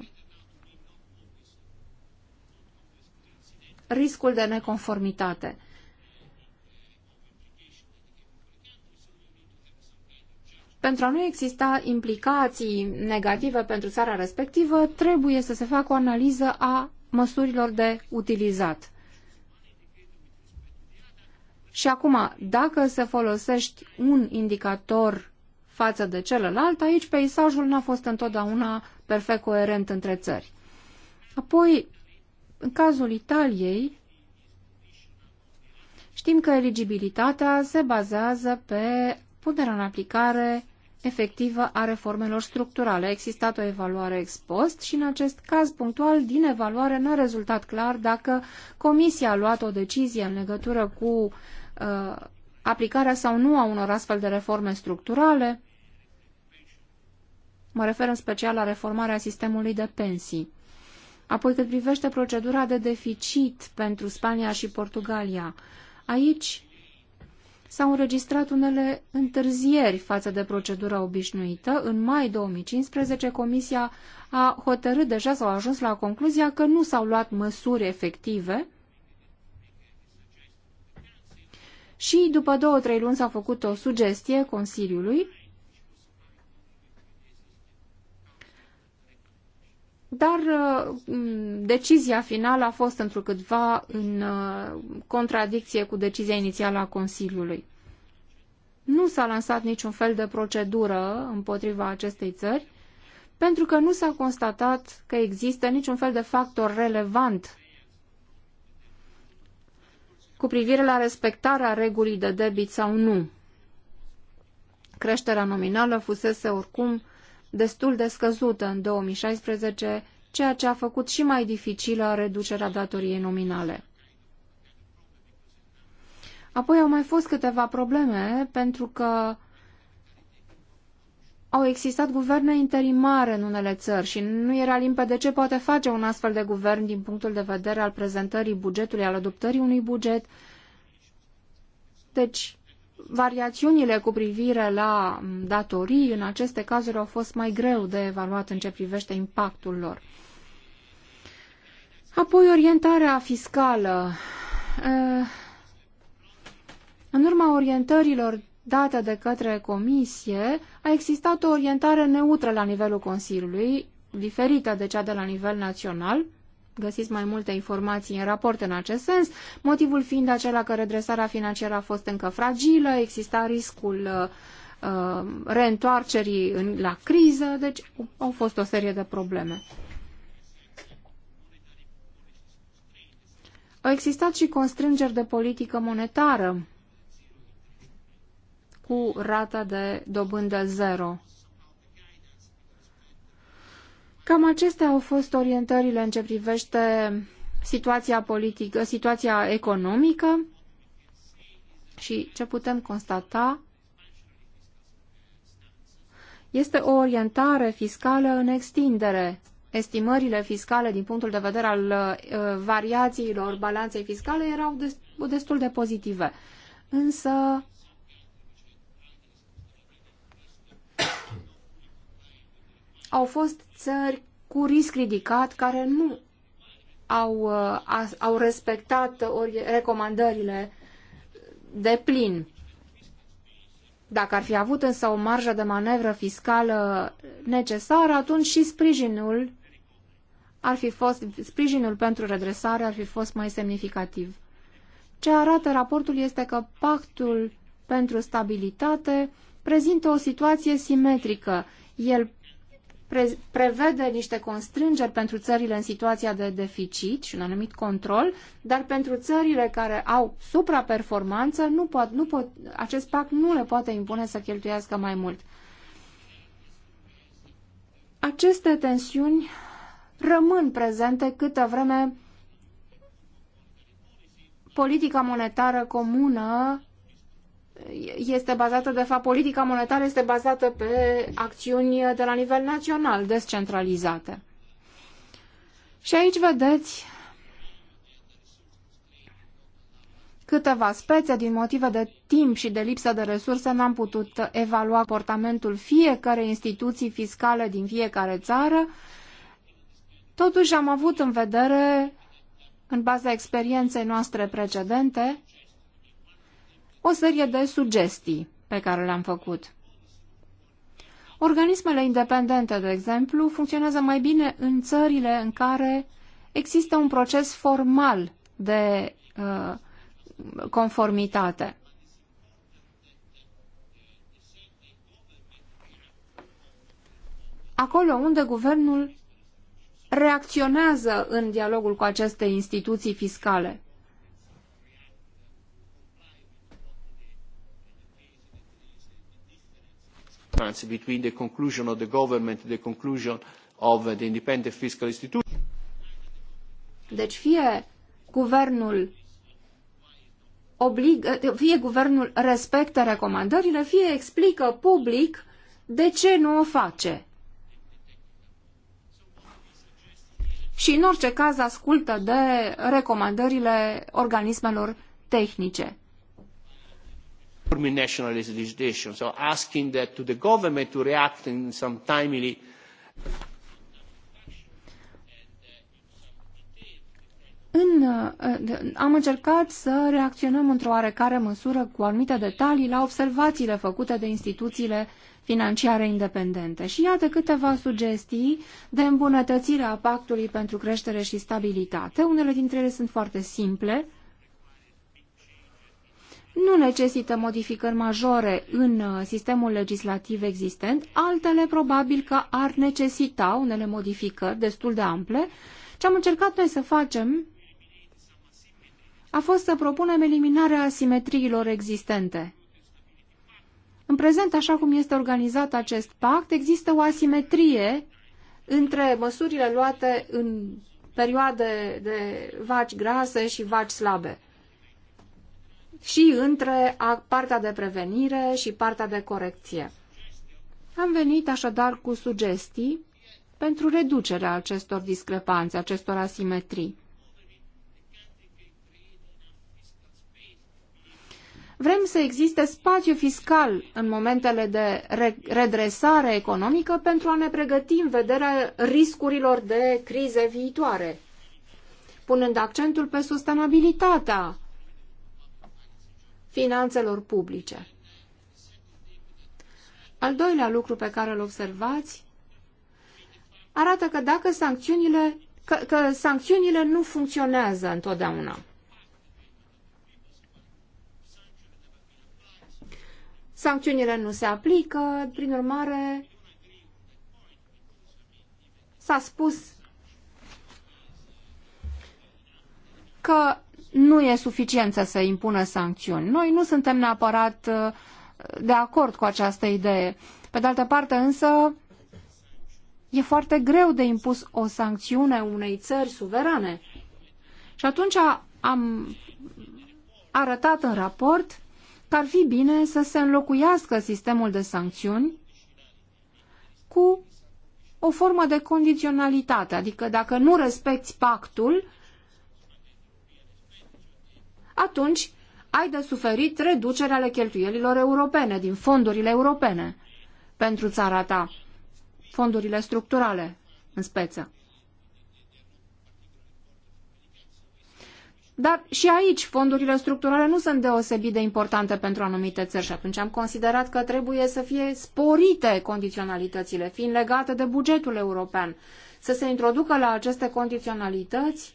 riscul de neconformitate. Pentru a nu exista implicații negative pentru țara respectivă, trebuie să se facă o analiză a măsurilor de utilizat. Și acum, dacă se folosești un indicator față de celălalt, aici peisajul n-a fost întotdeauna perfect coerent între țări. Apoi, în cazul Italiei, știm că eligibilitatea se bazează pe punerea în aplicare efectivă a reformelor structurale. A existat o evaluare ex post și în acest caz punctual din evaluare n-a rezultat clar dacă Comisia a luat o decizie în legătură cu uh, aplicarea sau nu a unor astfel de reforme structurale. Mă refer în special la reformarea sistemului de pensii. Apoi cât privește procedura de deficit pentru Spania și Portugalia, aici s-au înregistrat unele întârzieri față de procedura obișnuită. În mai 2015, Comisia a hotărât deja sau a ajuns la concluzia că nu s-au luat măsuri efective și după două-trei luni s-a făcut o sugestie Consiliului dar uh, decizia finală a fost întrucâtva în uh, contradicție cu decizia inițială a Consiliului. Nu s-a lansat niciun fel de procedură împotriva acestei țări, pentru că nu s-a constatat că există niciun fel de factor relevant cu privire la respectarea regulii de debit sau nu. Creșterea nominală fusese oricum destul de scăzută în 2016, ceea ce a făcut și mai dificilă reducerea datoriei nominale. Apoi au mai fost câteva probleme pentru că au existat guverne interimare în unele țări și nu era limpede ce poate face un astfel de guvern din punctul de vedere al prezentării bugetului, al adoptării unui buget. Deci, variațiunile cu privire la datorii în aceste cazuri au fost mai greu de evaluat în ce privește impactul lor. Apoi orientarea fiscală. În urma orientărilor date de către Comisie, a existat o orientare neutră la nivelul Consiliului, diferită de cea de la nivel național, Găsiți mai multe informații în raport în acest sens, motivul fiind acela că redresarea financiară a fost încă fragilă, exista riscul uh, uh, reîntoarcerii în, la criză, deci au fost o serie de probleme. Au existat și constrângeri de politică monetară cu rata de dobândă zero Cam acestea au fost orientările în ce privește situația politică, situația economică și ce putem constata este o orientare fiscală în extindere. Estimările fiscale din punctul de vedere al uh, variațiilor balanței fiscale erau destul de pozitive. Însă au fost țări cu risc ridicat care nu au, uh, a, au respectat ori, recomandările de plin. Dacă ar fi avut însă o marjă de manevră fiscală necesară, atunci și sprijinul ar fi fost, sprijinul pentru redresare ar fi fost mai semnificativ. Ce arată raportul este că pactul pentru stabilitate prezintă o situație simetrică. El pre prevede niște constrângeri pentru țările în situația de deficit și un anumit control, dar pentru țările care au supraperformanță, nu pot, nu pot, acest pact nu le poate impune să cheltuiască mai mult. Aceste tensiuni rămân prezente câtă vreme politica monetară comună este bazată, de fapt, politica monetară este bazată pe acțiuni de la nivel național, descentralizate. Și aici vedeți câteva spețe din motive de timp și de lipsă de resurse n-am putut evalua comportamentul fiecare instituții fiscale din fiecare țară. Totuși am avut în vedere, în baza experienței noastre precedente, o serie de sugestii pe care le-am făcut. Organismele independente, de exemplu, funcționează mai bine în țările în care există un proces formal de uh, conformitate. Acolo unde guvernul reacționează în dialogul cu aceste instituții fiscale. difference between the conclusion of the government and the conclusion of uh, the independent fiscal institution. Deci fie guvernul obligă, fie guvernul respectă recomandările, fie explică public de ce nu o face. Și în orice caz ascultă de recomandările organismelor tehnice national legislation. So asking that to the government to react in some timely În, uh, am încercat să reacționăm într-o oarecare măsură cu anumite detalii la observațiile făcute de instituțiile financiare independente. Și iată câteva sugestii de îmbunătățire a pactului pentru creștere și stabilitate. Unele dintre ele sunt foarte simple, nu necesită modificări majore în uh, sistemul legislativ existent, altele probabil că ar necesita unele modificări destul de ample. Ce am încercat noi să facem a fost să propunem eliminarea asimetriilor existente. În prezent, așa cum este organizat acest pact, există o asimetrie între măsurile luate în perioade de vaci grase și vaci slabe și între partea de prevenire și partea de corecție. Am venit așadar cu sugestii pentru reducerea acestor discrepanțe, acestor asimetrii. Vrem să existe spațiu fiscal în momentele de redresare economică pentru a ne pregăti în vederea riscurilor de crize viitoare, punând accentul pe sustenabilitatea finanțelor publice. Al doilea lucru pe care îl observați arată că dacă sancțiunile, că, că sancțiunile nu funcționează întotdeauna. Sancțiunile nu se aplică, prin urmare s-a spus că nu e suficient să se impună sancțiuni. Noi nu suntem neapărat uh, de acord cu această idee. Pe de altă parte, însă, e foarte greu de impus o sancțiune unei țări suverane. Și atunci am arătat în raport că ar fi bine să se înlocuiască sistemul de sancțiuni cu o formă de condiționalitate, adică dacă nu respecti pactul, atunci ai de suferit reducerea ale cheltuielilor europene, din fondurile europene, pentru țara ta, fondurile structurale, în speță. Dar și aici fondurile structurale nu sunt deosebit de importante pentru anumite țări și atunci am considerat că trebuie să fie sporite condiționalitățile, fiind legate de bugetul european. Să se introducă la aceste condiționalități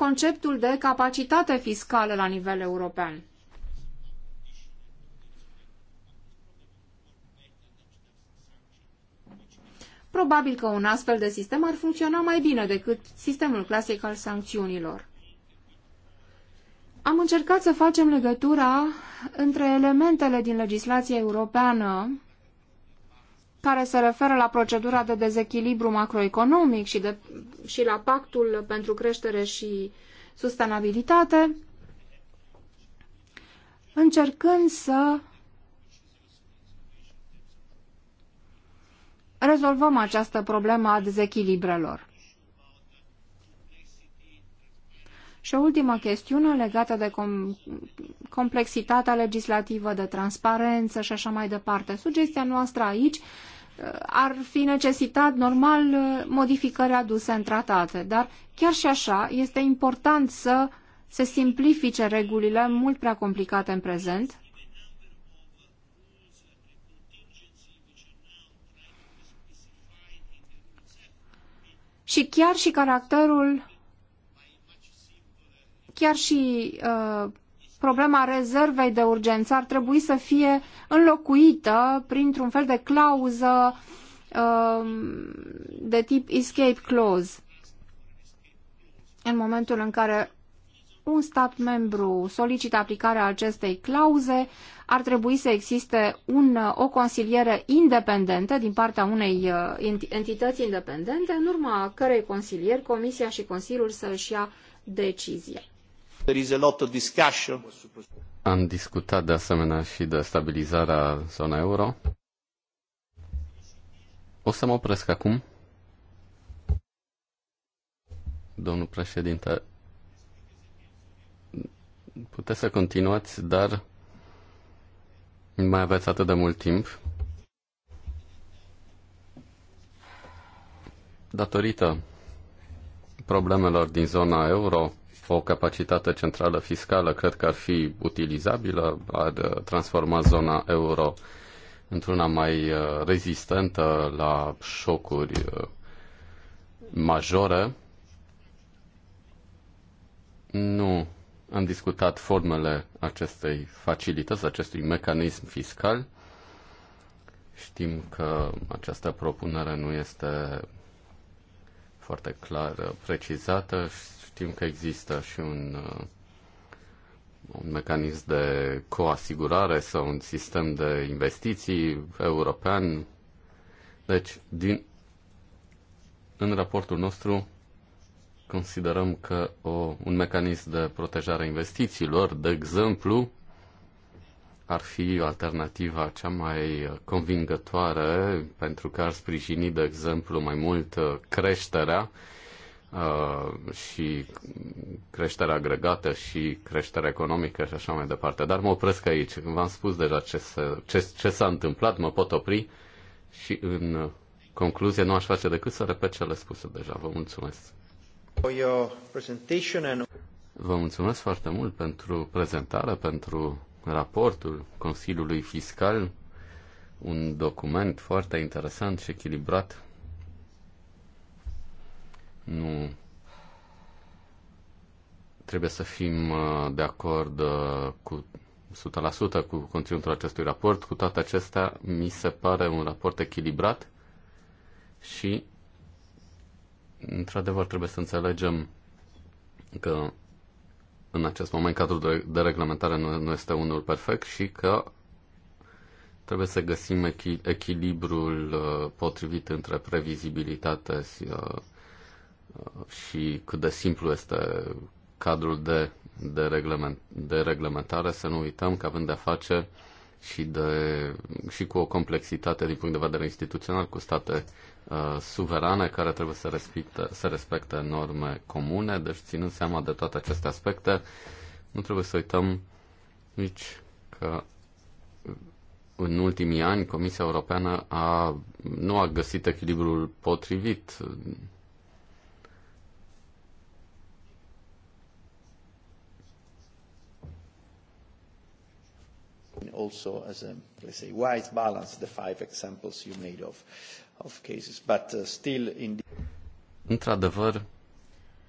conceptul de capacitate fiscală la nivel european. Probabil că un astfel de sistem ar funcționa mai bine decât sistemul clasic al sancțiunilor. Am încercat să facem legătura între elementele din legislația europeană care se referă la procedura de dezechilibru macroeconomic și, de, și la pactul pentru creștere și sustenabilitate, încercând să rezolvăm această problemă a dezechilibrelor. Și o ultimă chestiune legată de com complexitatea legislativă, de transparență și așa mai departe. Sugestia noastră aici ar fi necesitat, normal, uh, modificări aduse în tratate. Dar chiar și așa, este important să se simplifice regulile mult prea complicate în prezent. Și chiar și caracterul, chiar și uh, problema rezervei de urgență ar trebui să fie înlocuită printr-un fel de clauză um, de tip escape clause. În momentul în care un stat membru solicită aplicarea acestei clauze, ar trebui să existe un, o consiliere independentă din partea unei uh, entități independente, în urma cărei consilieri Comisia și Consiliul să își ia decizia. Am discutat de asemenea și de stabilizarea zonei euro. O să mă opresc acum. Domnul președinte, puteți să continuați, dar nu mai aveți atât de mult timp. Datorită problemelor din zona euro, o capacitate centrală fiscală cred că ar fi utilizabilă, ar uh, transforma zona euro într-una mai uh, rezistentă la șocuri uh, majore. Nu am discutat formele acestei facilități, acestui mecanism fiscal. Știm că această propunere nu este foarte clar precizată Știm că există și un, uh, un mecanism de coasigurare sau un sistem de investiții european. Deci, din, în raportul nostru considerăm că o, un mecanism de protejare a investițiilor, de exemplu, ar fi alternativa cea mai convingătoare pentru că ar sprijini, de exemplu, mai mult uh, creșterea Uh, și creșterea agregată și creșterea economică și așa mai departe. Dar mă opresc aici. V-am spus deja ce, se, ce, ce s-a întâmplat, mă pot opri și în concluzie nu aș face decât să repet cele spuse deja. Vă mulțumesc. Vă mulțumesc foarte mult pentru prezentare, pentru raportul Consiliului Fiscal, un document foarte interesant și echilibrat nu trebuie să fim uh, de acord uh, cu 100% cu conținutul acestui raport. Cu toate acestea, mi se pare un raport echilibrat și, într-adevăr, trebuie să înțelegem că în acest moment cadrul de reglementare nu, nu este unul perfect și că trebuie să găsim echilibrul uh, potrivit între previzibilitate și și cât de simplu este cadrul de, de, reglement, de reglementare, să nu uităm că avem de-a face și, de, și cu o complexitate din punct de vedere instituțional cu state uh, suverane care trebuie să respecte, să respecte norme comune, deci ținând seama de toate aceste aspecte, nu trebuie să uităm nici că în ultimii ani Comisia Europeană a, nu a găsit echilibrul potrivit also as a, let's say, wise balance, the five examples you made of, of cases. But uh, still in... Într-adevăr,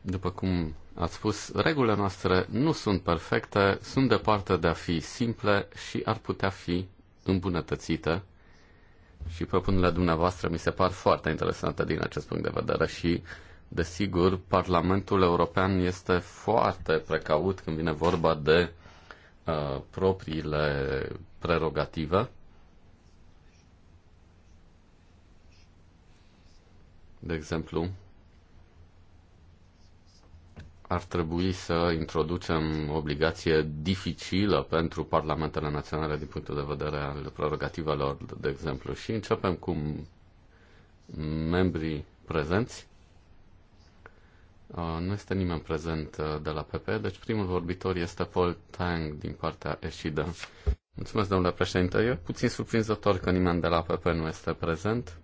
după cum ați spus, regulile noastre nu sunt perfecte, sunt departe de a fi simple și ar putea fi îmbunătățite și propunerile dumneavoastră mi se par foarte interesante din acest punct de vedere și, desigur, Parlamentul European este foarte precaut când vine vorba de Uh, propriile prerogative. De exemplu, ar trebui să introducem obligație dificilă pentru parlamentele naționale din punctul de vedere al prerogativelor, de exemplu, și începem cu membrii prezenți. Uh, nu este nimeni prezent uh, de la PP, deci primul vorbitor este Paul Tang din partea Eșidă. Mulțumesc, domnule președinte. E puțin surprinzător că nimeni de la PP nu este prezent.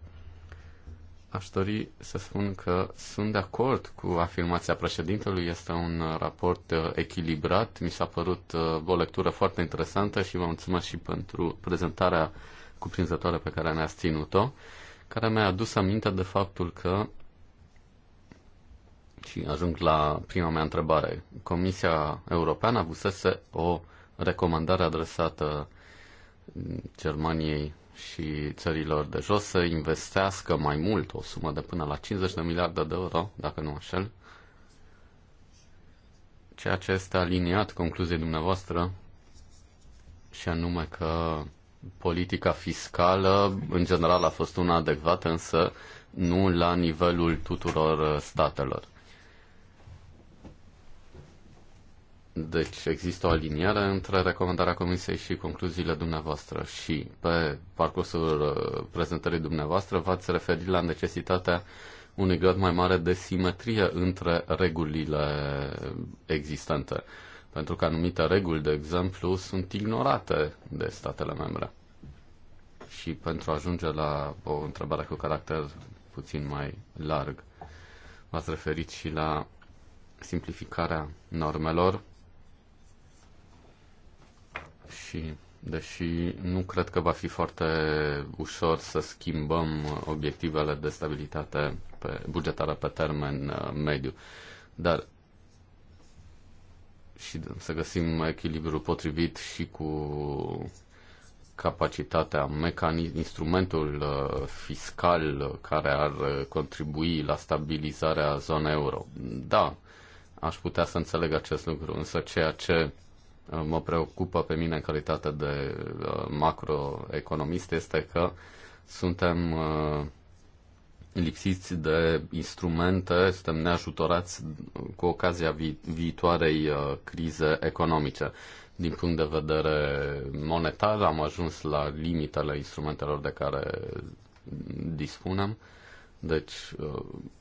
Aș dori să spun că sunt de acord cu afirmația președintelui. Este un raport uh, echilibrat. Mi s-a părut o lectură foarte interesantă și vă mulțumesc și pentru prezentarea cuprinzătoare pe care ne-ați ținut-o, care mi-a adus aminte de faptul că și ajung la prima mea întrebare. Comisia Europeană avusese o recomandare adresată Germaniei și țărilor de jos să investească mai mult, o sumă de până la 50 de miliarde de euro, dacă nu așel, ceea ce este aliniat concluziei dumneavoastră și anume că politica fiscală în general a fost una adecvată, însă nu la nivelul tuturor statelor. Deci există o aliniere între recomandarea Comisiei și concluziile dumneavoastră și pe parcursul uh, prezentării dumneavoastră v-ați referit la necesitatea unui grad mai mare de simetrie între regulile existente, pentru că anumite reguli, de exemplu, sunt ignorate de statele membre. Și pentru a ajunge la o întrebare cu caracter puțin mai larg, v-ați referit și la simplificarea normelor și deși nu cred că va fi foarte ușor să schimbăm obiectivele de stabilitate pe, bugetară pe termen uh, mediu. Dar și să găsim echilibru potrivit și cu capacitatea, mecanism, instrumentul uh, fiscal care ar uh, contribui la stabilizarea zonei euro. Da, aș putea să înțeleg acest lucru, însă ceea ce Uh, mă preocupă pe mine în calitate de uh, macroeconomist este că suntem uh, lipsiți de instrumente, suntem neajutorați cu ocazia vi- viitoarei crize economice. Din punct de vedere monetar am ajuns la limitele instrumentelor de care dispunem. Deci,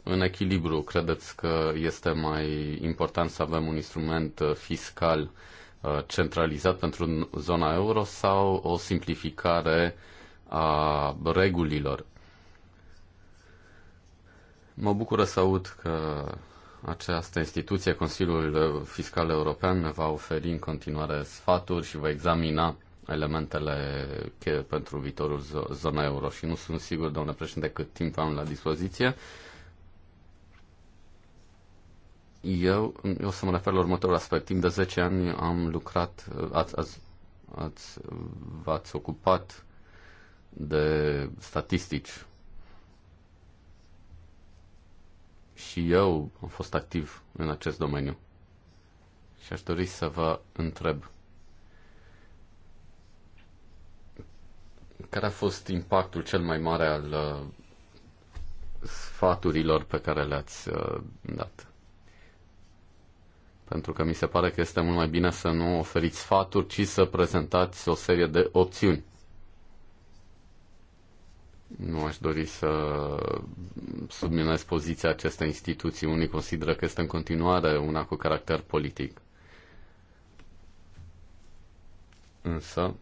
în echilibru, credeți că este mai important să avem un instrument fiscal uh, Uh, centralizat pentru zona euro sau o simplificare a regulilor. Mă bucură să aud că această instituție, Consiliul Fiscal European, ne va oferi în continuare sfaturi și va examina elementele cheie pentru viitorul zonei euro. Și nu sunt sigur, domnule președinte, cât timp am la dispoziție. Eu, eu o să mă refer la următorul aspect. Timp de 10 ani am lucrat, ați, ați, ați, v-ați ocupat de statistici și eu am fost activ în acest domeniu. Și aș dori să vă întreb care a fost impactul cel mai mare al uh, sfaturilor pe care le-ați uh, dat? pentru că mi se pare că este mult mai bine să nu oferiți sfaturi, ci să prezentați o serie de opțiuni. Nu aș dori să subminez poziția acestei instituții. Unii consideră că este în continuare una cu caracter politic. Însă,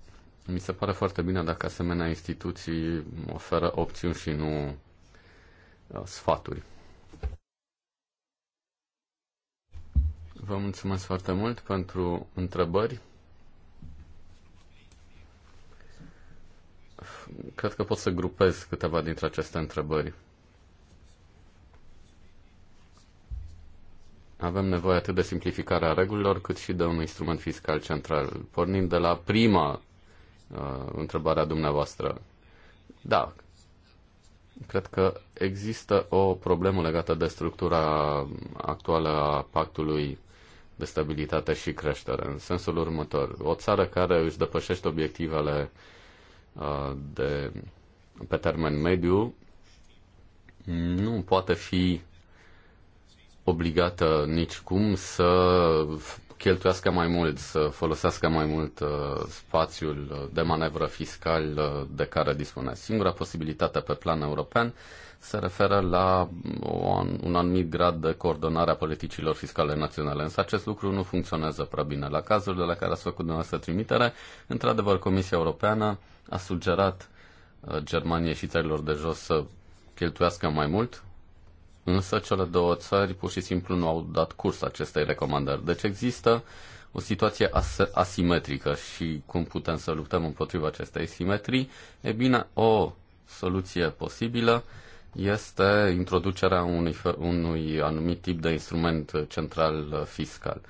mi se pare foarte bine dacă asemenea instituții oferă opțiuni și nu uh, sfaturi. Vă mulțumesc foarte mult pentru întrebări. Cred că pot să grupez câteva dintre aceste întrebări. Avem nevoie atât de simplificarea regulilor, cât și de un instrument fiscal central. Pornind de la prima uh, întrebare a dumneavoastră, da, cred că există o problemă legată de structura actuală a pactului de stabilitate și creștere. În sensul următor, o țară care își depășește obiectivele uh, de, pe termen mediu nu poate fi obligată nicicum să cheltuiască mai mult, să folosească mai mult uh, spațiul de manevră fiscal uh, de care dispune. Singura posibilitate pe plan european se referă la un anumit grad de coordonare a politicilor fiscale naționale. Însă acest lucru nu funcționează prea bine. La cazul de la care ați făcut dumneavoastră trimitere, într-adevăr, Comisia Europeană a sugerat uh, Germaniei și țărilor de jos să cheltuiască mai mult, însă cele două țări pur și simplu nu au dat curs acestei recomandări. Deci există o situație as- asimetrică și cum putem să luptăm împotriva acestei simetrii? E bine, o soluție posibilă este introducerea unui, unui anumit tip de instrument central fiscal.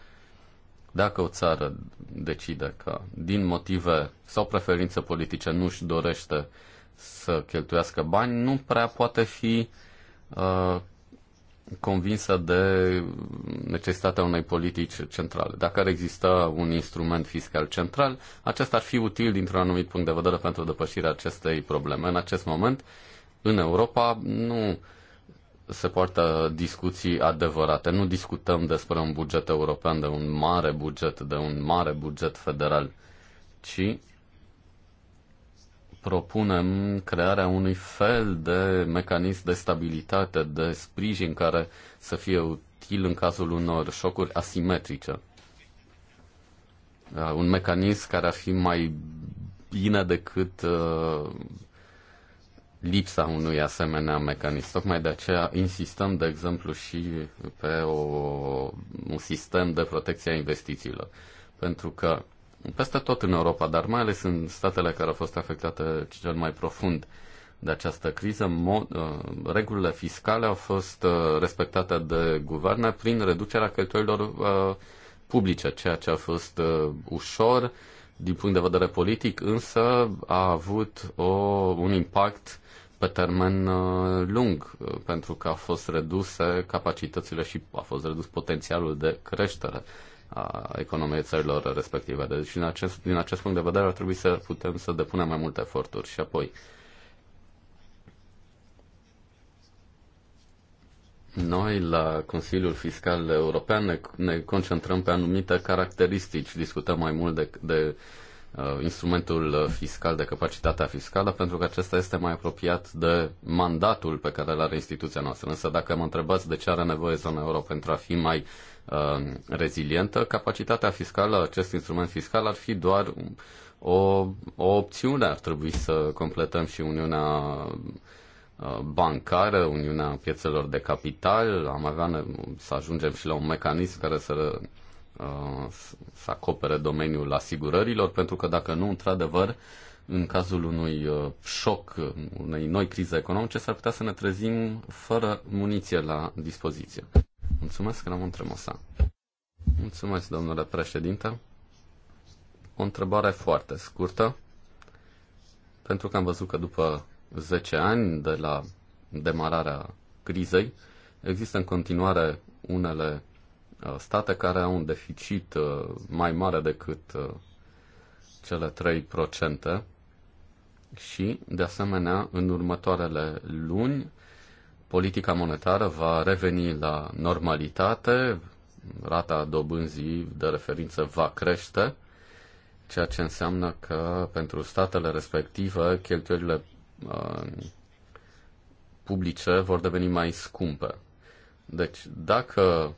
Dacă o țară decide că din motive sau preferințe politice nu își dorește să cheltuiască bani, nu prea poate fi uh, convinsă de necesitatea unei politici centrale. Dacă ar exista un instrument fiscal central, acesta ar fi util dintr-un anumit punct de vedere pentru depășirea acestei probleme. În acest moment, uh, în Europa nu se poartă discuții adevărate. Nu discutăm despre un buget european, de un mare buget, de un mare buget federal, ci propunem crearea unui fel de mecanism de stabilitate, de sprijin care să fie util în cazul unor șocuri asimetrice. Uh, un mecanism care ar fi mai bine decât uh, lipsa unui asemenea mecanism. Tocmai de aceea insistăm, de exemplu, și pe o, un sistem de protecție a investițiilor. Pentru că peste tot în Europa, dar mai ales în statele care au fost afectate cel mai profund de această criză, mod, uh, regulile fiscale au fost uh, respectate de guverne prin reducerea cheltuielilor uh, publice, ceea ce a fost ușor din punct de vedere politic, însă a avut o, un impact pe termen uh, lung, uh, pentru că au fost reduse capacitățile și a fost redus potențialul de creștere a economiei țărilor respective. Deci, din acest, din acest punct de vedere, ar trebui să putem să depunem mai multe eforturi. Și apoi, Noi, la Consiliul Fiscal European, ne, ne concentrăm pe anumite caracteristici. Discutăm mai mult de, de uh, Uh, instrumentul uh, fiscal de capacitatea fiscală, pentru că acesta este mai apropiat de mandatul pe care îl are instituția noastră. Însă dacă mă întrebați de ce are nevoie zona euro pentru a fi mai uh, rezilientă, capacitatea fiscală, acest instrument fiscal ar fi doar o, o opțiune. Ar trebui să completăm și Uniunea uh, bancară, Uniunea Piețelor de Capital, am avea să ajungem și la un mecanism care să Uh, să acopere domeniul asigurărilor, pentru că dacă nu, într-adevăr, în cazul unui uh, șoc, unei noi crize economice, s-ar putea să ne trezim fără muniție la dispoziție. Mulțumesc, Ramon Tremosa. Mulțumesc, domnule președinte. O întrebare foarte scurtă, pentru că am văzut că după 10 ani de la demararea crizei, există în continuare unele Uh, state care au un deficit uh, mai mare decât uh, cele 3% și, de asemenea, în următoarele luni, politica monetară va reveni la normalitate, rata dobânzii de referință va crește, ceea ce înseamnă că pentru statele respective cheltuielile uh, publice vor deveni mai scumpe. Deci, dacă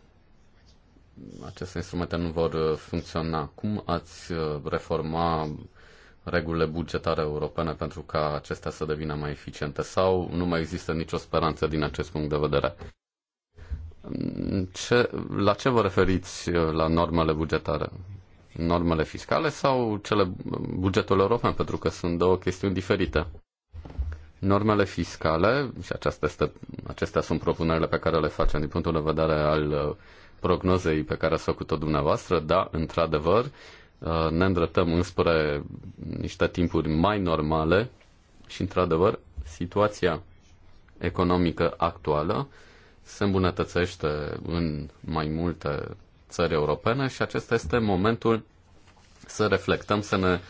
aceste instrumente nu vor uh, funcționa. Cum ați uh, reforma regulile bugetare europene pentru ca acestea să devină mai eficiente sau nu mai există nicio speranță din acest punct de vedere? Mm, ce, la ce vă referiți uh, la normele bugetare? Normele fiscale sau cele bugetul european? Pentru că sunt două chestiuni diferite. Normele fiscale, și aceasta este, acestea sunt propunerile pe care le facem din punctul de vedere al prognozei pe care ați făcut-o dumneavoastră, da, într-adevăr, uh, ne îndreptăm înspre niște timpuri mai normale și, într-adevăr, situația economică actuală se îmbunătățește în mai multe țări europene și acesta este momentul să reflectăm, să ne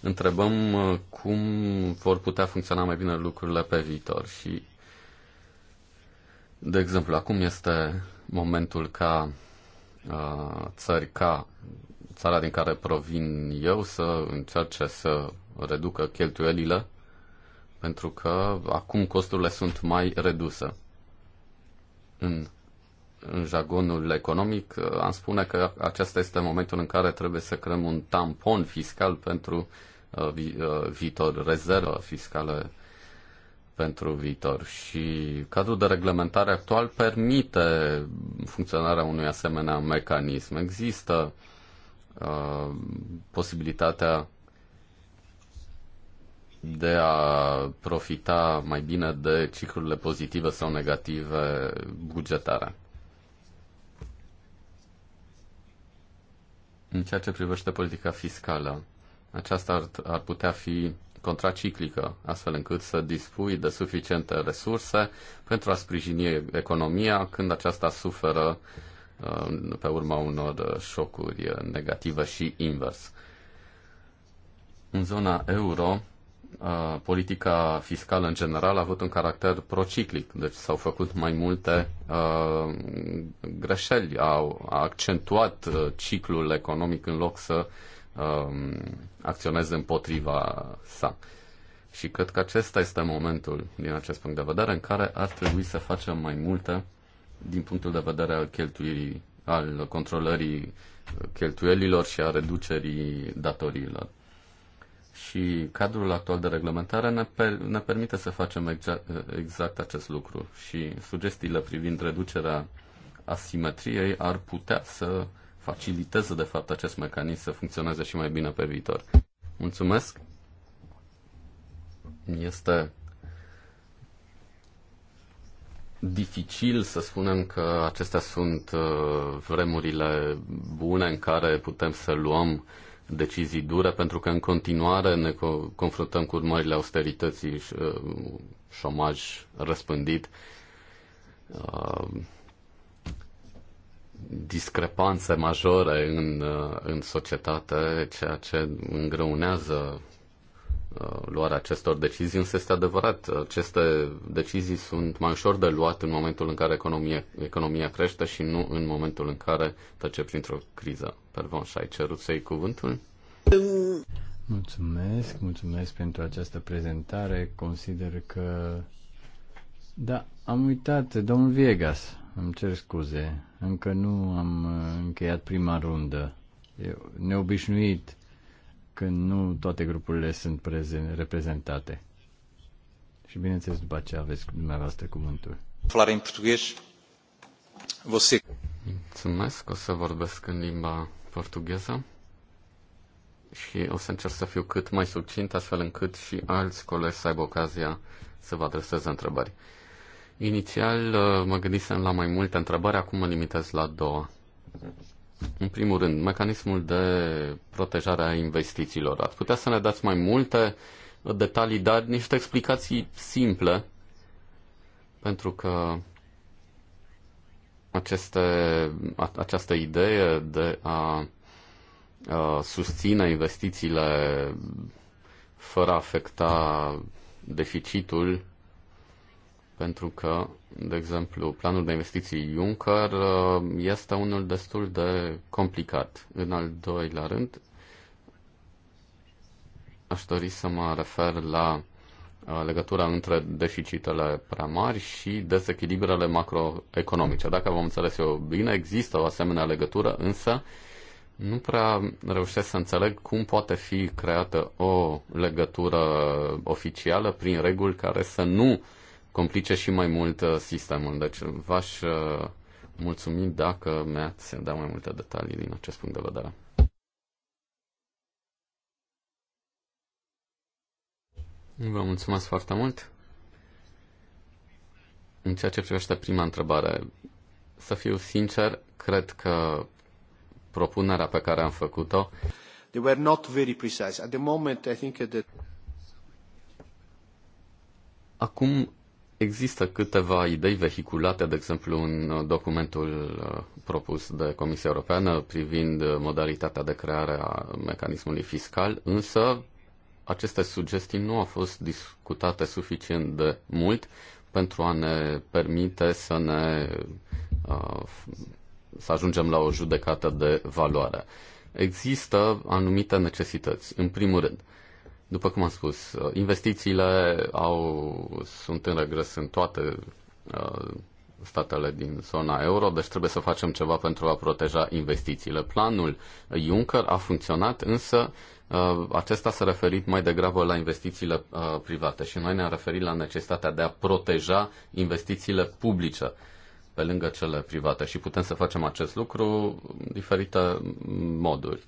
întrebăm uh, cum vor putea funcționa mai bine lucrurile pe viitor și de exemplu, acum este momentul ca uh, țări ca țara din care provin eu să încerce să reducă cheltuielile pentru că acum costurile sunt mai reduse. În, în jargonul economic uh, am spune că acesta este momentul în care trebuie să creăm un tampon fiscal pentru uh, vi, uh, viitor, rezervă fiscală pentru viitor și cadrul de reglementare actual permite funcționarea unui asemenea mecanism. Există uh, posibilitatea de a profita mai bine de ciclurile pozitive sau negative bugetare. În ceea ce privește politica fiscală, aceasta ar, ar putea fi contraciclică, astfel încât să dispui de suficiente resurse pentru a sprijini economia când aceasta suferă uh, pe urma unor șocuri negative și invers. În zona euro, uh, politica fiscală în general a avut un caracter prociclic, deci s-au făcut mai multe uh, greșeli, au accentuat ciclul economic în loc să um, acționeze împotriva sa. Și cred că acesta este momentul, din acest punct de vedere, în care ar trebui să facem mai multe din punctul de vedere al cheltuirii, al controlării cheltuielilor și a reducerii datoriilor. Și cadrul actual de reglementare ne, per, ne permite să facem exact, exact acest lucru și sugestiile privind reducerea asimetriei ar putea să faciliteze, de fapt, acest mecanism să funcționeze și mai bine pe viitor. Mulțumesc! Este dificil să spunem că acestea sunt uh, vremurile bune în care putem să luăm decizii dure, pentru că în continuare ne confruntăm cu urmările austerității, uh, șomaj răspândit, uh, discrepanțe majore în, uh, în societate, ceea ce îngreunează uh, luarea acestor decizii, însă este adevărat, aceste decizii sunt mai ușor de luat în momentul în care economia, economia crește și nu în momentul în care trece printr-o criză. Pervon, și ai cerut să iei cuvântul? Mulțumesc, mulțumesc pentru această prezentare. Consider că... Da, am uitat, domnul Viegas îmi cer scuze, încă nu am uh, încheiat prima rundă. E neobișnuit când nu toate grupurile sunt prezen- reprezentate. Și bineînțeles după aceea aveți dumneavoastră cuvântul. Falar în portughez. Você... Mulțumesc, o să vorbesc în limba portugheză și o să încerc să fiu cât mai succint, astfel încât și alți colegi să aibă ocazia să vă adreseze întrebări. Inițial uh, mă gândisem la mai multe întrebări, acum mă limitez la două. În primul rând, mecanismul de protejare a investițiilor. Ați putea să ne dați mai multe detalii, dar niște explicații simple, pentru că aceste, această idee de a, a susține investițiile fără a afecta deficitul pentru că, de exemplu, planul de investiții Juncker uh, este unul destul de complicat. În al doilea rând, aș dori să mă refer la uh, legătura între deficitele prea mari și dezechilibrele macroeconomice. Dacă v-am înțeles eu bine, există o asemenea legătură, însă nu prea reușesc să înțeleg cum poate fi creată o legătură oficială prin reguli care să nu uh, complice și mai mult uh, sistemul. Deci v-aș uh, mulțumi dacă mi-ați da mai multe detalii din acest punct de vedere. Vă mulțumesc foarte mult. În ceea ce privește prima întrebare, să fiu sincer, cred că propunerea pe care am făcut-o They were not very precise. At the moment, I think that Acum Există câteva idei vehiculate, de exemplu, în documentul uh, propus de Comisia Europeană privind modalitatea de creare a mecanismului fiscal, însă aceste sugestii nu au fost discutate suficient de mult pentru a ne permite să ne uh, să ajungem la o judecată de valoare. Există anumite necesități. În primul rând, după cum am spus, uh, investițiile au, sunt în regres în toate uh, statele din zona euro, deci trebuie să facem ceva pentru a proteja investițiile. Planul Juncker a funcționat, însă uh, acesta s-a referit mai degrabă la investițiile private și noi ne-am referit la necesitatea de a proteja investițiile publice pe lângă cele private și putem să facem acest lucru în diferite moduri.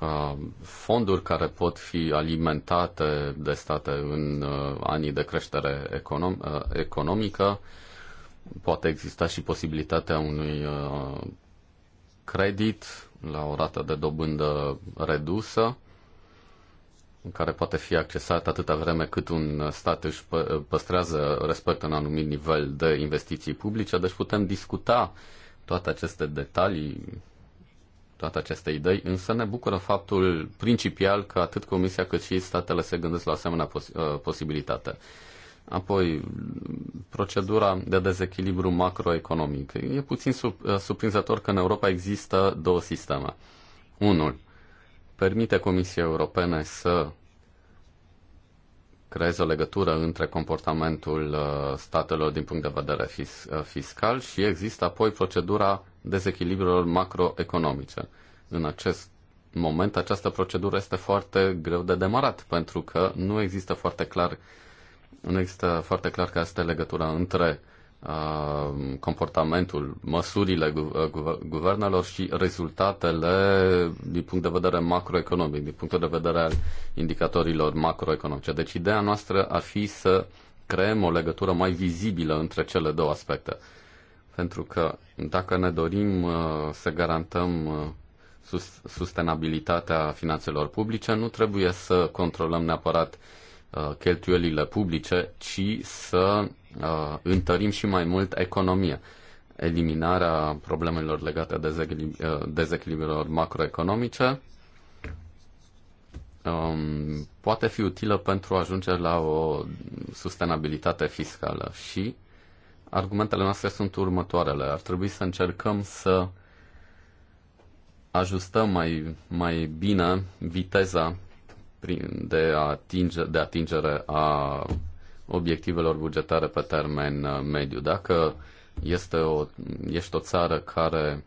Uh, fonduri care pot fi alimentate de state în uh, anii de creștere econom- uh, economică. Poate exista și posibilitatea unui credit la o rată de dobândă redusă care poate fi accesat atâta vreme cât un stat își păstrează, respect un anumit nivel de investiții publice. Deci putem discuta toate aceste detalii toate aceste idei, însă ne bucură faptul principial că atât Comisia cât și statele se gândesc la asemenea pos- uh, posibilitate. Apoi, procedura de dezechilibru macroeconomic. E puțin sub, uh, surprinzător că în Europa există două sisteme. Unul permite Comisiei Europene să creeze o legătură între comportamentul uh, statelor din punct de vedere fis- uh, fiscal și există apoi procedura dezechilibrelor macroeconomice. În acest moment această procedură este foarte greu de demarat pentru că nu există foarte clar nu există foarte clar că este legătura între uh, Uh, comportamentul, măsurile uh, guvernelor și rezultatele din punct de vedere macroeconomic, din punct de vedere al indicatorilor macroeconomice. Deci ideea noastră ar fi să creăm o legătură mai vizibilă între cele două aspecte. Pentru că dacă ne dorim uh, să garantăm sustenabilitatea finanțelor publice, nu trebuie să controlăm neapărat cheltuielile publice, ci să uh, întărim și mai mult economia. Eliminarea problemelor legate de uh, dezechilibrelor macroeconomice um, poate fi utilă pentru a ajunge la o sustenabilitate fiscală și argumentele noastre sunt următoarele. Ar trebui să încercăm să ajustăm mai, mai bine viteza de, atinge, de atingere a obiectivelor bugetare pe termen uh, mediu. Dacă este o, ești o țară care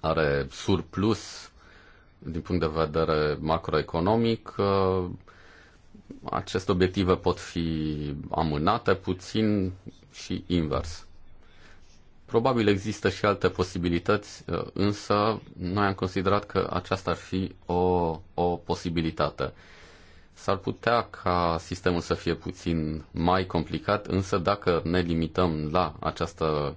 are surplus din punct de vedere macroeconomic, uh, aceste obiective pot fi amânate puțin și invers. Probabil există și alte posibilități, uh, însă noi am considerat că aceasta ar fi o, o posibilitate. S-ar putea ca sistemul să fie puțin mai complicat, însă dacă ne limităm la această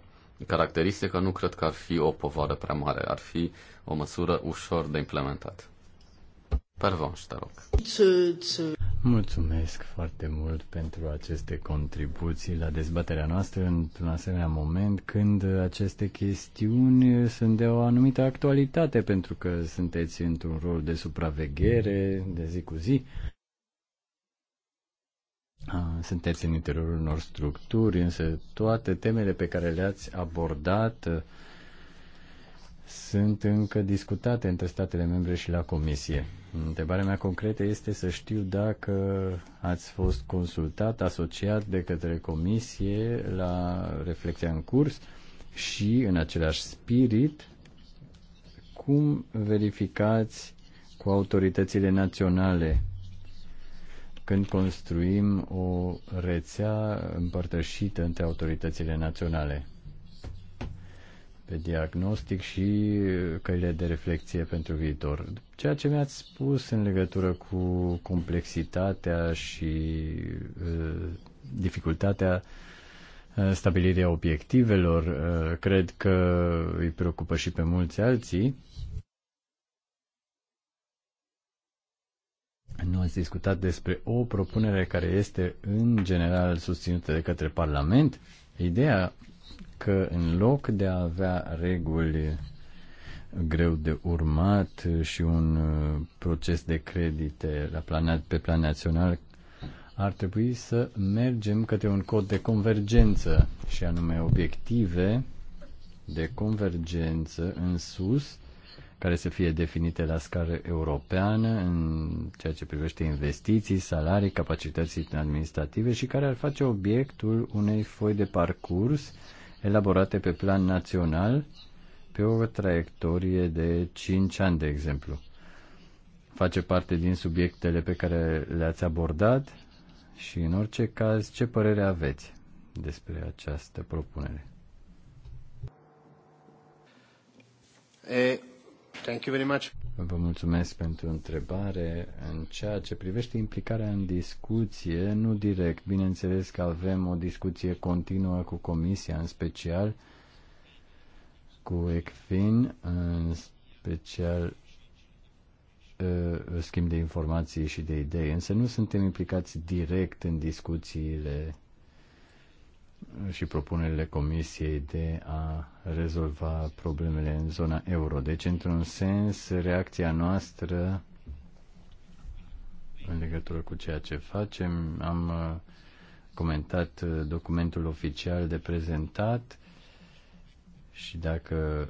caracteristică, nu cred că ar fi o povară prea mare, ar fi o măsură ușor de implementat. Pervanș, te rog. Mulțumesc foarte mult pentru aceste contribuții la dezbaterea noastră într-un asemenea moment când aceste chestiuni sunt de o anumită actualitate pentru că sunteți într-un rol de supraveghere de zi cu zi sunteți în interiorul unor structuri, însă toate temele pe care le-ați abordat uh, sunt încă discutate între statele membre și la Comisie. Întrebarea mea concretă este să știu dacă ați fost consultat, asociat de către Comisie la reflexia în curs și, în același spirit, cum verificați cu autoritățile naționale când construim o rețea împărtășită între autoritățile naționale pe diagnostic și căile de reflexie pentru viitor. Ceea ce mi-ați spus în legătură cu complexitatea și uh, dificultatea uh, stabilirea obiectivelor, uh, cred că îi preocupă și pe mulți alții Nu ați discutat despre o propunere care este în general susținută de către Parlament. Ideea că în loc de a avea reguli greu de urmat și un uh, proces de credite la plan, pe plan național, ar trebui să mergem către un cod de convergență și anume obiective de convergență în sus care să fie definite la scară europeană în ceea ce privește investiții, salarii, capacități administrative și care ar face obiectul unei foi de parcurs elaborate pe plan național pe o traiectorie de 5 ani, de exemplu. Face parte din subiectele pe care le-ați abordat și, în orice caz, ce părere aveți despre această propunere? Eh, Thank you very much. Vă mulțumesc pentru întrebare. În ceea ce privește implicarea în discuție, nu direct. Bineînțeles că avem o discuție continuă cu Comisia, în special cu ECFIN, în special ă, schimb de informații și de idei, însă nu suntem implicați direct în discuțiile și propunerile Comisiei de a rezolva problemele în zona euro. Deci, într-un sens, reacția noastră în legătură cu ceea ce facem, am uh, comentat uh, documentul oficial de prezentat și dacă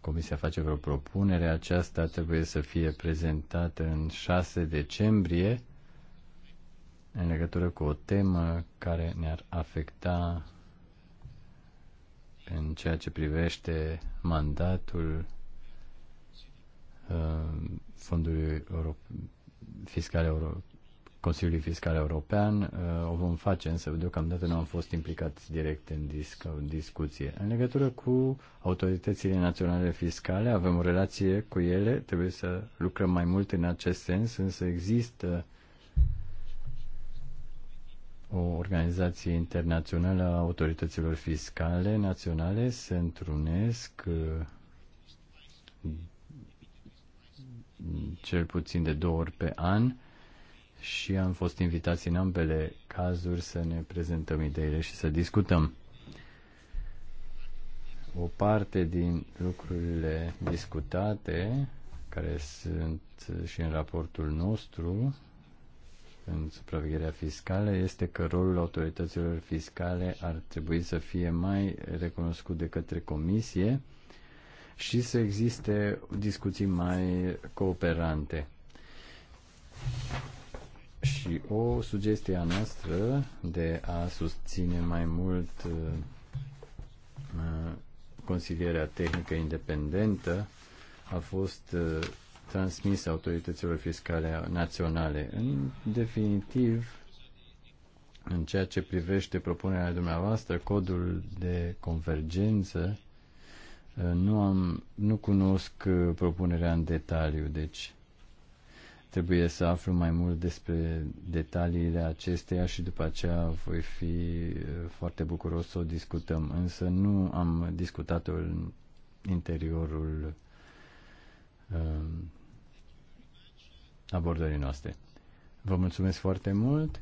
Comisia face vreo propunere, aceasta trebuie să fie prezentată în 6 decembrie în legătură cu o temă care ne-ar afecta în ceea ce privește mandatul uh, Fondului Fiscal Euro- Consiliului Fiscal European. Uh, o vom face, însă deocamdată nu am fost implicați direct în disc- discuție. În legătură cu autoritățile naționale fiscale, avem o relație cu ele, trebuie să lucrăm mai mult în acest sens, însă există o organizație internațională a autorităților fiscale naționale se întrunesc uh, cel puțin de două ori pe an și am fost invitați în ambele cazuri să ne prezentăm ideile și să discutăm. O parte din lucrurile discutate, care sunt și în raportul nostru, în supravegherea fiscală este că rolul autorităților fiscale ar trebui să fie mai recunoscut de către comisie și să existe discuții mai cooperante. Și o sugestie a noastră de a susține mai mult uh, uh, consilierea tehnică independentă a fost uh, transmis autorităților fiscale naționale. În definitiv, în ceea ce privește propunerea dumneavoastră, codul de convergență, uh, nu, am, nu cunosc uh, propunerea în detaliu, deci trebuie să aflu mai mult despre detaliile acesteia și după aceea voi fi uh, foarte bucuros să o discutăm, însă nu am discutat-o în interiorul abordării noastre. Vă mulțumesc foarte mult.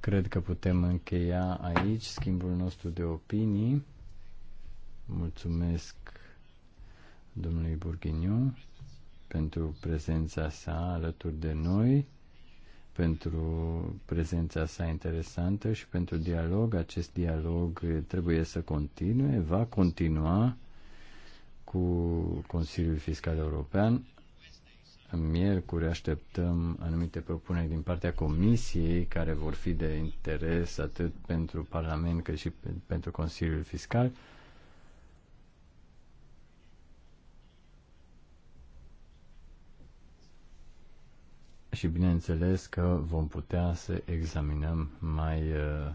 Cred că putem încheia aici schimbul nostru de opinii. Mulțumesc domnului Burghiniu pentru prezența sa alături de noi, pentru prezența sa interesantă și pentru dialog. Acest dialog trebuie să continue, va continua cu Consiliul Fiscal European Miercuri așteptăm anumite propuneri din partea Comisiei care vor fi de interes atât pentru Parlament cât și pentru Consiliul Fiscal. Și bineînțeles că vom putea să examinăm mai uh,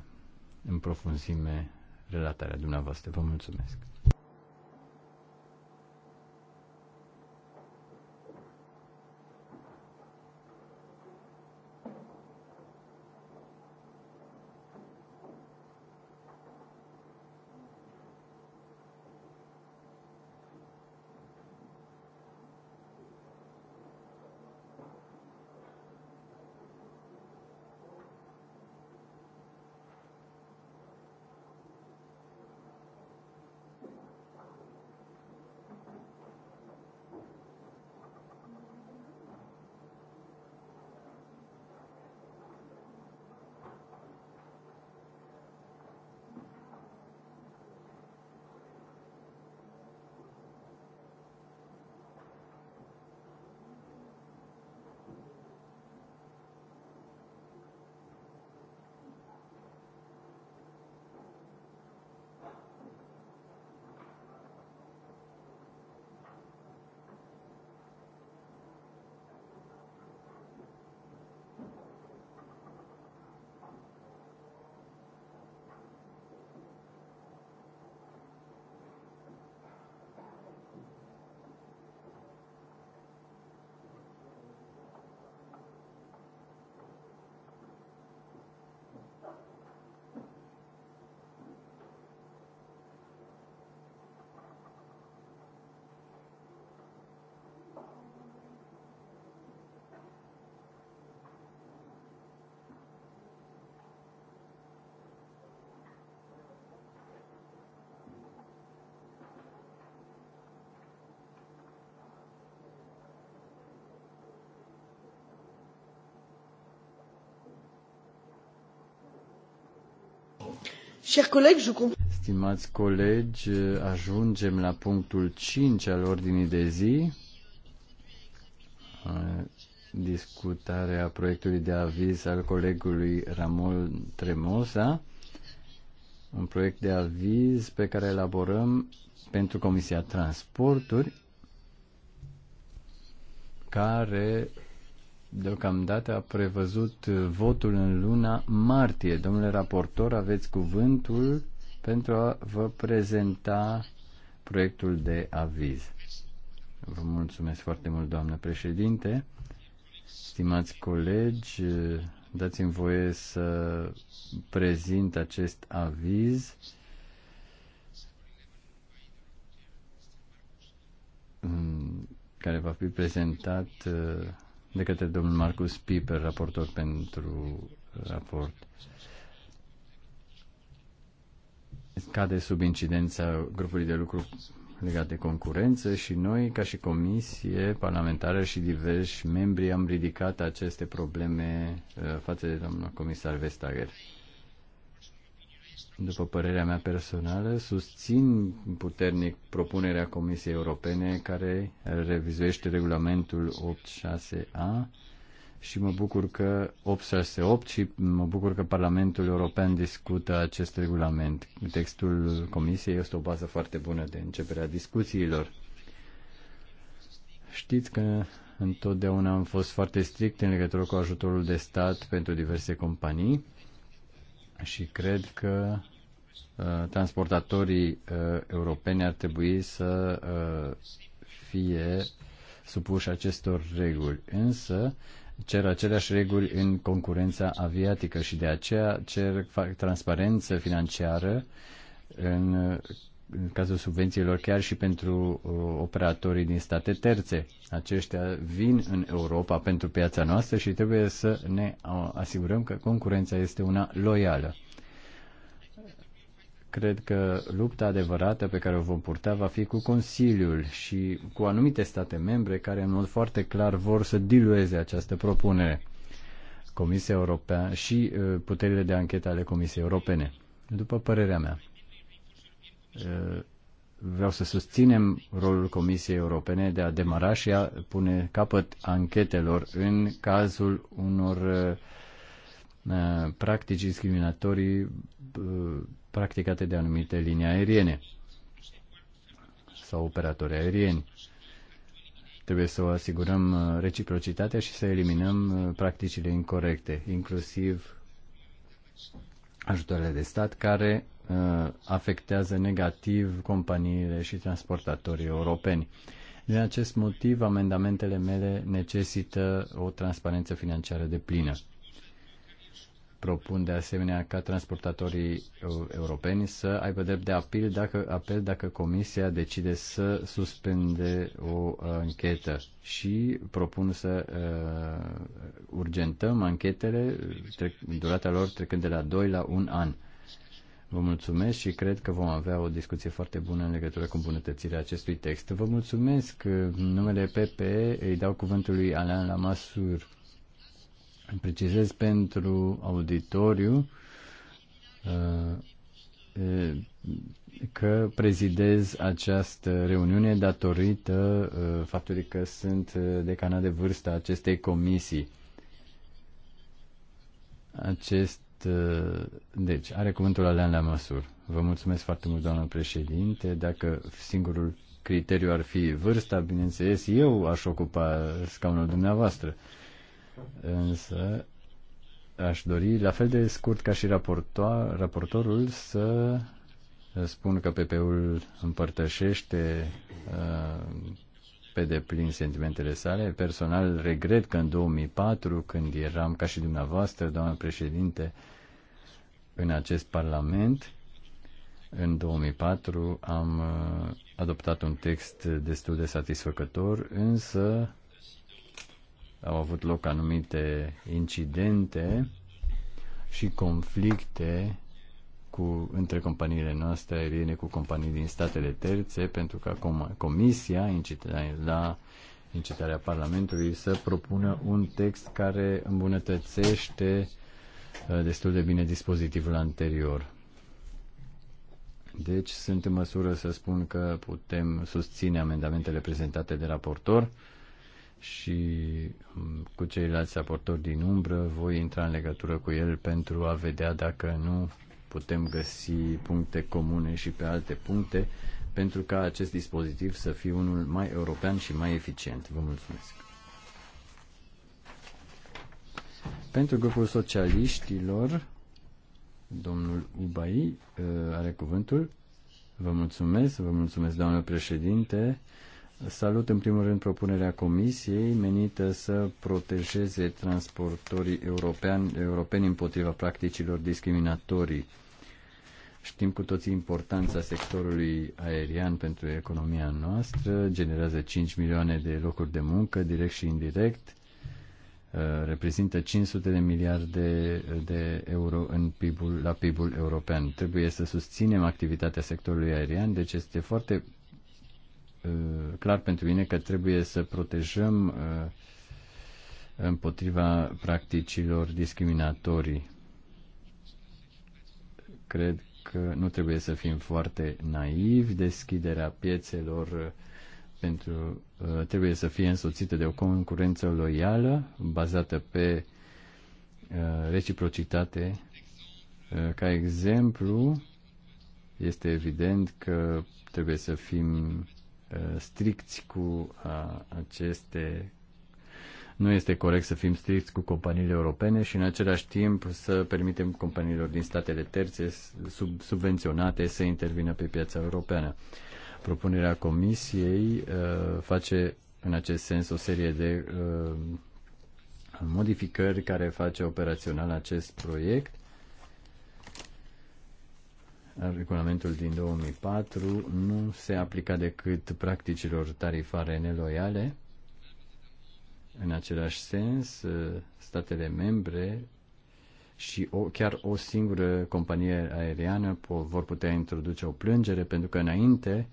în profunzime relatarea dumneavoastră. Vă mulțumesc! Stimați colegi, ajungem la punctul 5 al ordinii de zi, discutarea proiectului de aviz al colegului Ramon Tremosa, un proiect de aviz pe care elaborăm pentru Comisia Transporturi, care deocamdată a prevăzut votul în luna martie. Domnule raportor, aveți cuvântul pentru a vă prezenta proiectul de aviz. Vă mulțumesc foarte mult, doamnă președinte. Stimați colegi, dați-mi voie să prezint acest aviz. care va fi prezentat de către domnul Marcus Piper, raportor pentru raport. Cade sub incidența grupului de lucru legat de concurență și noi, ca și comisie parlamentară și diversi membri, am ridicat aceste probleme uh, față de domnul comisar Vestager după părerea mea personală, susțin puternic propunerea Comisiei Europene care revizuiește regulamentul 86A și mă bucur că 868 și mă bucur că Parlamentul European discută acest regulament. Textul Comisiei este o bază foarte bună de începerea discuțiilor. Știți că întotdeauna am fost foarte strict în legătură cu ajutorul de stat pentru diverse companii și cred că uh, transportatorii uh, europeni ar trebui să uh, fie supuși acestor reguli. Însă, cer aceleași reguli în concurența aviatică și de aceea cer transparență financiară în în cazul subvențiilor chiar și pentru uh, operatorii din state terțe. Aceștia vin în Europa pentru piața noastră și trebuie să ne uh, asigurăm că concurența este una loială. Cred că lupta adevărată pe care o vom purta va fi cu Consiliul și cu anumite state membre care în mod foarte clar vor să dilueze această propunere. Comisia Europeană și uh, puterile de anchetă ale Comisiei Europene. După părerea mea, Eh, vreau să susținem rolul Comisiei Europene de a demara și a pune capăt anchetelor în cazul unor eh, eh, practici discriminatorii practicate de anumite linii aeriene sau operatori aerieni. Trebuie să o asigurăm reciprocitatea și să eliminăm practicile incorrecte, inclusiv ajutoarele de stat care Uh, afectează negativ companiile și transportatorii europeni. Din acest motiv, amendamentele mele necesită o transparență financiară de plină. Propun de asemenea ca transportatorii europeni să aibă drept de apel dacă, apel dacă Comisia decide să suspende o uh, anchetă și propun să uh, urgentăm anchetele, trec, durata lor trecând de la 2 la 1 an. Vă mulțumesc și cred că vom avea o discuție foarte bună în legătură cu îmbunătățirea acestui text. Vă mulțumesc. numele PP îi dau cuvântul lui Alain Lamassur. Precizez pentru auditoriu uh, că prezidez această reuniune datorită uh, faptului că sunt uh, decana de vârstă acestei comisii. Acest Uh, deci, are cuvântul Alean la măsur. Vă mulțumesc foarte mult, doamnă președinte. Dacă singurul criteriu ar fi vârsta, bineînțeles, eu aș ocupa scaunul dumneavoastră. Însă, aș dori, la fel de scurt ca și raportorul, să spun că PP-ul împărtășește uh, pe deplin sentimentele sale. Personal regret că în 2004, când eram ca și dumneavoastră, doamnă președinte, în acest Parlament. În 2004 am uh, adoptat un text destul de satisfăcător, însă au avut loc anumite incidente și conflicte cu, între companiile noastre aeriene cu companii din statele terțe, pentru că com- Comisia la incitarea Parlamentului să propună un text care îmbunătățește Uh, destul de bine dispozitivul anterior. Deci sunt în măsură să spun că putem susține amendamentele prezentate de raportor și um, cu ceilalți raportori din umbră voi intra în legătură cu el pentru a vedea dacă nu putem găsi puncte comune și pe alte puncte pentru ca acest dispozitiv să fie unul mai european și mai eficient. Vă mulțumesc! Pentru grupul socialiștilor, domnul Ubai uh, are cuvântul. Vă mulțumesc, vă mulțumesc, doamnă președinte. Salut în primul rând propunerea Comisiei menită să protejeze transportorii europeani, europeni împotriva practicilor discriminatorii. Știm cu toții importanța sectorului aerian pentru economia noastră, generează 5 milioane de locuri de muncă, direct și indirect, Uh, reprezintă 500 de miliarde de euro în PIB-ul, la PIB-ul european. Trebuie să susținem activitatea sectorului aerian, deci este foarte uh, clar pentru mine că trebuie să protejăm uh, împotriva practicilor discriminatorii. Cred că nu trebuie să fim foarte naivi. Deschiderea piețelor pentru Uh, trebuie să fie însoțită de o concurență loială bazată pe uh, reciprocitate. Uh, ca exemplu, este evident că trebuie să fim stricți cu aceste nu este corect să fim stricți cu companiile europene și în același timp să permitem companiilor din statele terțe subvenționate să intervină pe piața europeană. Propunerea comisiei uh, face în acest sens o serie de uh, modificări care face operațional acest proiect. Regulamentul din 2004 nu se aplica decât practicilor tarifare neloiale. În același sens, uh, statele membre și o, chiar o singură companie aeriană vor putea introduce o plângere pentru că înainte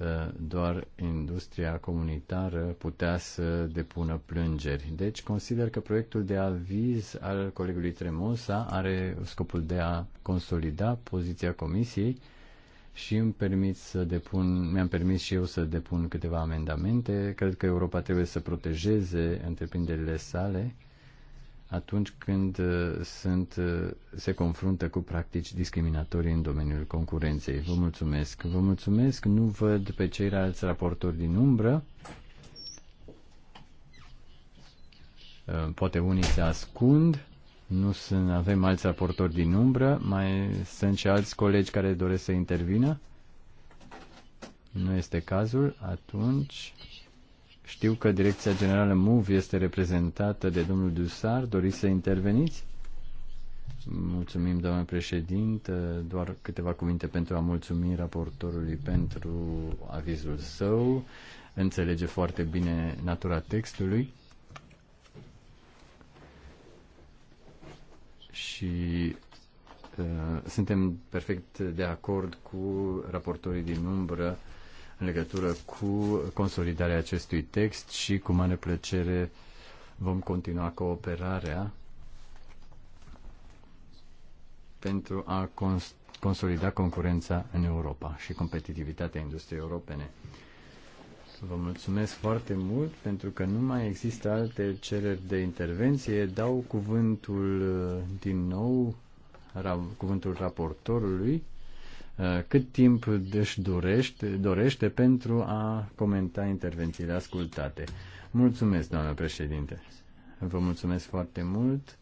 Uh, doar industria comunitară putea să depună plângeri. Deci consider că proiectul de aviz al colegului Tremosa are scopul de a consolida poziția comisiei și îmi permit să depun, mi-am permis și eu să depun câteva amendamente. Cred că Europa trebuie să protejeze întreprinderile sale atunci când uh, sunt, uh, se confruntă cu practici discriminatorii în domeniul concurenței. Vă mulțumesc. Vă mulțumesc. Nu văd pe ceilalți raportori din umbră. Uh, poate unii se ascund. Nu sunt, avem alți raportori din umbră. Mai sunt și alți colegi care doresc să intervină. Nu este cazul. Atunci știu că Direcția Generală MUV este reprezentată de domnul Dusar. Doriți să interveniți? Mulțumim, doamnă președinte. Doar câteva cuvinte pentru a mulțumi raportorului pentru avizul său. Înțelege foarte bine natura textului. Și uh, suntem perfect de acord cu raportorii din umbră uh, în legătură cu consolidarea acestui text și cu mare plăcere vom continua cooperarea pentru a consolida concurența în Europa și competitivitatea industriei europene. Vă mulțumesc foarte mult pentru că nu mai există alte cereri de intervenție. Dau cuvântul uh, din nou, cuvântul raportorului. Uh, cât timp își dorește, dorește pentru a comenta intervențiile ascultate. Mulțumesc, doamnă președinte. Vă mulțumesc foarte mult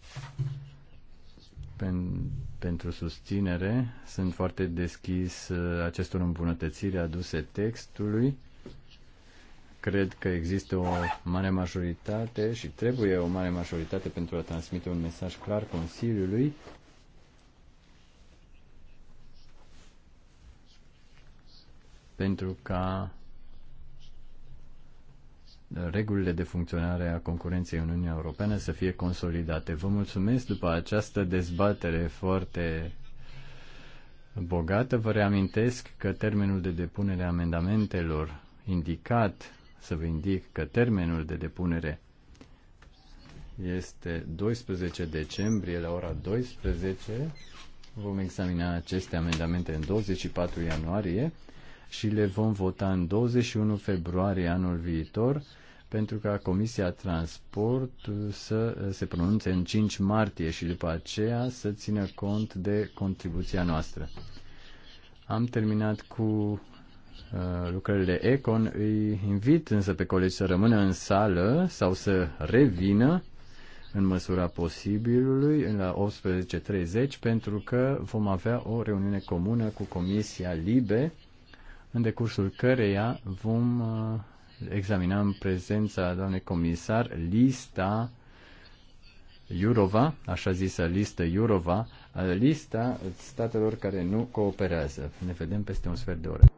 pen, pentru susținere. Sunt foarte deschis uh, acestor îmbunătățiri aduse textului. Cred că există o mare majoritate și trebuie o mare majoritate pentru a transmite un mesaj clar Consiliului pentru ca regulile de funcționare a concurenței în Uniunea Europeană să fie consolidate. Vă mulțumesc după această dezbatere foarte bogată. Vă reamintesc că termenul de depunere a amendamentelor indicat, să vă indic că termenul de depunere este 12 decembrie la ora 12. Vom examina aceste amendamente în 24 ianuarie și le vom vota în 21 februarie anul viitor pentru ca Comisia Transport să uh, se pronunțe în 5 martie și după aceea să țină cont de contribuția noastră. Am terminat cu uh, lucrările Econ. Îi invit însă pe colegi să rămână în sală sau să revină în măsura posibilului la 18.30 pentru că vom avea o reuniune comună cu Comisia Libe în decursul căreia vom uh, examina în prezența doamnei comisar lista Iurova, așa zisă listă Iurova, uh, lista statelor care nu cooperează. Ne vedem peste un sfert de oră.